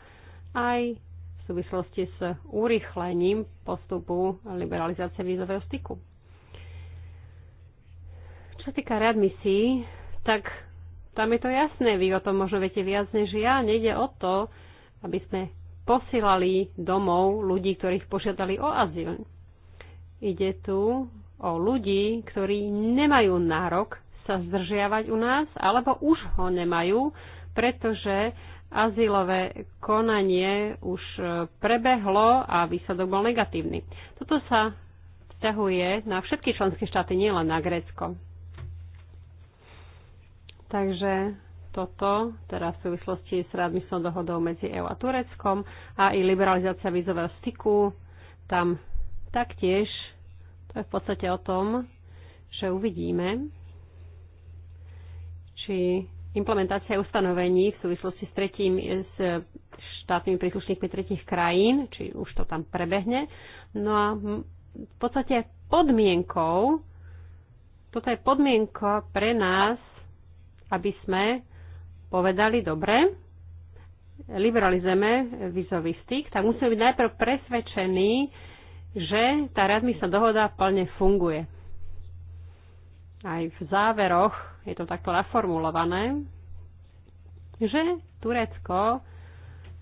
aj v súvislosti s urychlením postupu liberalizácie vízového styku. Čo sa týka readmisí, tak tam je to jasné, vy o tom možno viete viac než ja. Nejde o to, aby sme posílali domov ľudí, ktorých požiadali o azyl. Ide tu o ľudí, ktorí nemajú nárok sa zdržiavať u nás, alebo už ho nemajú, pretože azylové konanie už e, prebehlo a výsledok bol negatívny. Toto sa vzťahuje na všetky členské štáty, nielen na Grécko. Takže toto, teraz v súvislosti s radmyslnou dohodou medzi EU a Tureckom a i liberalizácia vízového styku, tam taktiež to je v podstate o tom, že uvidíme, či implementácia ustanovení v súvislosti s, tretím, s štátnymi príslušníkmi tretich krajín, či už to tam prebehne. No a v podstate podmienkou, toto je podmienka pre nás, aby sme povedali, dobre, liberalizujeme vizový styk, tak musíme byť najprv presvedčení, že tá radmyslná dohoda plne funguje. Aj v záveroch je to takto naformulované, že Turecko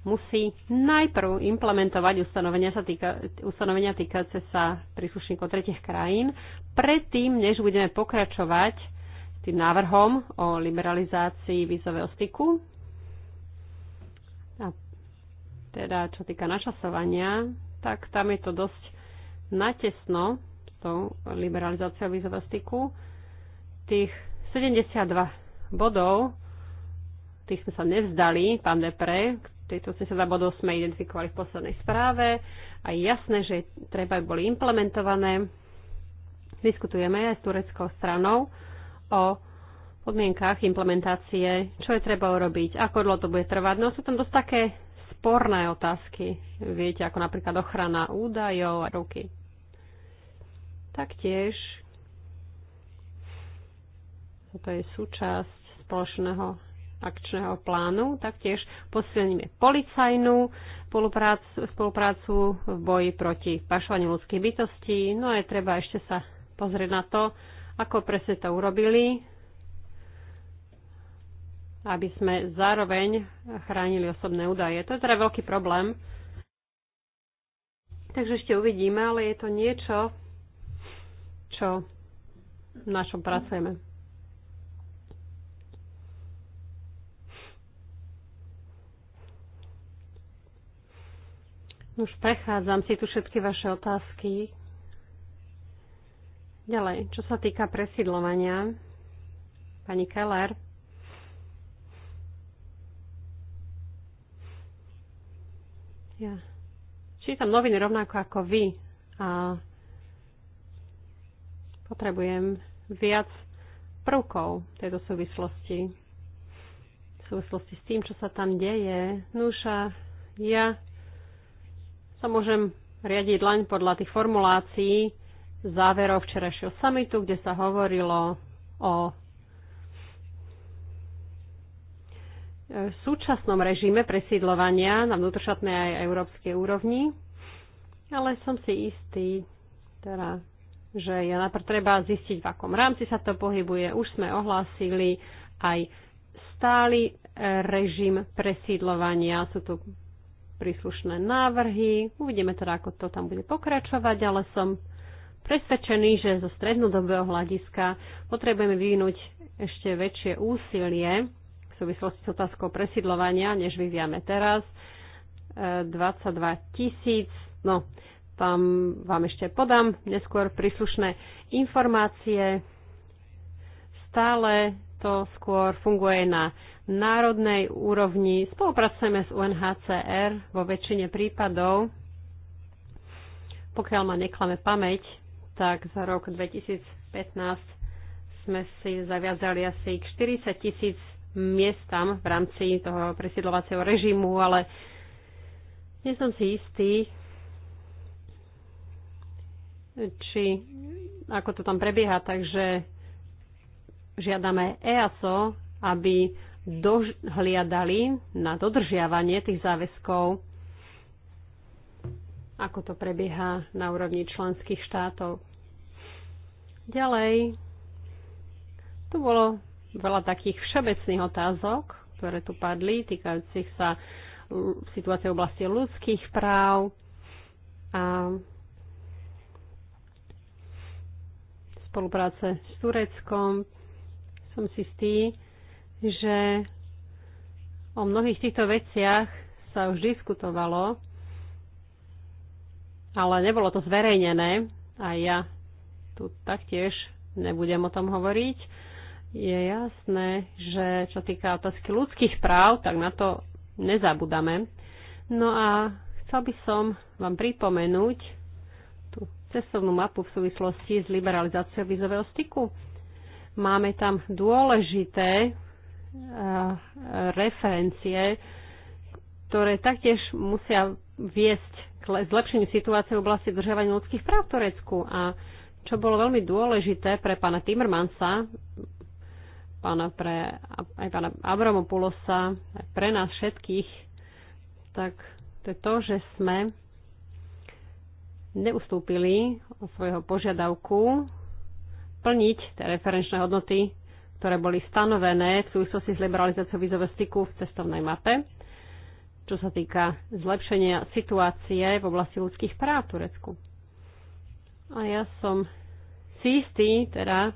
musí najprv implementovať ustanovenia, sa týka, ustanovenia týkajúce sa príslušníkov tretich krajín, predtým, než budeme pokračovať tým návrhom o liberalizácii vízového styku. A teda, čo týka načasovania, tak tam je to dosť natesno s tou liberalizáciou vízového styku. Tých 72 bodov, tých sme sa nevzdali, pán Depre, tieto 72 bodov sme identifikovali v poslednej správe a je jasné, že treba boli implementované. Diskutujeme aj s tureckou stranou o podmienkách implementácie, čo je treba urobiť, ako dlho to bude trvať. No sú tam dosť také sporné otázky, viete, ako napríklad ochrana údajov a ruky. Taktiež toto je súčasť spoločného akčného plánu. Taktiež posilníme policajnú spoluprácu, spoluprácu v boji proti pašovaniu ľudských bytostí. No a je treba ešte sa pozrieť na to, ako presne to urobili, aby sme zároveň chránili osobné údaje. To je teda veľký problém. Takže ešte uvidíme, ale je to niečo, čo na našom pracujeme. Už prechádzam si tu všetky vaše otázky. Ďalej, čo sa týka presídlovania, pani Keller. Ja čítam noviny rovnako ako vy a potrebujem viac prvkov tejto súvislosti. V súvislosti s tým, čo sa tam deje. Núša, ja sa môžem riadiť len podľa tých formulácií záverov včerajšieho samitu, kde sa hovorilo o e, súčasnom režime presídlovania na vnútrošatnej aj európskej úrovni, ale som si istý, teda, že je napr. treba zistiť, v akom rámci sa to pohybuje. Už sme ohlásili aj stály e, režim presídlovania. Sú tu príslušné návrhy. Uvidíme teda, ako to tam bude pokračovať, ale som presvedčený, že zo strednodobého hľadiska potrebujeme vyvinúť ešte väčšie úsilie v súvislosti s otázkou presidlovania, než vyviame teraz. 22 e, tisíc, no tam vám ešte podám neskôr príslušné informácie. Stále to skôr funguje na národnej úrovni. Spolupracujeme s UNHCR vo väčšine prípadov. Pokiaľ ma neklame pamäť, tak za rok 2015 sme si zaviazali asi k 40 tisíc miestam v rámci toho presiedlovacieho režimu, ale nie som si istý, či ako to tam prebieha, takže žiadame EASO, aby dohliadali na dodržiavanie tých záväzkov, ako to prebieha na úrovni členských štátov. Ďalej, tu bolo veľa takých všeobecných otázok, ktoré tu padli, týkajúcich sa situácie v oblasti ľudských práv a spolupráce s Tureckom. Som si tým, že o mnohých týchto veciach sa už diskutovalo, ale nebolo to zverejnené a ja tu taktiež nebudem o tom hovoriť. Je jasné, že čo týka otázky ľudských práv, tak na to nezabudame. No a chcel by som vám pripomenúť tú cestovnú mapu v súvislosti s liberalizáciou vizového styku. Máme tam dôležité Eh, referencie, ktoré taktiež musia viesť k zlepšeniu situácie v oblasti držiavania ľudských práv v Turecku. A čo bolo veľmi dôležité pre pána Timmermansa, pána pre, aj pána Abramopulosa, aj pre nás všetkých, tak to je to, že sme neustúpili od svojho požiadavku plniť tie referenčné hodnoty ktoré boli stanovené v súvislosti s liberalizáciou vízového styku v cestovnej mape, čo sa týka zlepšenia situácie v oblasti ľudských práv v Turecku. A ja som si istý, teda,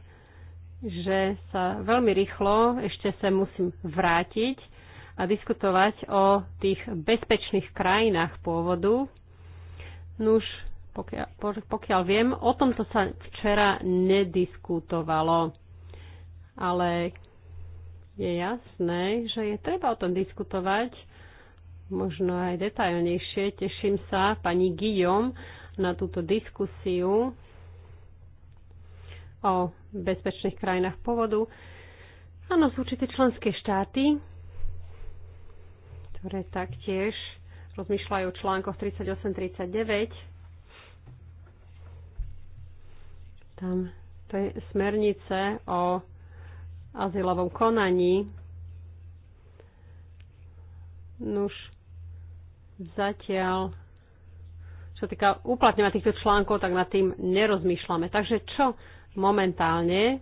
že sa veľmi rýchlo ešte sa musím vrátiť a diskutovať o tých bezpečných krajinách pôvodu. Nuž, pokiaľ, pokiaľ viem, o tomto sa včera nediskutovalo ale je jasné, že je treba o tom diskutovať, možno aj detailnejšie. Teším sa pani Guillaume na túto diskusiu o bezpečných krajinách povodu. Áno, sú určité členské štáty, ktoré taktiež rozmýšľajú o článkoch 38-39. Tam to je smernice o azylovom konaní. Nuž, zatiaľ, čo týka uplatňovať týchto článkov, tak nad tým nerozmýšľame. Takže čo momentálne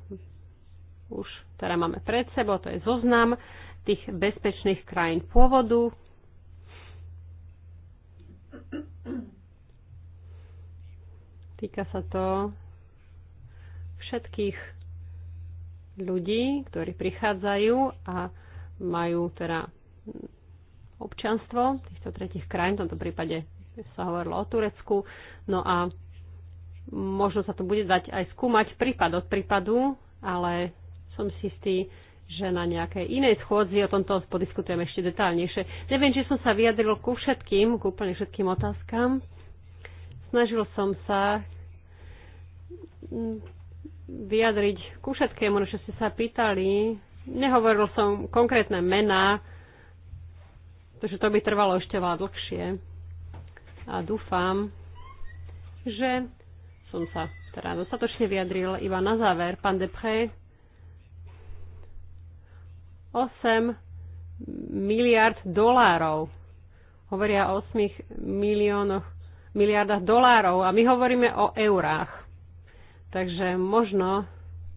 už teda máme pred sebou, to je zoznam tých bezpečných krajín pôvodu. Týka sa to všetkých ľudí, ktorí prichádzajú a majú teda občanstvo týchto tretich krajín, v tomto prípade sa hovorilo o Turecku. No a možno sa to bude dať aj skúmať prípad od prípadu, ale som si istý, že na nejakej inej schôdzi o tomto podiskutujem ešte detálnejšie. Neviem, či som sa vyjadril ku všetkým, ku úplne všetkým otázkam. Snažil som sa vyjadriť ku všetkému, čo ste sa pýtali. Nehovoril som konkrétne mená, pretože to by trvalo ešte veľa dlhšie. A dúfam, že som sa teda dostatočne vyjadril iba na záver. Pán Depré, 8 miliard dolárov. Hovoria o 8 miliónoch, miliardách dolárov a my hovoríme o eurách. Takže možno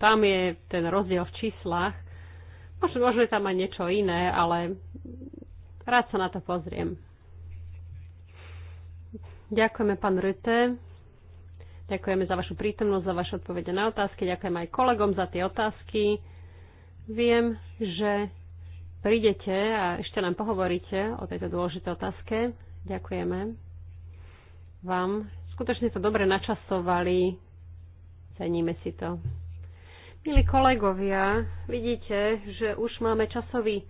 tam je ten rozdiel v číslach. Možno, možno je tam aj niečo iné, ale rád sa na to pozriem. Ďakujeme, pán Rute. Ďakujeme za vašu prítomnosť, za vaše odpovede na otázky. Ďakujem aj kolegom za tie otázky. Viem, že prídete a ešte nám pohovoríte o tejto dôležitej otázke. Ďakujeme vám. Skutočne to dobre načasovali Ceníme si to. Milí kolegovia, vidíte, že už máme časový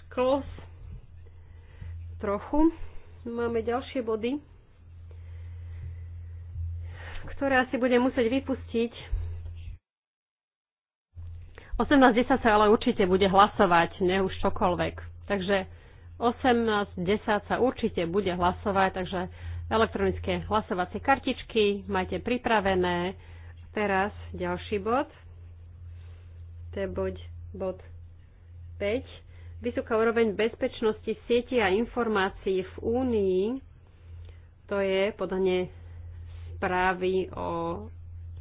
sklos trochu. Máme ďalšie body, ktoré asi budem musieť vypustiť. 18.10 sa ale určite bude hlasovať, ne už čokoľvek. Takže 18.10 sa určite bude hlasovať, takže elektronické hlasovacie kartičky majte pripravené Teraz ďalší bod. To je bod, bod 5. Vysoká úroveň bezpečnosti sieti a informácií v Únii. To je podanie správy o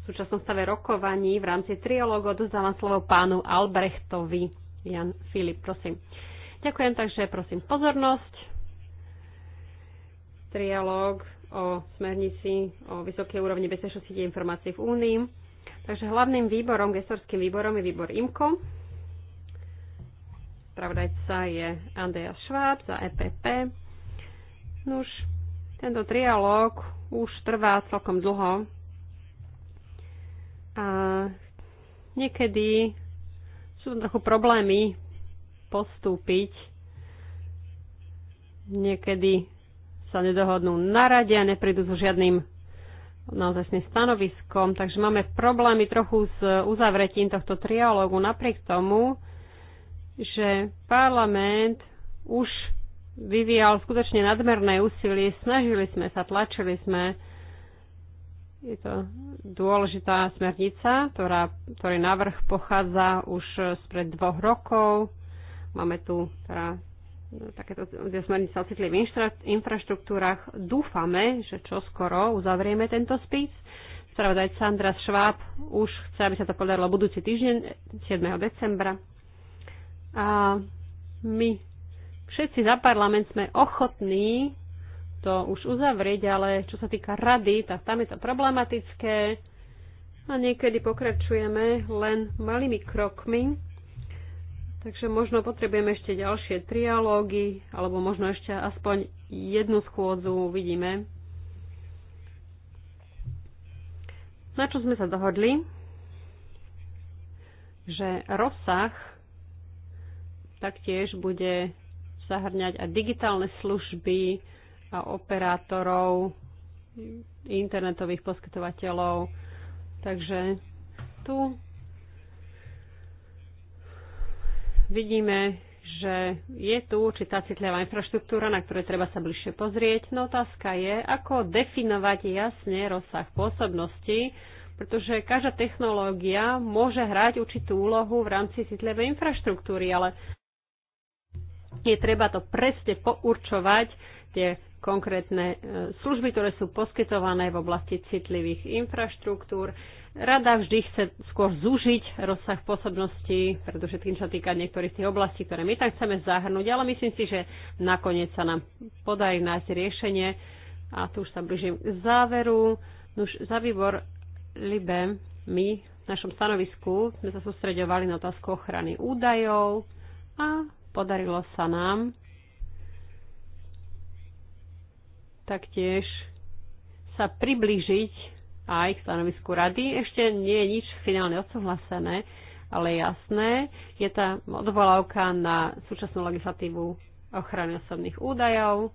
súčasnom stave rokovaní v rámci triológu. Dozdávam slovo pánu Albrechtovi. Jan Filip, prosím. Ďakujem, takže prosím pozornosť. Trialóg o smernici o vysokej úrovni bezpečnosti informácií v Únii. Takže hlavným výborom, gestorským výborom je výbor IMCO. Pravdajca je Andreas Schwab za EPP. Nuž, tento trialóg už trvá celkom dlho. A niekedy sú trochu problémy postúpiť. Niekedy sa nedohodnú na rade a neprídu so žiadnym naozaj stanoviskom, takže máme problémy trochu s uzavretím tohto trialógu napriek tomu, že parlament už vyvíjal skutočne nadmerné úsilie, snažili sme sa, tlačili sme. Je to dôležitá smernica, ktorá, ktorý návrh pochádza už spred dvoch rokov. Máme tu teda takéto sa ocitli citlivých infraštruktúrach. Dúfame, že čoskoro uzavrieme tento spis. Spravodaj Sandra Šváb už chce, aby sa to podarilo budúci týždeň, 7. decembra. A my všetci za parlament sme ochotní to už uzavrieť, ale čo sa týka rady, tak tam je to problematické a niekedy pokračujeme len malými krokmi Takže možno potrebujeme ešte ďalšie trialógy, alebo možno ešte aspoň jednu schôdzu uvidíme. Na čo sme sa dohodli? Že rozsah taktiež bude zahrňať aj digitálne služby a operátorov, internetových poskytovateľov. Takže tu vidíme, že je tu určitá citlivá infraštruktúra, na ktoré treba sa bližšie pozrieť. No otázka je, ako definovať jasne rozsah pôsobnosti, pretože každá technológia môže hrať určitú úlohu v rámci citlivej infraštruktúry, ale je treba to presne pourčovať, tie konkrétne e, služby, ktoré sú poskytované v oblasti citlivých infraštruktúr. Rada vždy chce skôr zúžiť rozsah pôsobnosti, tým sa týka niektorých z tých oblastí, ktoré my tam chceme zahrnúť, ale myslím si, že nakoniec sa nám podarí nájsť riešenie. A tu už sa blížim k záveru. Už za výbor Libe my v našom stanovisku sme sa sústreďovali na otázku ochrany údajov a podarilo sa nám taktiež sa priblížiť aj k stanovisku rady. Ešte nie je nič finálne odsúhlasené, ale jasné. Je tá odvolávka na súčasnú legislatívu ochrany osobných údajov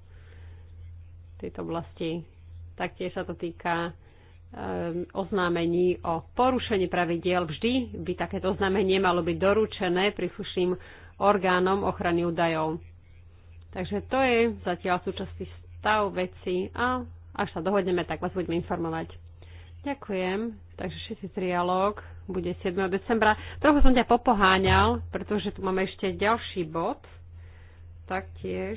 v tejto oblasti. Taktiež sa to týka ehm, oznámení o porušení pravidiel. Vždy by takéto oznámenie malo byť doručené príslušným orgánom ochrany údajov. Takže to je zatiaľ súčasný stav veci a až sa dohodneme, tak vás budeme informovať. Ďakujem. Takže všetci trialóg bude 7. decembra. Trochu som ťa popoháňal, pretože tu máme ešte ďalší bod. Taktiež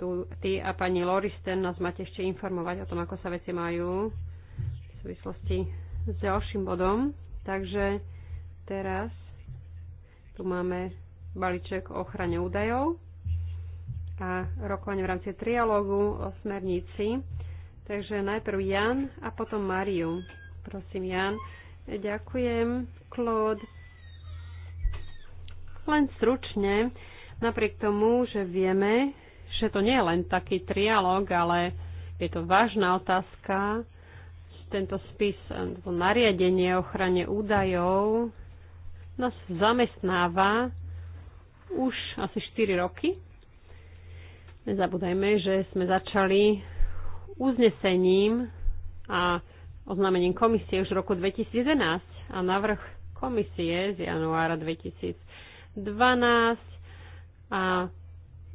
tu ty a pani Loristen nás máte ešte informovať o tom, ako sa veci majú v súvislosti s ďalším bodom. Takže teraz tu máme balíček o ochrane údajov a rokovanie v rámci trialógu o smernici Takže najprv Jan a potom Mariu. Prosím, Jan. Ďakujem, Claude. Len stručne, napriek tomu, že vieme, že to nie je len taký trialog, ale je to vážna otázka. Tento spis, to nariadenie o ochrane údajov nás zamestnáva už asi 4 roky. Nezabúdajme, že sme začali uznesením a oznámením komisie už v roku 2011 a navrh komisie z januára 2012 a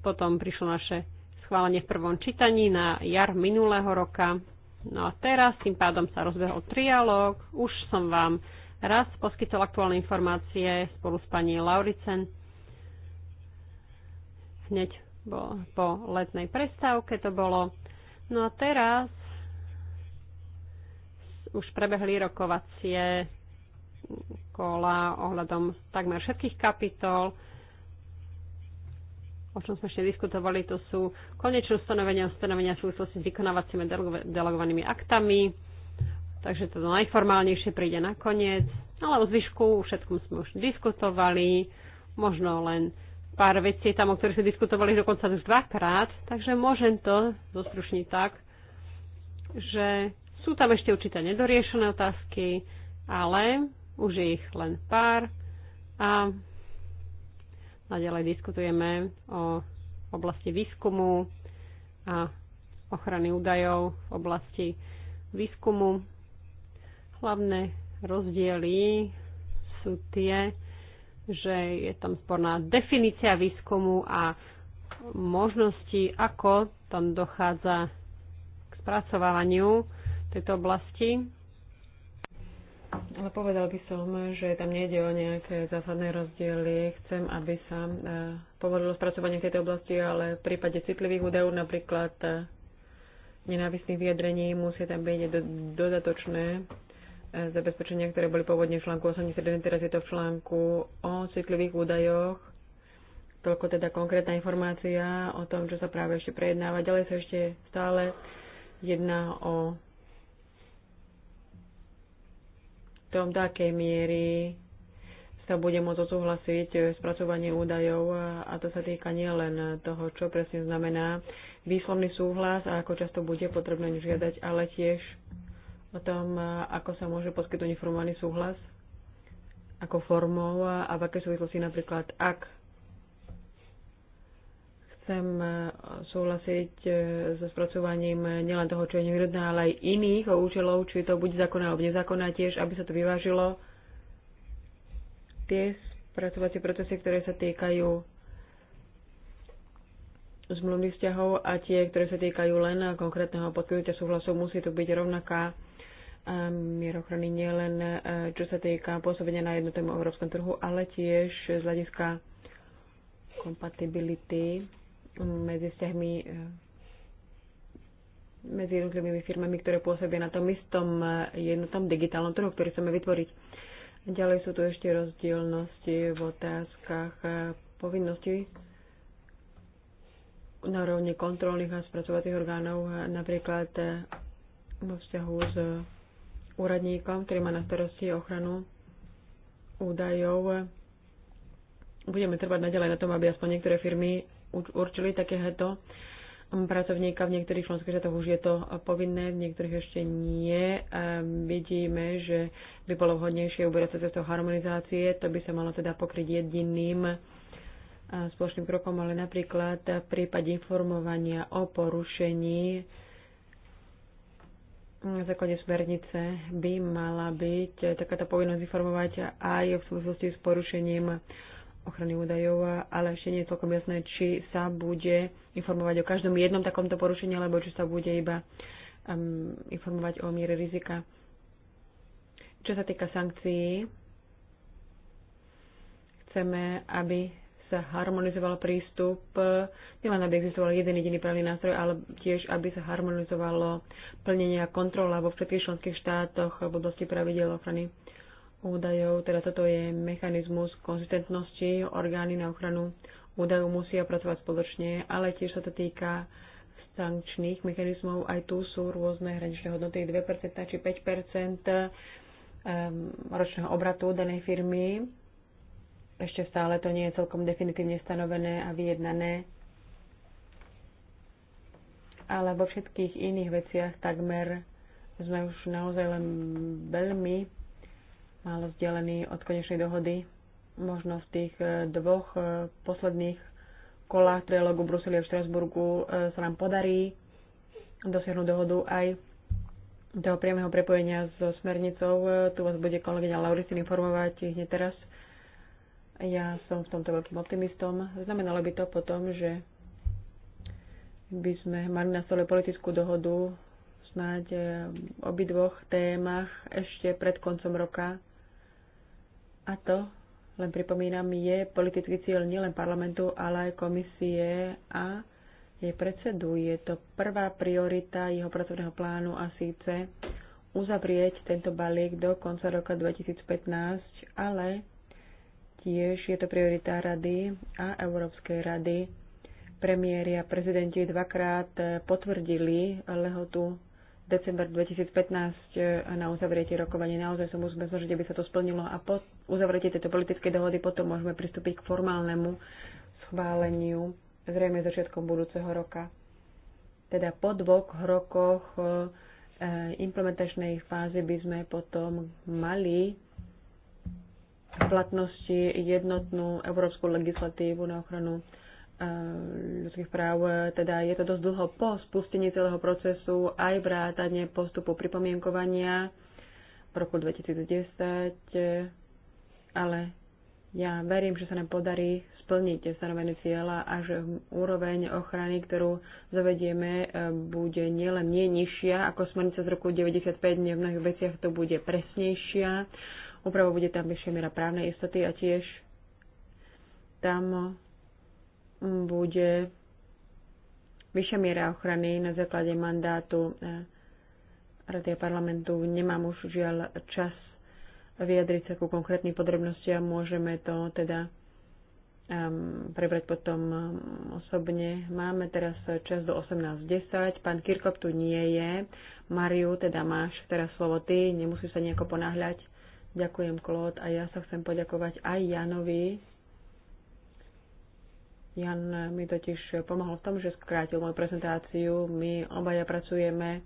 potom prišlo naše schválenie v prvom čítaní na jar minulého roka. No a teraz tým pádom sa rozbehol trialóg. Už som vám raz poskytol aktuálne informácie spolu s pani Lauricen. Hneď po letnej prestávke to bolo. No a teraz už prebehli rokovacie kola ohľadom takmer všetkých kapitol. O čom sme ešte diskutovali, to sú konečné ustanovenia, ustanovenia v súvislosti s vykonávacími delegovanými aktami. Takže to najformálnejšie príde nakoniec. Ale o zvyšku všetkom sme už diskutovali. Možno len pár vecí tam, o ktorých sme diskutovali dokonca už dvakrát, takže môžem to zostručniť tak, že sú tam ešte určité nedoriešené otázky, ale už je ich len pár a naďalej diskutujeme o oblasti výskumu a ochrany údajov v oblasti výskumu. Hlavné rozdiely sú tie, že je tam sporná definícia výskumu a možnosti, ako tam dochádza k spracovávaniu tejto oblasti. Ale povedal by som, že tam nejde o nejaké zásadné rozdiely. Chcem, aby sa e, povolilo spracovanie v tejto oblasti, ale v prípade citlivých údajov, napríklad e, nenávistných vyjadrení, musia tam byť dodatočné E, zabezpečenia, ktoré boli pôvodne v článku 81, teraz je to v článku o citlivých údajoch. Toľko teda konkrétna informácia o tom, čo sa práve ešte prejednáva. Ďalej sa ešte stále jedná o tom, do akej miery sa bude môcť odsúhlasiť spracovanie údajov a to sa týka nielen toho, čo presne znamená výslovný súhlas a ako často bude potrebné žiadať, ale tiež o tom, ako sa môže poskytnúť informovaný súhlas, ako formou a v akej súvislosti napríklad, ak chcem e, súhlasiť e, so spracovaním e, nielen toho, čo je nevýhodné, ale aj iných účelov, či to bude zákonné alebo nezákonné tiež, aby sa to vyvážilo. Tie spracovacie procesy, ktoré sa týkajú zmluvných vzťahov a tie, ktoré sa týkajú len konkrétneho podpínutia súhlasu, musí tu byť rovnaká mier ochrany nielen e, čo sa týka pôsobenia na jednotnom európskom trhu, ale tiež z hľadiska kompatibility medzi vzťahmi e, medzi jednotlivými firmami, ktoré pôsobia na tom istom e, jednotnom digitálnom trhu, ktorý chceme vytvoriť. Ďalej sú tu ešte rozdielnosti v otázkach povinností na úrovni kontrolných a spracovacích orgánov, napríklad vo vzťahu s úradníkom, ktorý má na starosti ochranu údajov. Budeme trvať naďalej na tom, aby aspoň niektoré firmy určili takéhoto pracovníka. V niektorých členských štátoch už je to povinné, v niektorých ešte nie. Vidíme, že by bolo vhodnejšie uberať sa cestou harmonizácie. To by sa malo teda pokryť jediným spoločným krokom, ale napríklad v prípade informovania o porušení na základe smernice by mala byť takáto povinnosť informovať aj v súvislosti s porušením ochrany údajov, ale ešte nie je celkom jasné, či sa bude informovať o každom jednom takomto porušení, alebo či sa bude iba um, informovať o miere rizika. Čo sa týka sankcií, chceme, aby sa harmonizoval prístup, e, nielen aby existoval jeden jediný právny nástroj, ale tiež aby sa harmonizovalo plnenie a kontrola vo všetkých členských štátoch v oblasti pravidel ochrany údajov. Teda toto je mechanizmus konzistentnosti. Orgány na ochranu údajov musia pracovať spoločne, ale tiež sa to týka sankčných mechanizmov. Aj tu sú rôzne hraničné hodnoty 2% či 5% ehm, ročného obratu danej firmy ešte stále to nie je celkom definitívne stanovené a vyjednané. Ale vo všetkých iných veciach takmer sme už naozaj len veľmi málo vzdelení od konečnej dohody. Možno v tých e, dvoch e, posledných kolách trialogu Bruseli a v Štrasburgu e, sa nám podarí dosiahnuť dohodu aj do priamého prepojenia so smernicou. Tu vás bude kolegyňa Lauristin informovať hneď teraz. Ja som v tomto veľkým optimistom. Znamenalo by to potom, že by sme mali na stole politickú dohodu snáď eh, obidvoch témach ešte pred koncom roka. A to, len pripomínam, je politický cieľ nielen parlamentu, ale aj komisie a jej predsedu. Je to prvá priorita jeho pracovného plánu a síce uzavrieť tento balík do konca roka 2015, ale Tiež je to priorita Rady a Európskej rady. premiéry a prezidenti dvakrát eh, potvrdili lehotu december 2015 eh, na uzavretie rokovania. Naozaj som musíme snažiť, aby sa to splnilo a po uzavretie tejto politickej dohody potom môžeme pristúpiť k formálnemu schváleniu zrejme začiatkom budúceho roka. Teda po dvoch rokoch eh, implementačnej fázy by sme potom mali platnosti jednotnú európsku legislatívu na ochranu e, ľudských práv. Teda je to dosť dlho po spustení celého procesu, aj vrátanie postupu pripomienkovania v roku 2010, ale ja verím, že sa nám podarí splniť stanovené cieľa a že úroveň ochrany, ktorú zavedieme, e, bude nielen nie nižšia ako smernica z roku 95, nie v mnohých veciach to bude presnejšia úprava bude tam vyššia miera právnej istoty a tiež tam mm, bude vyššia miera ochrany na základe mandátu e, Rady a parlamentu. Nemám už žiaľ čas vyjadriť sa ku konkrétnym podrobnostiam. Môžeme to teda um, prebrať potom osobne. Máme teraz čas do 18.10. Pán Kirkop tu nie je. Mariu, teda máš teraz slovo ty. Nemusíš sa nejako ponáhľať. Ďakujem, Klód, a ja sa chcem poďakovať aj Janovi. Jan mi totiž pomohol v tom, že skrátil moju prezentáciu. My obaja pracujeme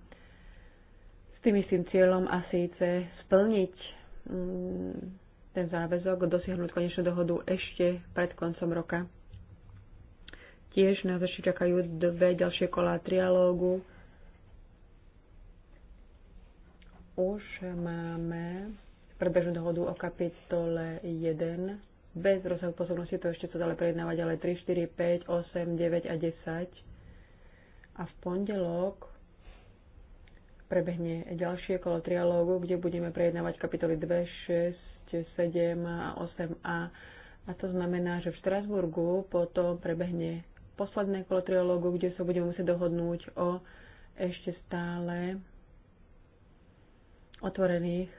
s tým istým cieľom a síce splniť mm, ten záväzok, dosiahnuť konečnú dohodu ešte pred koncom roka. Tiež nás ešte čakajú dve ďalšie kolá trialógu. Už máme prebežnú dohodu o kapitole 1 bez rozsahu pozornosti, to ešte sa dále prejednávať, ale 3, 4, 5, 8, 9 a 10. A v pondelok prebehne ďalšie kolo trialógu, kde budeme prejednávať kapitoly 2, 6, 7 a 8a. A to znamená, že v Štrasburgu potom prebehne posledné kolo trialógu, kde sa budeme musieť dohodnúť o ešte stále otvorených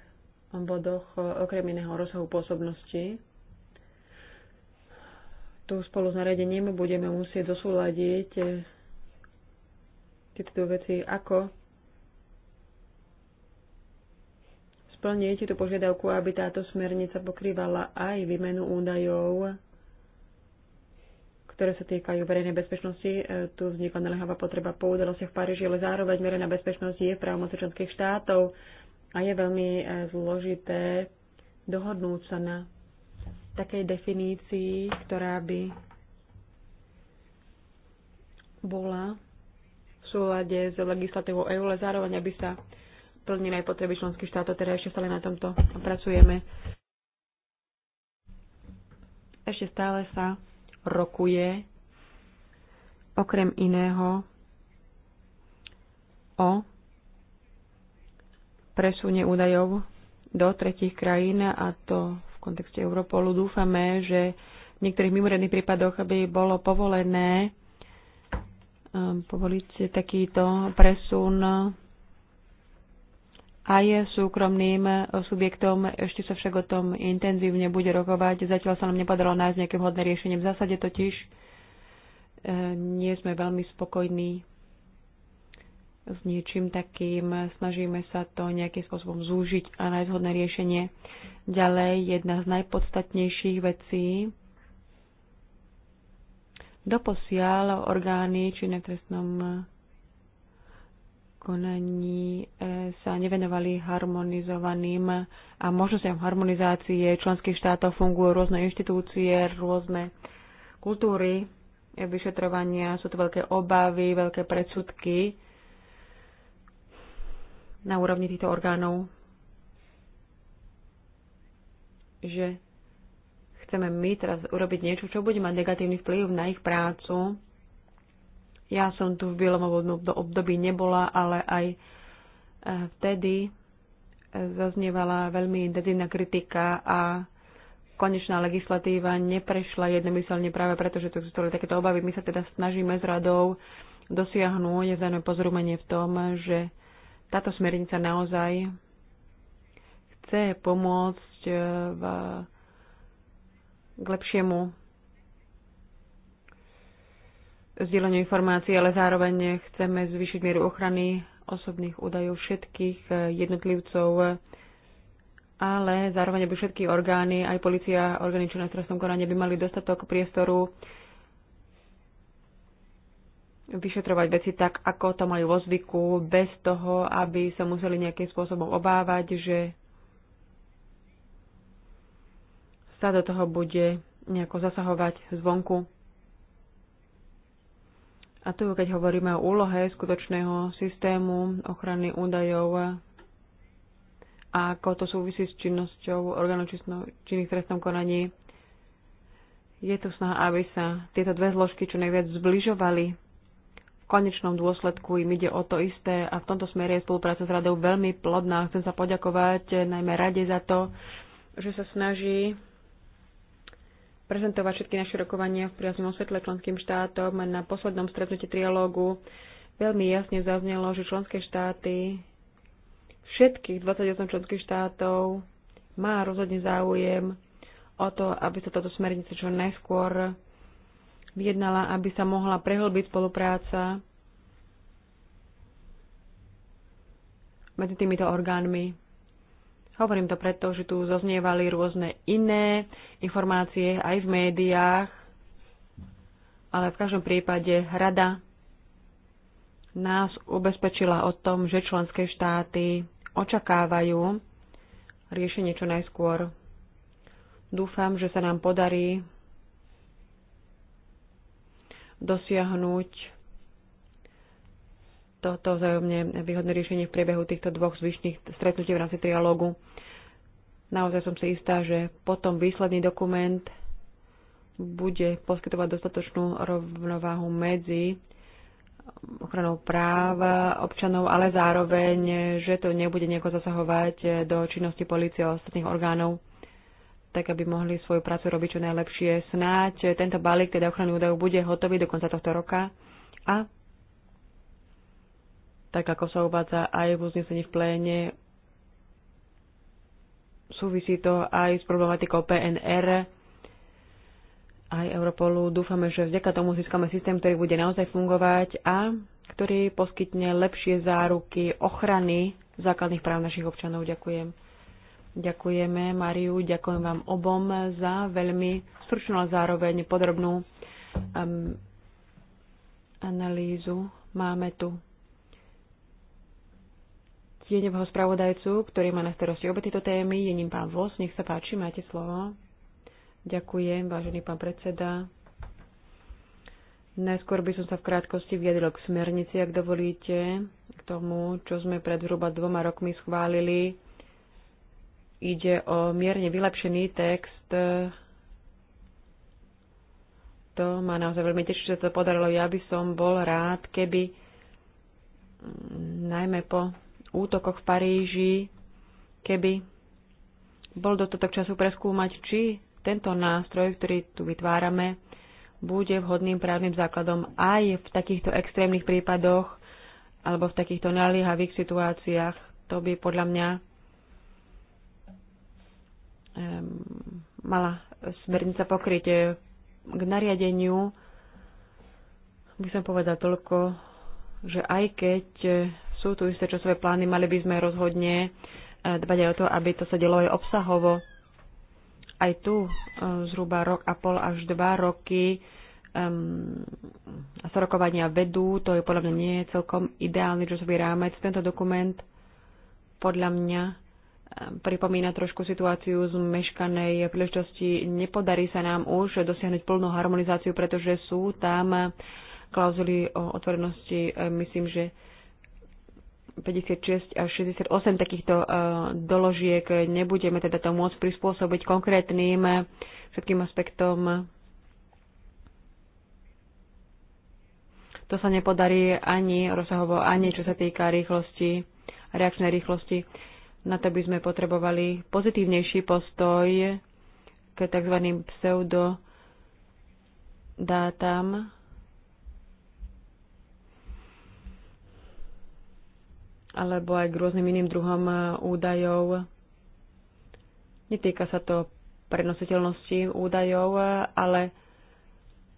bodoch e, okrem iného rozsahu pôsobnosti. Tu spolu s nariadením budeme musieť zosúľadiť e, tieto veci, ako splniť tú požiadavku, aby táto smernica pokrývala aj výmenu údajov, ktoré sa týkajú verejnej bezpečnosti. E, tu vznikla naliehavá potreba po udalostiach v Paríži, ale zároveň verejná bezpečnosť je v právomoci členských štátov a je veľmi e, zložité dohodnúť sa na takej definícii, ktorá by bola v súlade s legislatívou EU, ale zároveň aby sa plnili aj potreby členských štátov, teda ešte stále na tomto pracujeme. Ešte stále sa rokuje okrem iného o presune údajov do tretich krajín a to v kontexte Europolu dúfame, že v niektorých mimoriadných prípadoch by bolo povolené ehm, povoliť takýto presun aj súkromným subjektom. Ešte sa však o tom intenzívne bude rokovať. Zatiaľ sa nám nepodarilo nájsť nejaké vhodné riešenie. V zásade totiž ehm, nie sme veľmi spokojní s niečím takým. Snažíme sa to nejakým spôsobom zúžiť a nájsť hodné riešenie. Ďalej, jedna z najpodstatnejších vecí. Doposiaľ orgány či v trestnom konaní e, sa nevenovali harmonizovaným a v harmonizácie členských štátov fungujú rôzne inštitúcie, rôzne kultúry vyšetrovania, sú to veľké obavy, veľké predsudky na úrovni týchto orgánov, že chceme my teraz urobiť niečo, čo bude mať negatívny vplyv na ich prácu. Ja som tu v bielom období nebola, ale aj e, vtedy e, zaznievala veľmi intenzívna kritika a konečná legislatíva neprešla jednomyselne práve preto, že tu existovali takéto obavy. My sa teda snažíme s radou dosiahnuť vzájomné pozrumenie v tom, že táto smernica naozaj chce pomôcť e, v, k lepšiemu zdieľaniu informácií, ale zároveň chceme zvýšiť mieru ochrany osobných údajov všetkých e, jednotlivcov, ale zároveň, aby všetky orgány, aj policia, orgány činné v trestnom konaní by mali dostatok priestoru vyšetrovať veci tak, ako to majú vo zvyku, bez toho, aby sa museli nejakým spôsobom obávať, že sa do toho bude nejako zasahovať zvonku. A tu, keď hovoríme o úlohe skutočného systému ochrany údajov a ako to súvisí s činnosťou orgánov činných trestnom konaní, je tu snaha, aby sa tieto dve zložky čo najviac zbližovali konečnom dôsledku im ide o to isté a v tomto smere je spolupráca s radou veľmi plodná. Chcem sa poďakovať eh, najmä rade za to, že sa snaží prezentovať všetky naše rokovania v priaznom svetle členským štátom. Na poslednom stretnutí trialógu veľmi jasne zaznelo, že členské štáty, všetkých 28 členských štátov má rozhodne záujem o to, aby sa toto smernice čo najskôr vyjednala, aby sa mohla prehlbiť spolupráca medzi týmito orgánmi. Hovorím to preto, že tu zoznievali rôzne iné informácie aj v médiách, ale v každom prípade rada nás ubezpečila o tom, že členské štáty očakávajú riešenie čo najskôr. Dúfam, že sa nám podarí dosiahnuť toto vzájomne výhodné riešenie v priebehu týchto dvoch zvyšných stretnutí v rámci trialógu. Naozaj som si istá, že potom výsledný dokument bude poskytovať dostatočnú rovnováhu medzi ochranou práv občanov, ale zároveň, že to nebude nejako zasahovať do činnosti policie a ostatných orgánov tak aby mohli svoju prácu robiť čo najlepšie. Snáď eh, tento balík teda ochrany údajov bude hotový do konca tohto roka a tak ako sa uvádza aj v uznesení v pléne, súvisí to aj s problematikou PNR, aj Europolu. Dúfame, že vďaka tomu získame systém, ktorý bude naozaj fungovať a ktorý poskytne lepšie záruky ochrany základných práv našich občanov. Ďakujem. Ďakujeme Mariu, ďakujem vám obom za veľmi stručnú a zároveň podrobnú um, analýzu. Máme tu tieňového spravodajcu, ktorý má na starosti obe tieto témy. Je ním pán Vos, nech sa páči, máte slovo. Ďakujem, vážený pán predseda. Najskôr by som sa v krátkosti vyjadril k smernici, ak dovolíte, k tomu, čo sme pred zhruba dvoma rokmi schválili ide o mierne vylepšený text. To ma naozaj veľmi teší, že to podarilo. Ja by som bol rád, keby mm, najmä po útokoch v Paríži, keby bol do toto času preskúmať, či tento nástroj, ktorý tu vytvárame, bude vhodným právnym základom aj v takýchto extrémnych prípadoch alebo v takýchto naliehavých situáciách. To by podľa mňa mala smernica pokryť eh, k nariadeniu, by som povedal toľko, že aj keď eh, sú tu isté časové plány, mali by sme rozhodne eh, dbať aj o to, aby to sa delo aj obsahovo. Aj tu zhruba rok a pol až dva roky um, sa rokovania vedú, to je podľa mňa nie je celkom ideálny časový rámec. Tento dokument podľa mňa pripomína trošku situáciu z meškanej príležitosti. Nepodarí sa nám už dosiahnuť plnú harmonizáciu, pretože sú tam klauzuly o otvorenosti, e, myslím, že 56 až 68 takýchto e, doložiek. Nebudeme teda to môcť prispôsobiť konkrétnym e, všetkým aspektom. To sa nepodarí ani rozsahovo, ani čo sa týka rýchlosti, reakčnej rýchlosti na to by sme potrebovali pozitívnejší postoj k tzv. pseudodátam. alebo aj k rôznym iným druhom eh, údajov. Netýka sa to prenositeľnosti údajov, eh, ale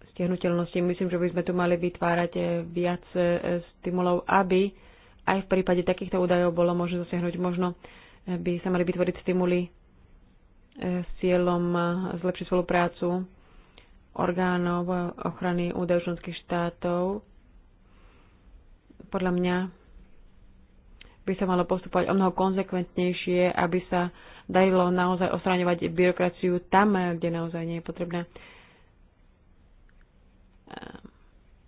stiahnutelnosti. Myslím, že by sme tu mali vytvárať eh, viac stimulov, aby aj v prípade takýchto údajov bolo možné zasiahnuť. Možno eh, by sa mali vytvoriť stimuly eh, s cieľom eh, zlepšiť spoluprácu orgánov ochrany údajov členských štátov. Podľa mňa by sa malo postupovať o mnoho konzekventnejšie, aby sa darilo naozaj ostraňovať byrokraciu tam, kde naozaj nie je potrebné.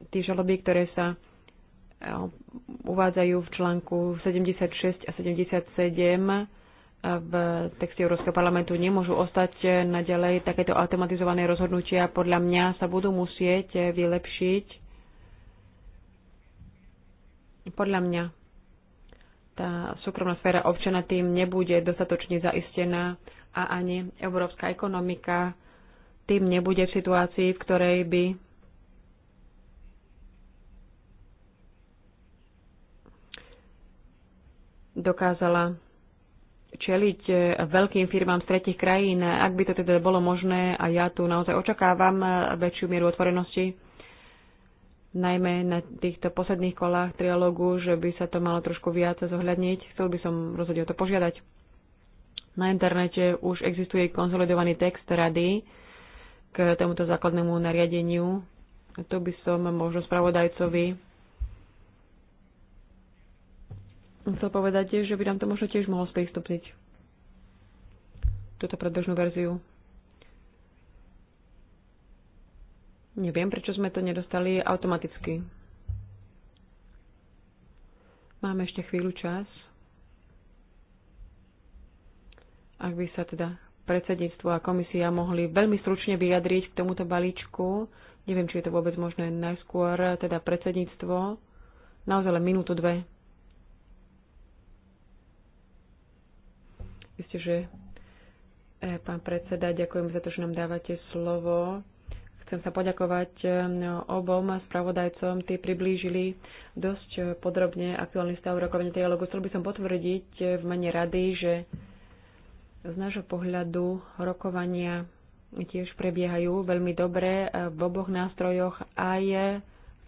Tí žaloby, ktoré sa Eh, uvádzajú v článku 76 a 77 eh, v texte Európskeho parlamentu nemôžu ostať eh, naďalej. Takéto automatizované rozhodnutia podľa mňa sa budú musieť vylepšiť. Podľa mňa tá súkromná sféra občana tým nebude dostatočne zaistená a ani európska ekonomika tým nebude v situácii, v ktorej by dokázala čeliť veľkým firmám z tretich krajín. Ak by to teda bolo možné, a ja tu naozaj očakávam väčšiu mieru otvorenosti, najmä na týchto posledných kolách trialógu, že by sa to malo trošku viac zohľadniť. Chcel by som rozhodne o to požiadať. Na internete už existuje konsolidovaný text rady k tomuto základnému nariadeniu. Tu by som možno spravodajcovi chcel povedať, že by nám to možno tiež mohlo sprístupniť. Túto predbežnú verziu. Neviem, prečo sme to nedostali automaticky. Máme ešte chvíľu čas. Ak by sa teda predsedníctvo a komisia mohli veľmi stručne vyjadriť k tomuto balíčku, neviem, či je to vôbec možné najskôr, teda predsedníctvo, naozaj len minútu, dve. Isté, že e, pán predseda, ďakujem za to, že nám dávate slovo. Chcem sa poďakovať e, obom spravodajcom. Tí priblížili dosť e, podrobne aktuálny stav rokovania dialogu. Chcel by som potvrdiť v mene rady, že z nášho pohľadu rokovania tiež prebiehajú veľmi dobre v oboch nástrojoch aj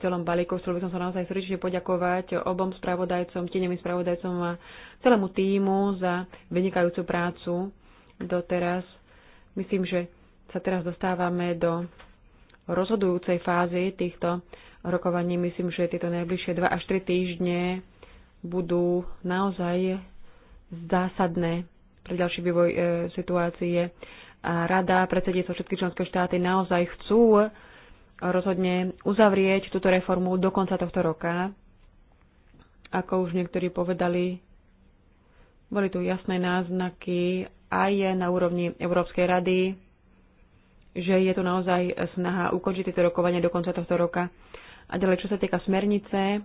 celom balíku. Chcel by som sa naozaj srdečne poďakovať obom spravodajcom, tieňovým spravodajcom a celému týmu za vynikajúcu prácu doteraz. Myslím, že sa teraz dostávame do rozhodujúcej fázy týchto rokovaní. Myslím, že tieto najbližšie 2 až 3 týždne budú naozaj zásadné pre ďalší vývoj e, situácie. A rada, predsedníctvo všetky členské štáty naozaj chcú rozhodne uzavrieť túto reformu do konca tohto roka. Ako už niektorí povedali, boli tu jasné náznaky aj na úrovni Európskej rady, že je tu naozaj snaha ukončiť tieto rokovanie do konca tohto roka. A ďalej, čo sa týka smernice,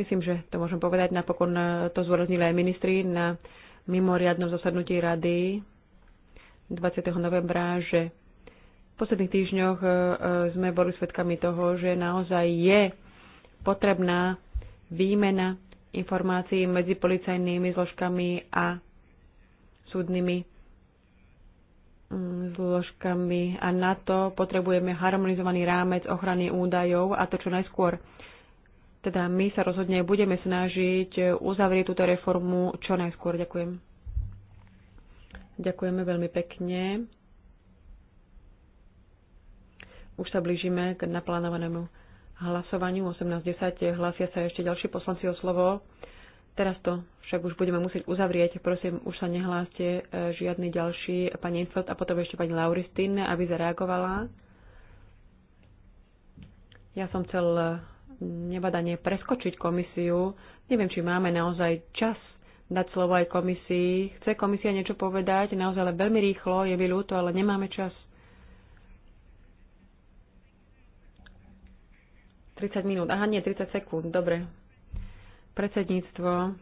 myslím, že to môžem povedať, napokon to zvoraznili aj ministri na mimoriadnom zasadnutí rady 20. novembra, že posledných týždňoch e, e, sme boli svedkami toho, že naozaj je potrebná výmena informácií medzi policajnými zložkami a súdnymi mm, zložkami a na to potrebujeme harmonizovaný rámec ochrany údajov a to čo najskôr. Teda my sa rozhodne budeme snažiť uzavrieť túto reformu čo najskôr. Ďakujem. Ďakujeme veľmi pekne. Už sa blížime k naplánovanému hlasovaniu. 18.10 hlasia sa ešte ďalší poslanci o slovo. Teraz to však už budeme musieť uzavrieť. Prosím, už sa nehláste e, žiadny ďalší. Pani Infot a potom ešte pani Lauristin, aby zareagovala. Ja som chcel e, nebadanie preskočiť komisiu. Neviem, či máme naozaj čas dať slovo aj komisii. Chce komisia niečo povedať, naozaj ale veľmi rýchlo, je mi ľúto, ale nemáme čas. 30 minút. Aha, nie, 30 sekúnd. Dobre. Predsedníctvo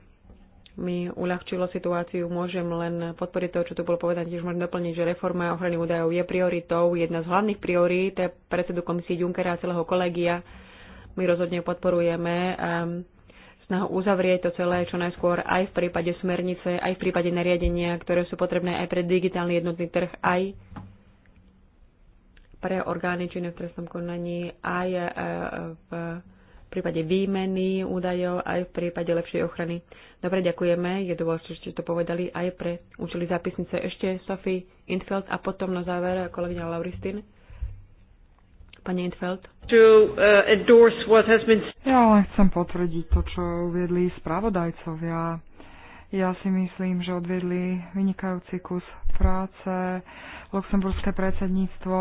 mi uľahčilo situáciu. Môžem len podporiť to, čo tu bolo povedané, tiež môžem doplniť, že reforma ochrany údajov je prioritou, jedna z hlavných priorít eh, predsedu komisie Junckera a celého kolegia. My rozhodne podporujeme ehm, snahu uzavrieť to celé čo najskôr aj v prípade smernice, aj v prípade nariadenia, ktoré sú potrebné aj pre digitálny jednotný trh, aj pre orgány činné v trestnom konaní aj e, e, v prípade výmeny údajov, aj v prípade lepšej ochrany. Dobre, ďakujeme. Je dôležité, že ste to povedali aj pre účely zápisnice. Ešte Sophie Infeld a potom na záver kolegyňa Lauristin. Pani Infeld. Uh, ja len chcem potvrdiť to, čo uviedli spravodajcovia. Ja si myslím, že odviedli vynikajúci kus práce. Luxemburské predsedníctvo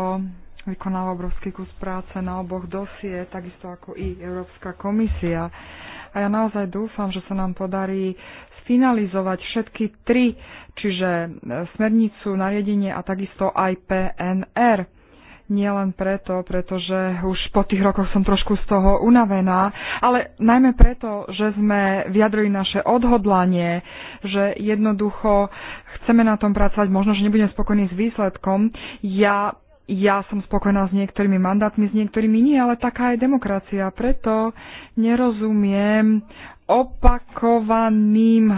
vykonáva obrovský kus práce na oboch dosie, takisto ako i Európska komisia. A ja naozaj dúfam, že sa nám podarí sfinalizovať všetky tri, čiže e, smernicu, nariadenie a takisto aj PNR. Nie len preto, pretože už po tých rokoch som trošku z toho unavená, ale najmä preto, že sme vyjadrili naše odhodlanie, že jednoducho chceme na tom pracovať, možno, že nebudem spokojný s výsledkom. Ja ja som spokojná s niektorými mandátmi, s niektorými nie, ale taká je demokracia. Preto nerozumiem opakovaným,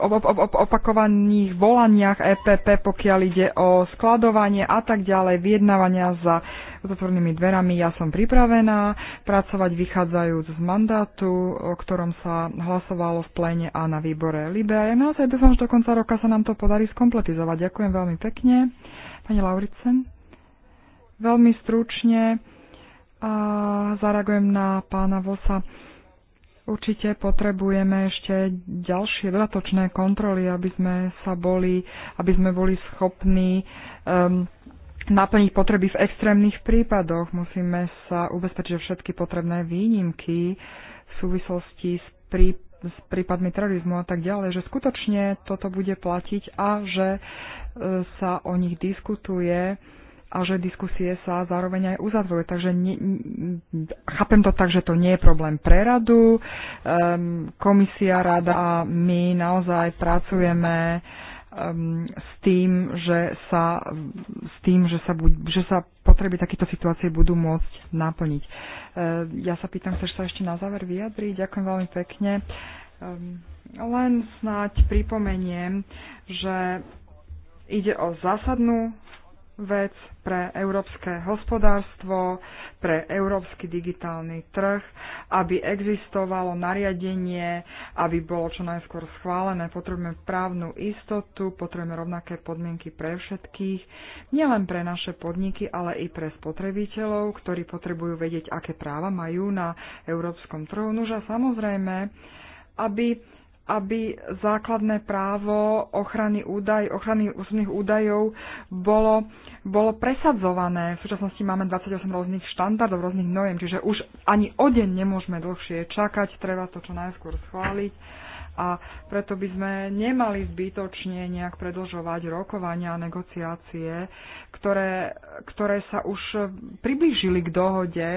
op, op, op, opakovaných volaniach EPP, pokiaľ ide o skladovanie a tak ďalej, vyjednávania za otvorenými dverami. Ja som pripravená pracovať vychádzajúc z mandátu, o ktorom sa hlasovalo v pléne a na výbore Libe. Ja naozaj dúfam, že do konca roka sa nám to podarí skompletizovať. Ďakujem veľmi pekne. Pani Lauricen. Veľmi stručne a zareagujem na pána Vosa. Určite potrebujeme ešte ďalšie dodatočné kontroly, aby sme sa boli, aby sme boli schopní um, naplniť potreby v extrémnych prípadoch. Musíme sa ubezpečiť, že všetky potrebné výnimky v súvislosti s, prí, s prípadmi terorizmu a tak ďalej, že skutočne toto bude platiť a že uh, sa o nich diskutuje a že diskusie sa zároveň aj uzatvorujú. Takže ne, chápem to tak, že to nie je problém pre radu. Um, komisia, rada a my naozaj pracujeme um, s tým, že sa, s tým, že sa, buď, že sa potreby takýchto situácií budú môcť naplniť. Uh, ja sa pýtam, chceš sa ešte na záver vyjadriť? Ďakujem veľmi pekne. Um, len snáď pripomeniem, že ide o zásadnú vec pre európske hospodárstvo, pre európsky digitálny trh, aby existovalo nariadenie, aby bolo čo najskôr schválené. Potrebujeme právnu istotu, potrebujeme rovnaké podmienky pre všetkých, nielen pre naše podniky, ale i pre spotrebiteľov, ktorí potrebujú vedieť, aké práva majú na európskom trhu. Nuž a samozrejme, aby aby základné právo ochrany, údaj, ochrany osobných údajov bolo, bolo presadzované. V súčasnosti máme 28 rôznych štandardov, rôznych nojem, čiže už ani o deň nemôžeme dlhšie čakať, treba to čo najskôr schváliť a preto by sme nemali zbytočne nejak predlžovať rokovania a negociácie, ktoré, ktoré sa už priblížili k dohode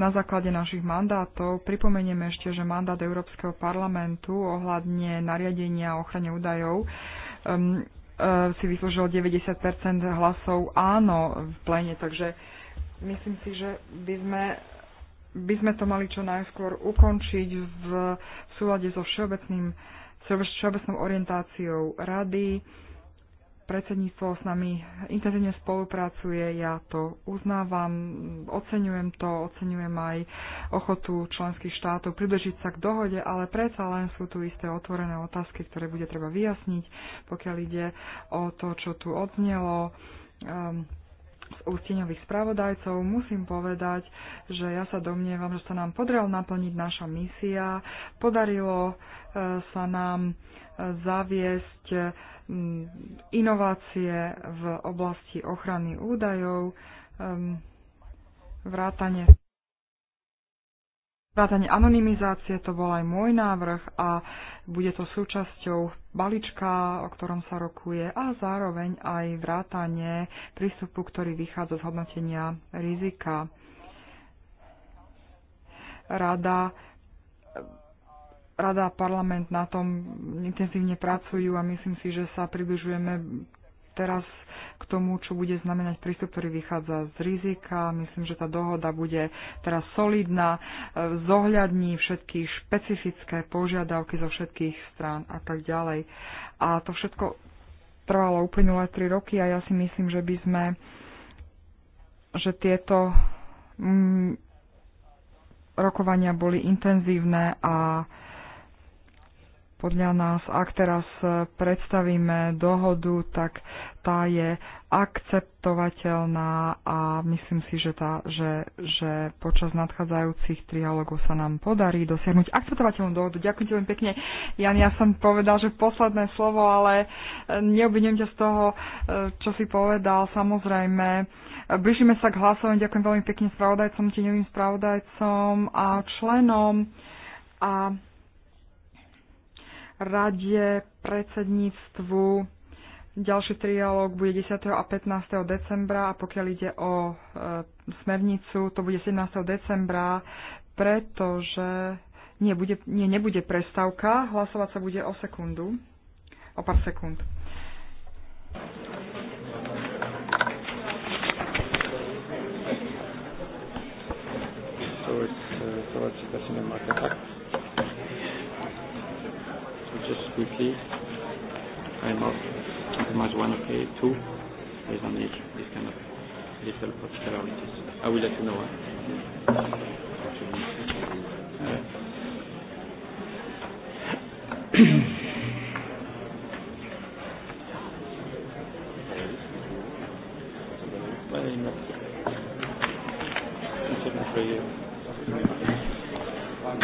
na základe našich mandátov. Pripomeniem ešte, že mandát Európskeho parlamentu ohľadne nariadenia o ochrane údajov um, uh, si vyslúžil 90 hlasov áno v plene, takže myslím si, že by sme by sme to mali čo najskôr ukončiť v súlade so všeobecným, všeobecnou orientáciou rady. Predsedníctvo s nami intenzívne spolupracuje, ja to uznávam, oceňujem to, oceňujem aj ochotu členských štátov približiť sa k dohode, ale predsa len sú tu isté otvorené otázky, ktoré bude treba vyjasniť, pokiaľ ide o to, čo tu odznelo. Um, z ústeňových spravodajcov musím povedať, že ja sa domnievam, že sa nám podarilo naplniť naša misia, podarilo e, sa nám e, zaviesť mm, inovácie v oblasti ochrany údajov, ehm, vrátanie Vrátanie anonymizácie to bol aj môj návrh a bude to súčasťou balíčka, o ktorom sa rokuje a zároveň aj vrátanie prístupu, ktorý vychádza z hodnotenia rizika. Rada Rada a parlament na tom intenzívne pracujú a myslím si, že sa približujeme teraz k tomu, čo bude znamenať prístup, ktorý vychádza z rizika. Myslím, že tá dohoda bude teraz solidná, e, zohľadní všetky špecifické požiadavky zo všetkých strán a tak ďalej. A to všetko trvalo uplynulé 3 roky a ja si myslím, že by sme že tieto mm, rokovania boli intenzívne a podľa nás, ak teraz e, predstavíme dohodu, tak tá je akceptovateľná a myslím si, že, tá, že, že počas nadchádzajúcich trialogov sa nám podarí dosiahnuť akceptovateľnú dohodu. Ďakujem veľmi pekne. Jan, ja som povedal, že posledné slovo, ale e, neobvinujem ťa z toho, e, čo si povedal. Samozrejme, blížime sa k hlasovaniu. Ďakujem veľmi pekne spravodajcom, tieňovým spravodajcom a členom. A rade, predsedníctvu. Ďalší trialóg bude 10. a 15. decembra a pokiaľ ide o e, smernicu, to bude 17. decembra, pretože nie, bude, nie, nebude prestávka, hlasovať sa bude o sekundu, o pár sekúnd. So it's, uh, so it's, quickly. I lost much one, okay, two. Based on each, this kind of little particularities. I will let you know. Huh? Uh,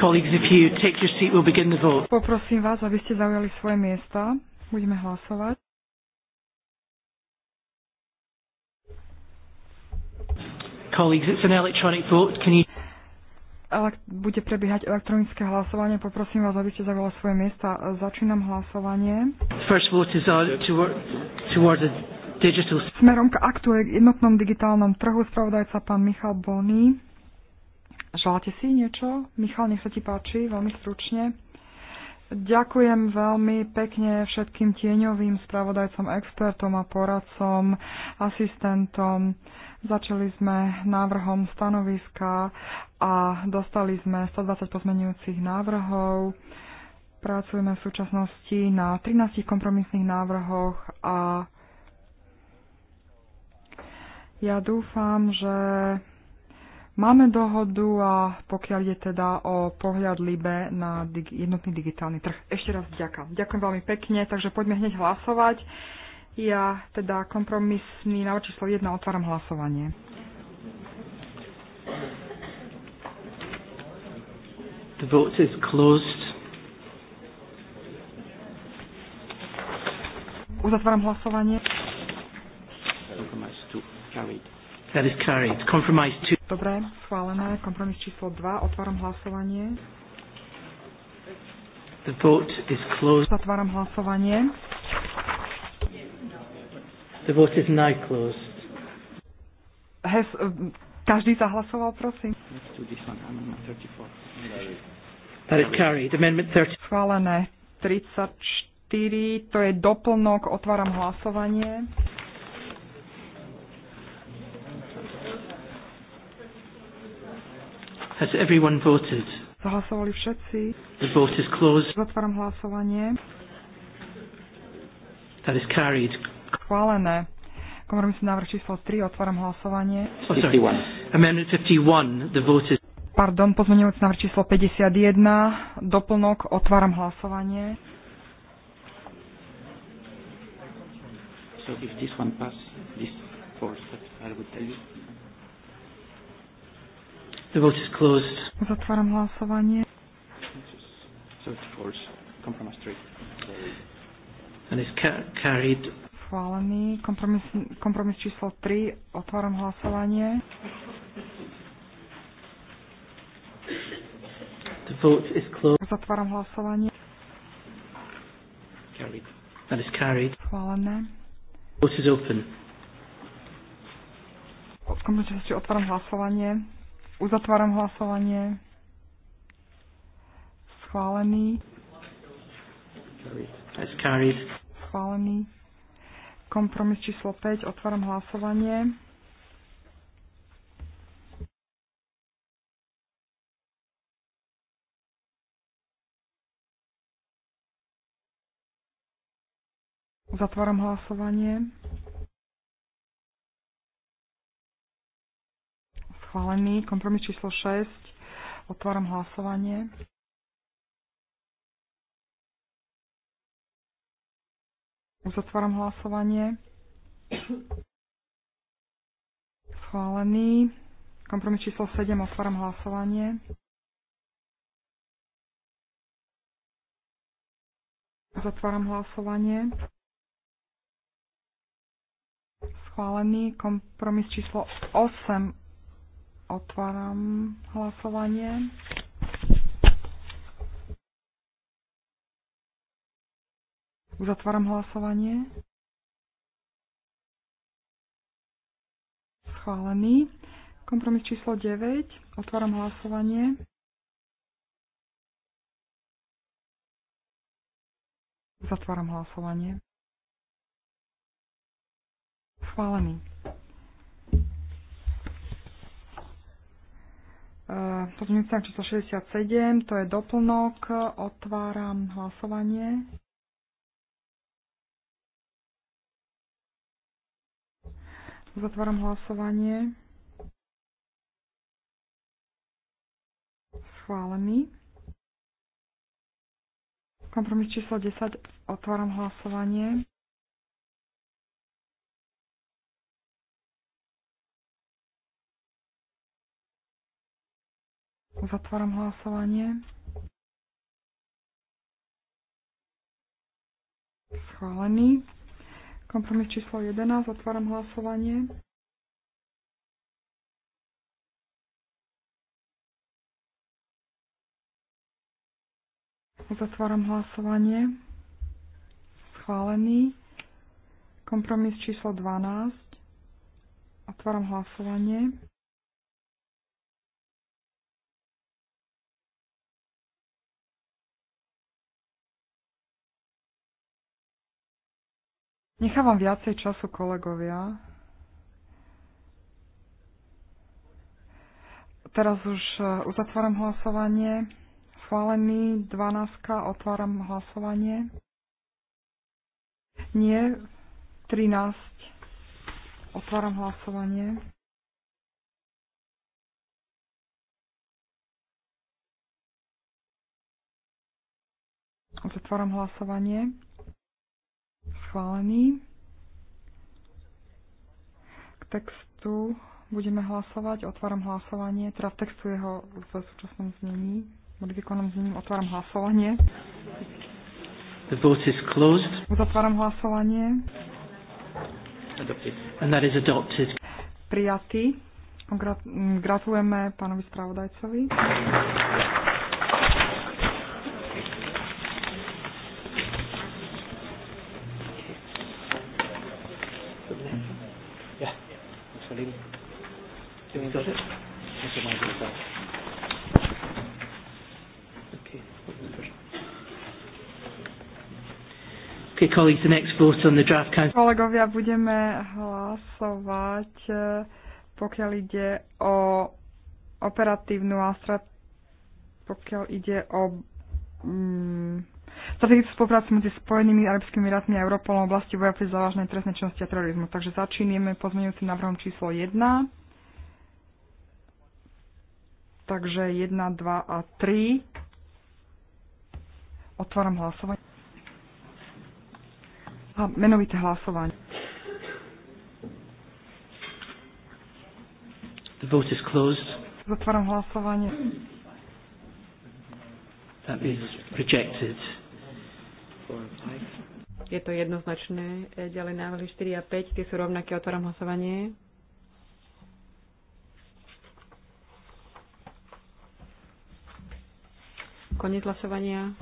Colleagues, if you take your seat, we'll begin the vote. Poprosím vás, aby ste zaujali svoje miesta. Budeme hlasovať. Colleagues, it's an electronic vote. Can you... bude prebiehať elektronické hlasovanie. Poprosím vás, aby ste zaujali svoje miesta. Začínam hlasovanie. First vote is on toward, toward the digital... Smerom k aktu je jednotnom digitálnom trhu spravodajca pán Michal Bony. Želáte si niečo? Michal, nech sa ti páči, veľmi stručne. Ďakujem veľmi pekne všetkým tieňovým spravodajcom, expertom a poradcom, asistentom. Začali sme návrhom stanoviska a dostali sme 120 pozmenujúcich návrhov. Pracujeme v súčasnosti na 13 kompromisných návrhoch a ja dúfam, že Máme dohodu a pokiaľ je teda o pohľad Libe na dig- jednotný digitálny trh. Ešte raz ďakujem. Ďakujem veľmi pekne, takže poďme hneď hlasovať. Ja teda kompromisný návrh číslo 1 otváram hlasovanie. The vote is closed. Uzatváram hlasovanie. That is carried. Compromise two. Dobre, schválené. Kompromis číslo 2. Otváram hlasovanie. The vote is closed. Zatváram hlasovanie. The vote is now closed. Has, eh, každý zahlasoval, prosím. That is carried. Amendment 30. Schválené. 34. To je doplnok. Otváram hlasovanie. Has everyone voted? Zahlasovali všetci. The vote is closed. Zatváram hlasovanie. That is carried. Chválené. Schválené. si návrh číslo 3. Otváram hlasovanie. Oh, sorry. Amendment 51. The vote is... Pardon, pozmeňujúci návrh číslo 51. Doplnok. Otváram hlasovanie. So if this one pass, this four steps, I would tell you. The vote is closed. Zatváram hlasovanie. And it's carried. Schválený. Kompromis, kompromis číslo 3. Otváram hlasovanie. The vote is closed. Zatváram hlasovanie. Carried. That is carried. Schválené. Vote is open. Kompromis číslo 3. otváram hlasovanie. Uzatváram hlasovanie. Schválený. Schválený. Kompromis číslo 5. Otváram hlasovanie. Zatváram hlasovanie. schválený. Kompromis číslo 6. Otváram hlasovanie. Uzatváram hlasovanie. Schválený. Kompromis číslo 7. Otváram hlasovanie. Zatváram hlasovanie. Schválený kompromis číslo 8. Otváram hlasovanie. otváram hlasovanie. Schválený. Kompromis číslo 9. Otváram hlasovanie. Zatváram hlasovanie. Schválený. Pozmeňujúci číslo 67, to je doplnok. Otváram hlasovanie. Zatváram hlasovanie. Schválený. Kompromis číslo 10. Otváram hlasovanie. Uzatváram hlasovanie. Schválený. Kompromis číslo 11. Otváram hlasovanie. Uzatváram hlasovanie. Schválený. Kompromis číslo 12. Otváram hlasovanie. Nechávam viacej času kolegovia. Teraz už e, uzatváram hlasovanie. Schválený 12. Otváram hlasovanie. Nie. 13. Otváram hlasovanie. Zatváram hlasovanie schválený. K textu budeme hlasovať, otváram hlasovanie, teda v textu jeho v súčasnom znení, modifikovanom znení otváram hlasovanie. The vote is closed. Uzatváram hlasovanie. Adopted. And that is adopted. Prijatý. Gratulujeme pánovi spravodajcovi. Thank you. Okay, colleagues, the next vote on the draft council. Kolegovia, budeme hlasovať, eh, pokiaľ ide o operatívnu a pokiaľ ide o mm, strategickú spoluprácu medzi Spojenými arabskými rátmi a Európolom v oblasti boja pri závažnej trestnej činnosti a terorizmu. Takže začíname pozmeňujúcim návrhom číslo 1. Takže 1, 2 a 3. Otváram hlasovanie. A menovité hlasovanie. The vote is closed. Zatváram hlasovanie. That is rejected. Je to jednoznačné. Ďalej návrhy 4 a 5, tie sú rovnaké. Otváram hlasovanie. Koniec hlasovania.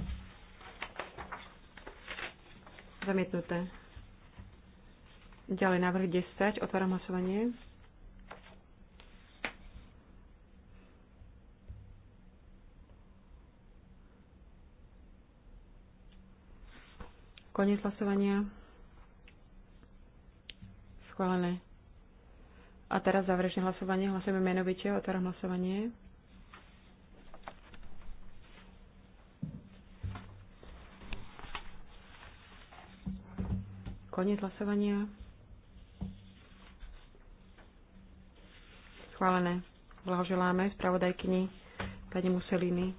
Zamietnuté. Ďalej návrh 10. Otváram hlasovanie. Koniec hlasovania. Schválené. A teraz záverečné hlasovanie. Hlasujeme menovite. Otváram hlasovanie. Koniec hlasovania. Schválené. Blahoželáme spravodajkyni pani Museliny.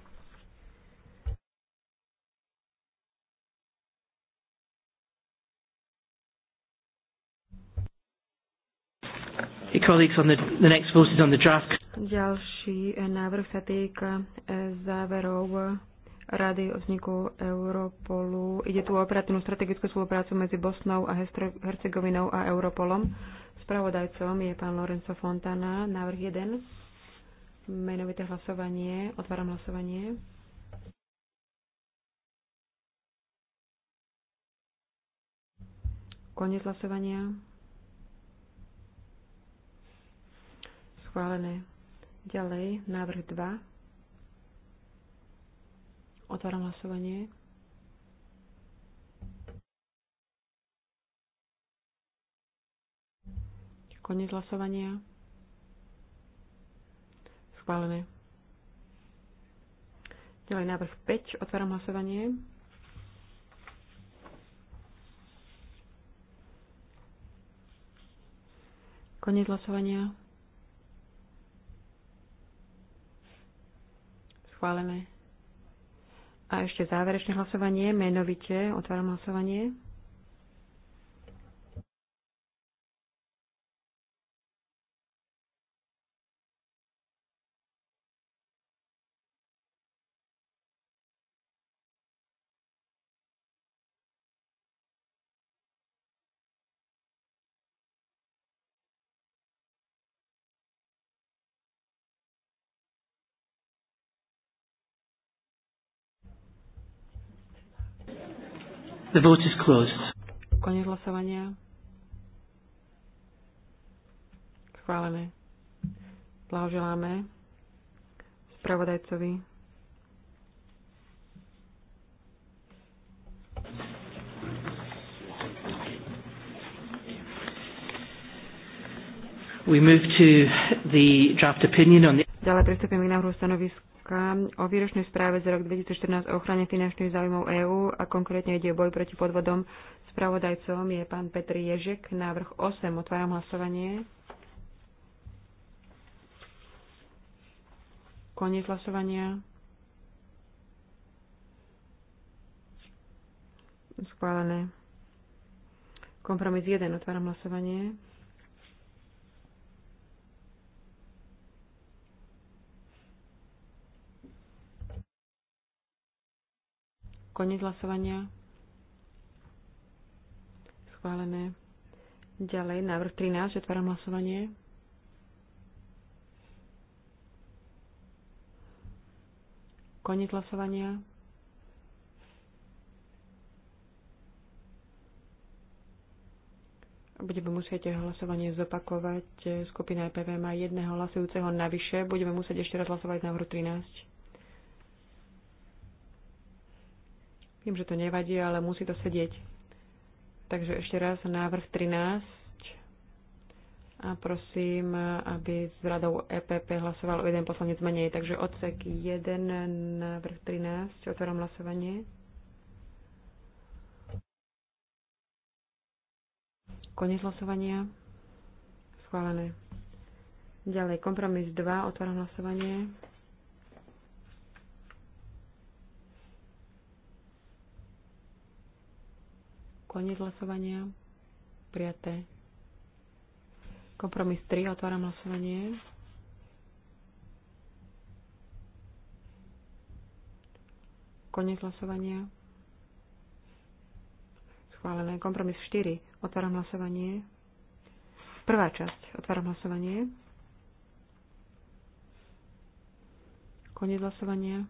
Ďalší eh, návrh sa týka eh, záverov Rady o vzniku Europolu. Ide tu o operatívnu strategickú spoluprácu medzi Bosnou a Hercegovinou a Europolom. Spravodajcom je pán Lorenzo Fontana, návrh 1. Menovité hlasovanie. Otváram hlasovanie. Koniec hlasovania. Schválené. Ďalej, návrh 2. Otváram hlasovanie. Koniec hlasovania. Schválené. Ďalej návrh 5. Otváram hlasovanie. Koniec hlasovania. Schválené. A ešte záverečné hlasovanie, menovite, otváram hlasovanie. The vote is closed. Konec hlasovania. Schválené. Blahoželáme spravodajcovi. We move to the draft opinion on the... Ďalej pristúpime k návrhu stanovisku roka o výročnej správe za rok 2014 o ochrane finančných záujmov EÚ a konkrétne ide o boj proti podvodom. Spravodajcom je pán Petr Ježek, návrh 8. Otváram hlasovanie. Koniec hlasovania. Schválené. Kompromis 1. Otváram hlasovanie. Konec hlasovania. Schválené. Ďalej, návrh 13, otváram hlasovanie. Konec hlasovania. budeme musieť hlasovanie zopakovať. Skupina EPV má jedného hlasujúceho navyše. Budeme musieť ešte raz hlasovať návrhu 13. Myslím, že to nevadí, ale musí to sedieť. Takže ešte raz návrh 13 a prosím, aby s radou EPP hlasoval o jeden poslanec menej. Takže odsek 1, návrh 13, otváram hlasovanie. Konec hlasovania. Schválené. Ďalej, kompromis 2, otváram hlasovanie. Koniec hlasovania. Prijaté. Kompromis 3. Otváram hlasovanie. Koniec hlasovania. Schválené. Kompromis 4. Otváram hlasovanie. Prvá časť. Otváram hlasovanie. Koniec hlasovania.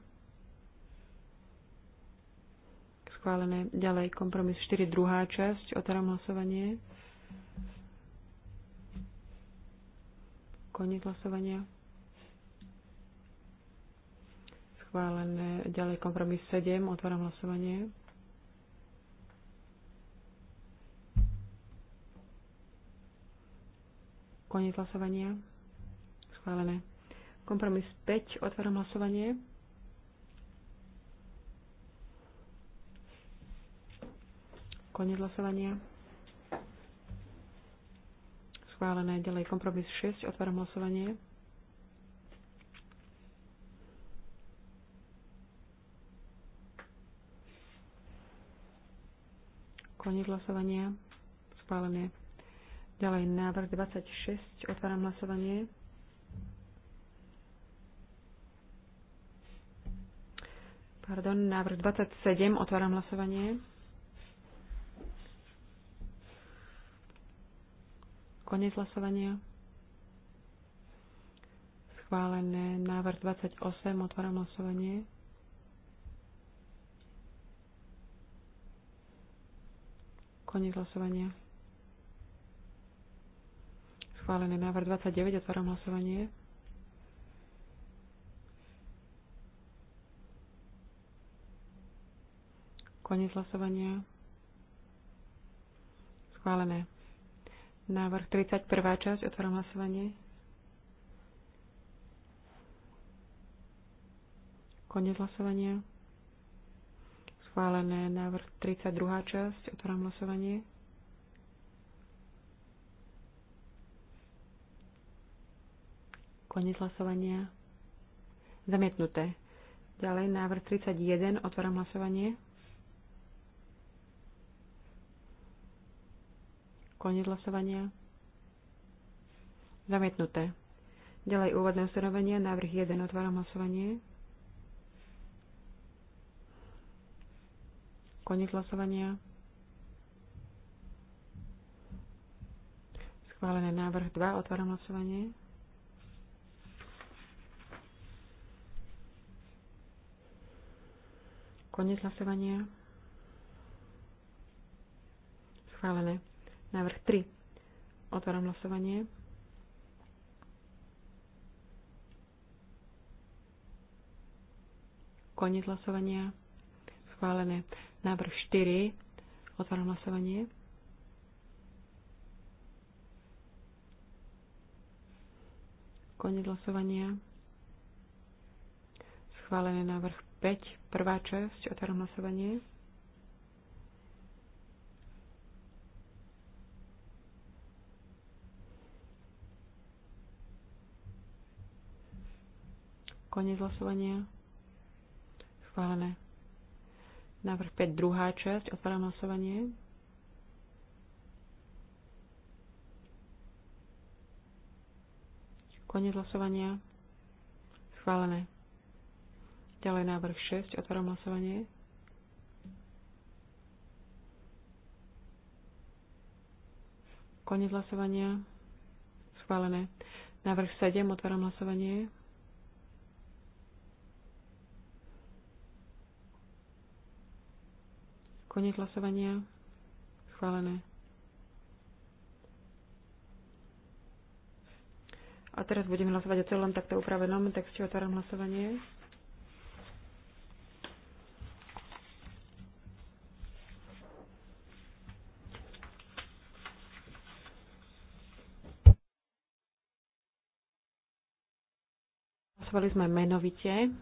schválené. Ďalej kompromis 4, druhá časť. Otváram hlasovanie. Koniec hlasovania. Schválené. Ďalej kompromis 7. Otváram hlasovanie. Koniec hlasovania. Schválené. Kompromis 5. Otváram hlasovanie. Konec hlasovania. Schválené ďalej kompromis 6. Otváram hlasovanie. Konec hlasovania. Schválené. Ďalej návrh 26. Otváram hlasovanie. Pardon, návrh 27. Otváram hlasovanie. Konec hlasovania. Schválené. Návrh 28. Otváram hlasovanie. Konec hlasovania. Schválené. Návrh 29. Otváram hlasovanie. Konec hlasovania. Schválené. Návrh 31. časť. Otváram hlasovanie. Konec hlasovania. Schválené návrh 32. časť. Otváram hlasovanie. Konec hlasovania. Zamietnuté. Ďalej návrh 31. Otváram hlasovanie. Koniec hlasovania. Zamietnuté. Ďalej úvodné ustanovenie, návrh 1, otváram hlasovanie. Koniec hlasovania. Schválené návrh 2, otváram hlasovanie. Koniec hlasovania. Schválené. Návrh 3. Otváram hlasovanie. Koniec hlasovania. Schválené. Návrh 4. Otváram hlasovanie. Koniec hlasovania. Schválené návrh 5. Prvá časť. Otváram hlasovanie. Koniec hlasovania. Schválené. Návrh 5, druhá časť. Otváram hlasovanie. Koniec hlasovania. Schválené. Ďalej návrh 6. Otváram hlasovanie. Koniec hlasovania. Schválené. Návrh 7. Otváram hlasovanie. Koniec hlasovania. Schválené. A teraz budeme hlasovať o celom takto upravenom texte. Otváram hlasovanie. Hlasovali sme menovite.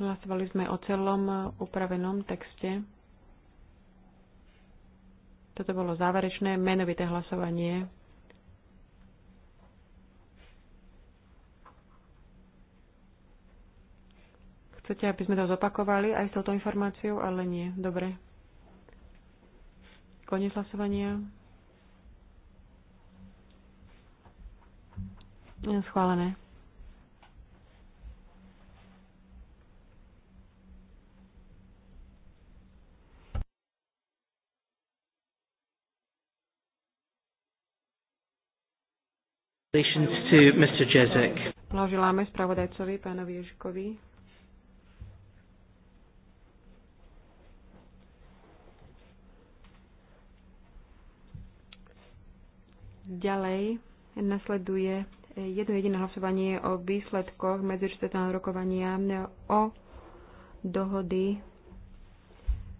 Hlasovali sme o celom e, upravenom texte. Toto bolo záverečné menovité hlasovanie. Chcete, aby sme to zopakovali aj s touto informáciou, ale nie. Dobre. Koniec hlasovania. Schválené. Blahoželáme spravodajcovi, pánovi Ježkovi. Ďalej nasleduje jedno jediné hlasovanie o výsledkoch medzičtetného rokovania o dohody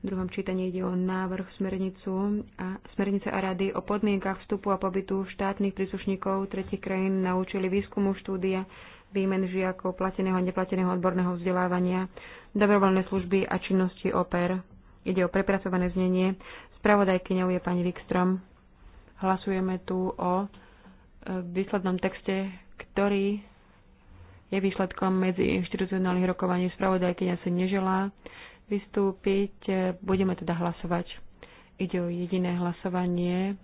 v druhom čítaní ide o návrh smernicu a, smernice a rady o podmienkach vstupu a pobytu štátnych príslušníkov tretich krajín na účely výskumu štúdia výmen žiakov plateného a neplateného odborného vzdelávania, dobrovoľné služby a činnosti OPER. Ide o prepracované znenie. Spravodajkyňou je pani Wikstrom. Hlasujeme tu o e, výslednom texte, ktorý je výsledkom medzi inštitucionálnych rokovaní. Spravodajkyňa sa neželá vystúpiť. Budeme teda hlasovať. Ide o jediné hlasovanie.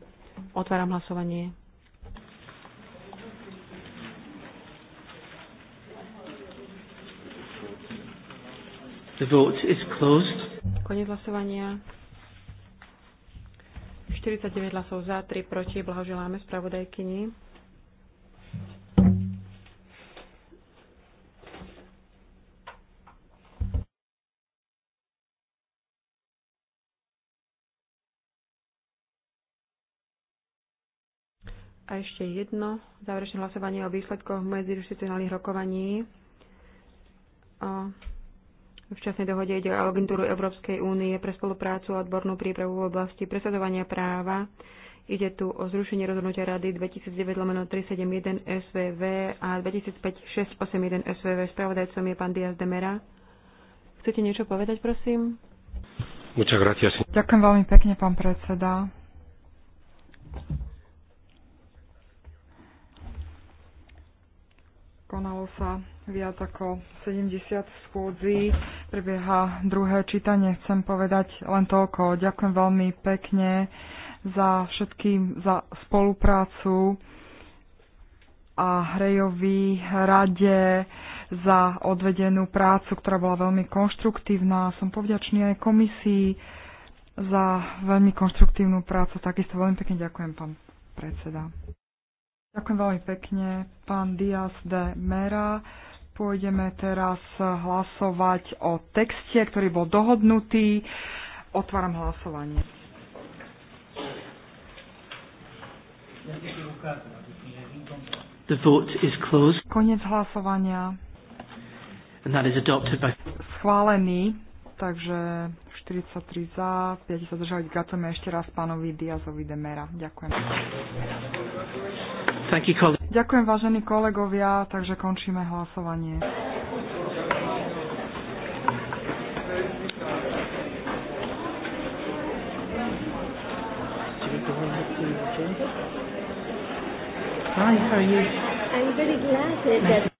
Otváram hlasovanie. The vote is closed. Konec hlasovania. 49 hlasov za, 3 proti. Blahoželáme spravodajkyni. A ešte jedno záverečné hlasovanie o výsledkoch medziinstitucionálnych rokovaní. O včasnej dohode ide o agentúru Európskej únie pre spoluprácu a odbornú prípravu v oblasti presadovania práva. Ide tu o zrušenie rozhodnutia Rady 2009-371 SVV a 2005-681 SVV. Spravodajcom je pán Diaz Demera. Chcete niečo povedať, prosím? Ďakujem veľmi pekne, pán predseda. konalo sa viac ako 70 schôdzí, prebieha druhé čítanie. Chcem povedať len toľko. Ďakujem veľmi pekne za všetkým, za spoluprácu a Hrejovi rade za odvedenú prácu, ktorá bola veľmi konštruktívna. Som povďačný aj komisii za veľmi konštruktívnu prácu. Takisto veľmi pekne ďakujem, pán predseda. Ďakujem veľmi pekne, pán Diaz de Mera. Pôjdeme teraz hlasovať o texte, ktorý bol dohodnutý. Otváram hlasovanie. The vote is closed. Konec hlasovania. And that is adopted by... Schválený, takže 43 za, 5 sa zdržali. Gratulujeme ešte raz pánovi Diazovi de Mera. Ďakujem. Ďakujem, vážení kolegovia, takže končíme hlasovanie. Hi, how are you? I'm very glad that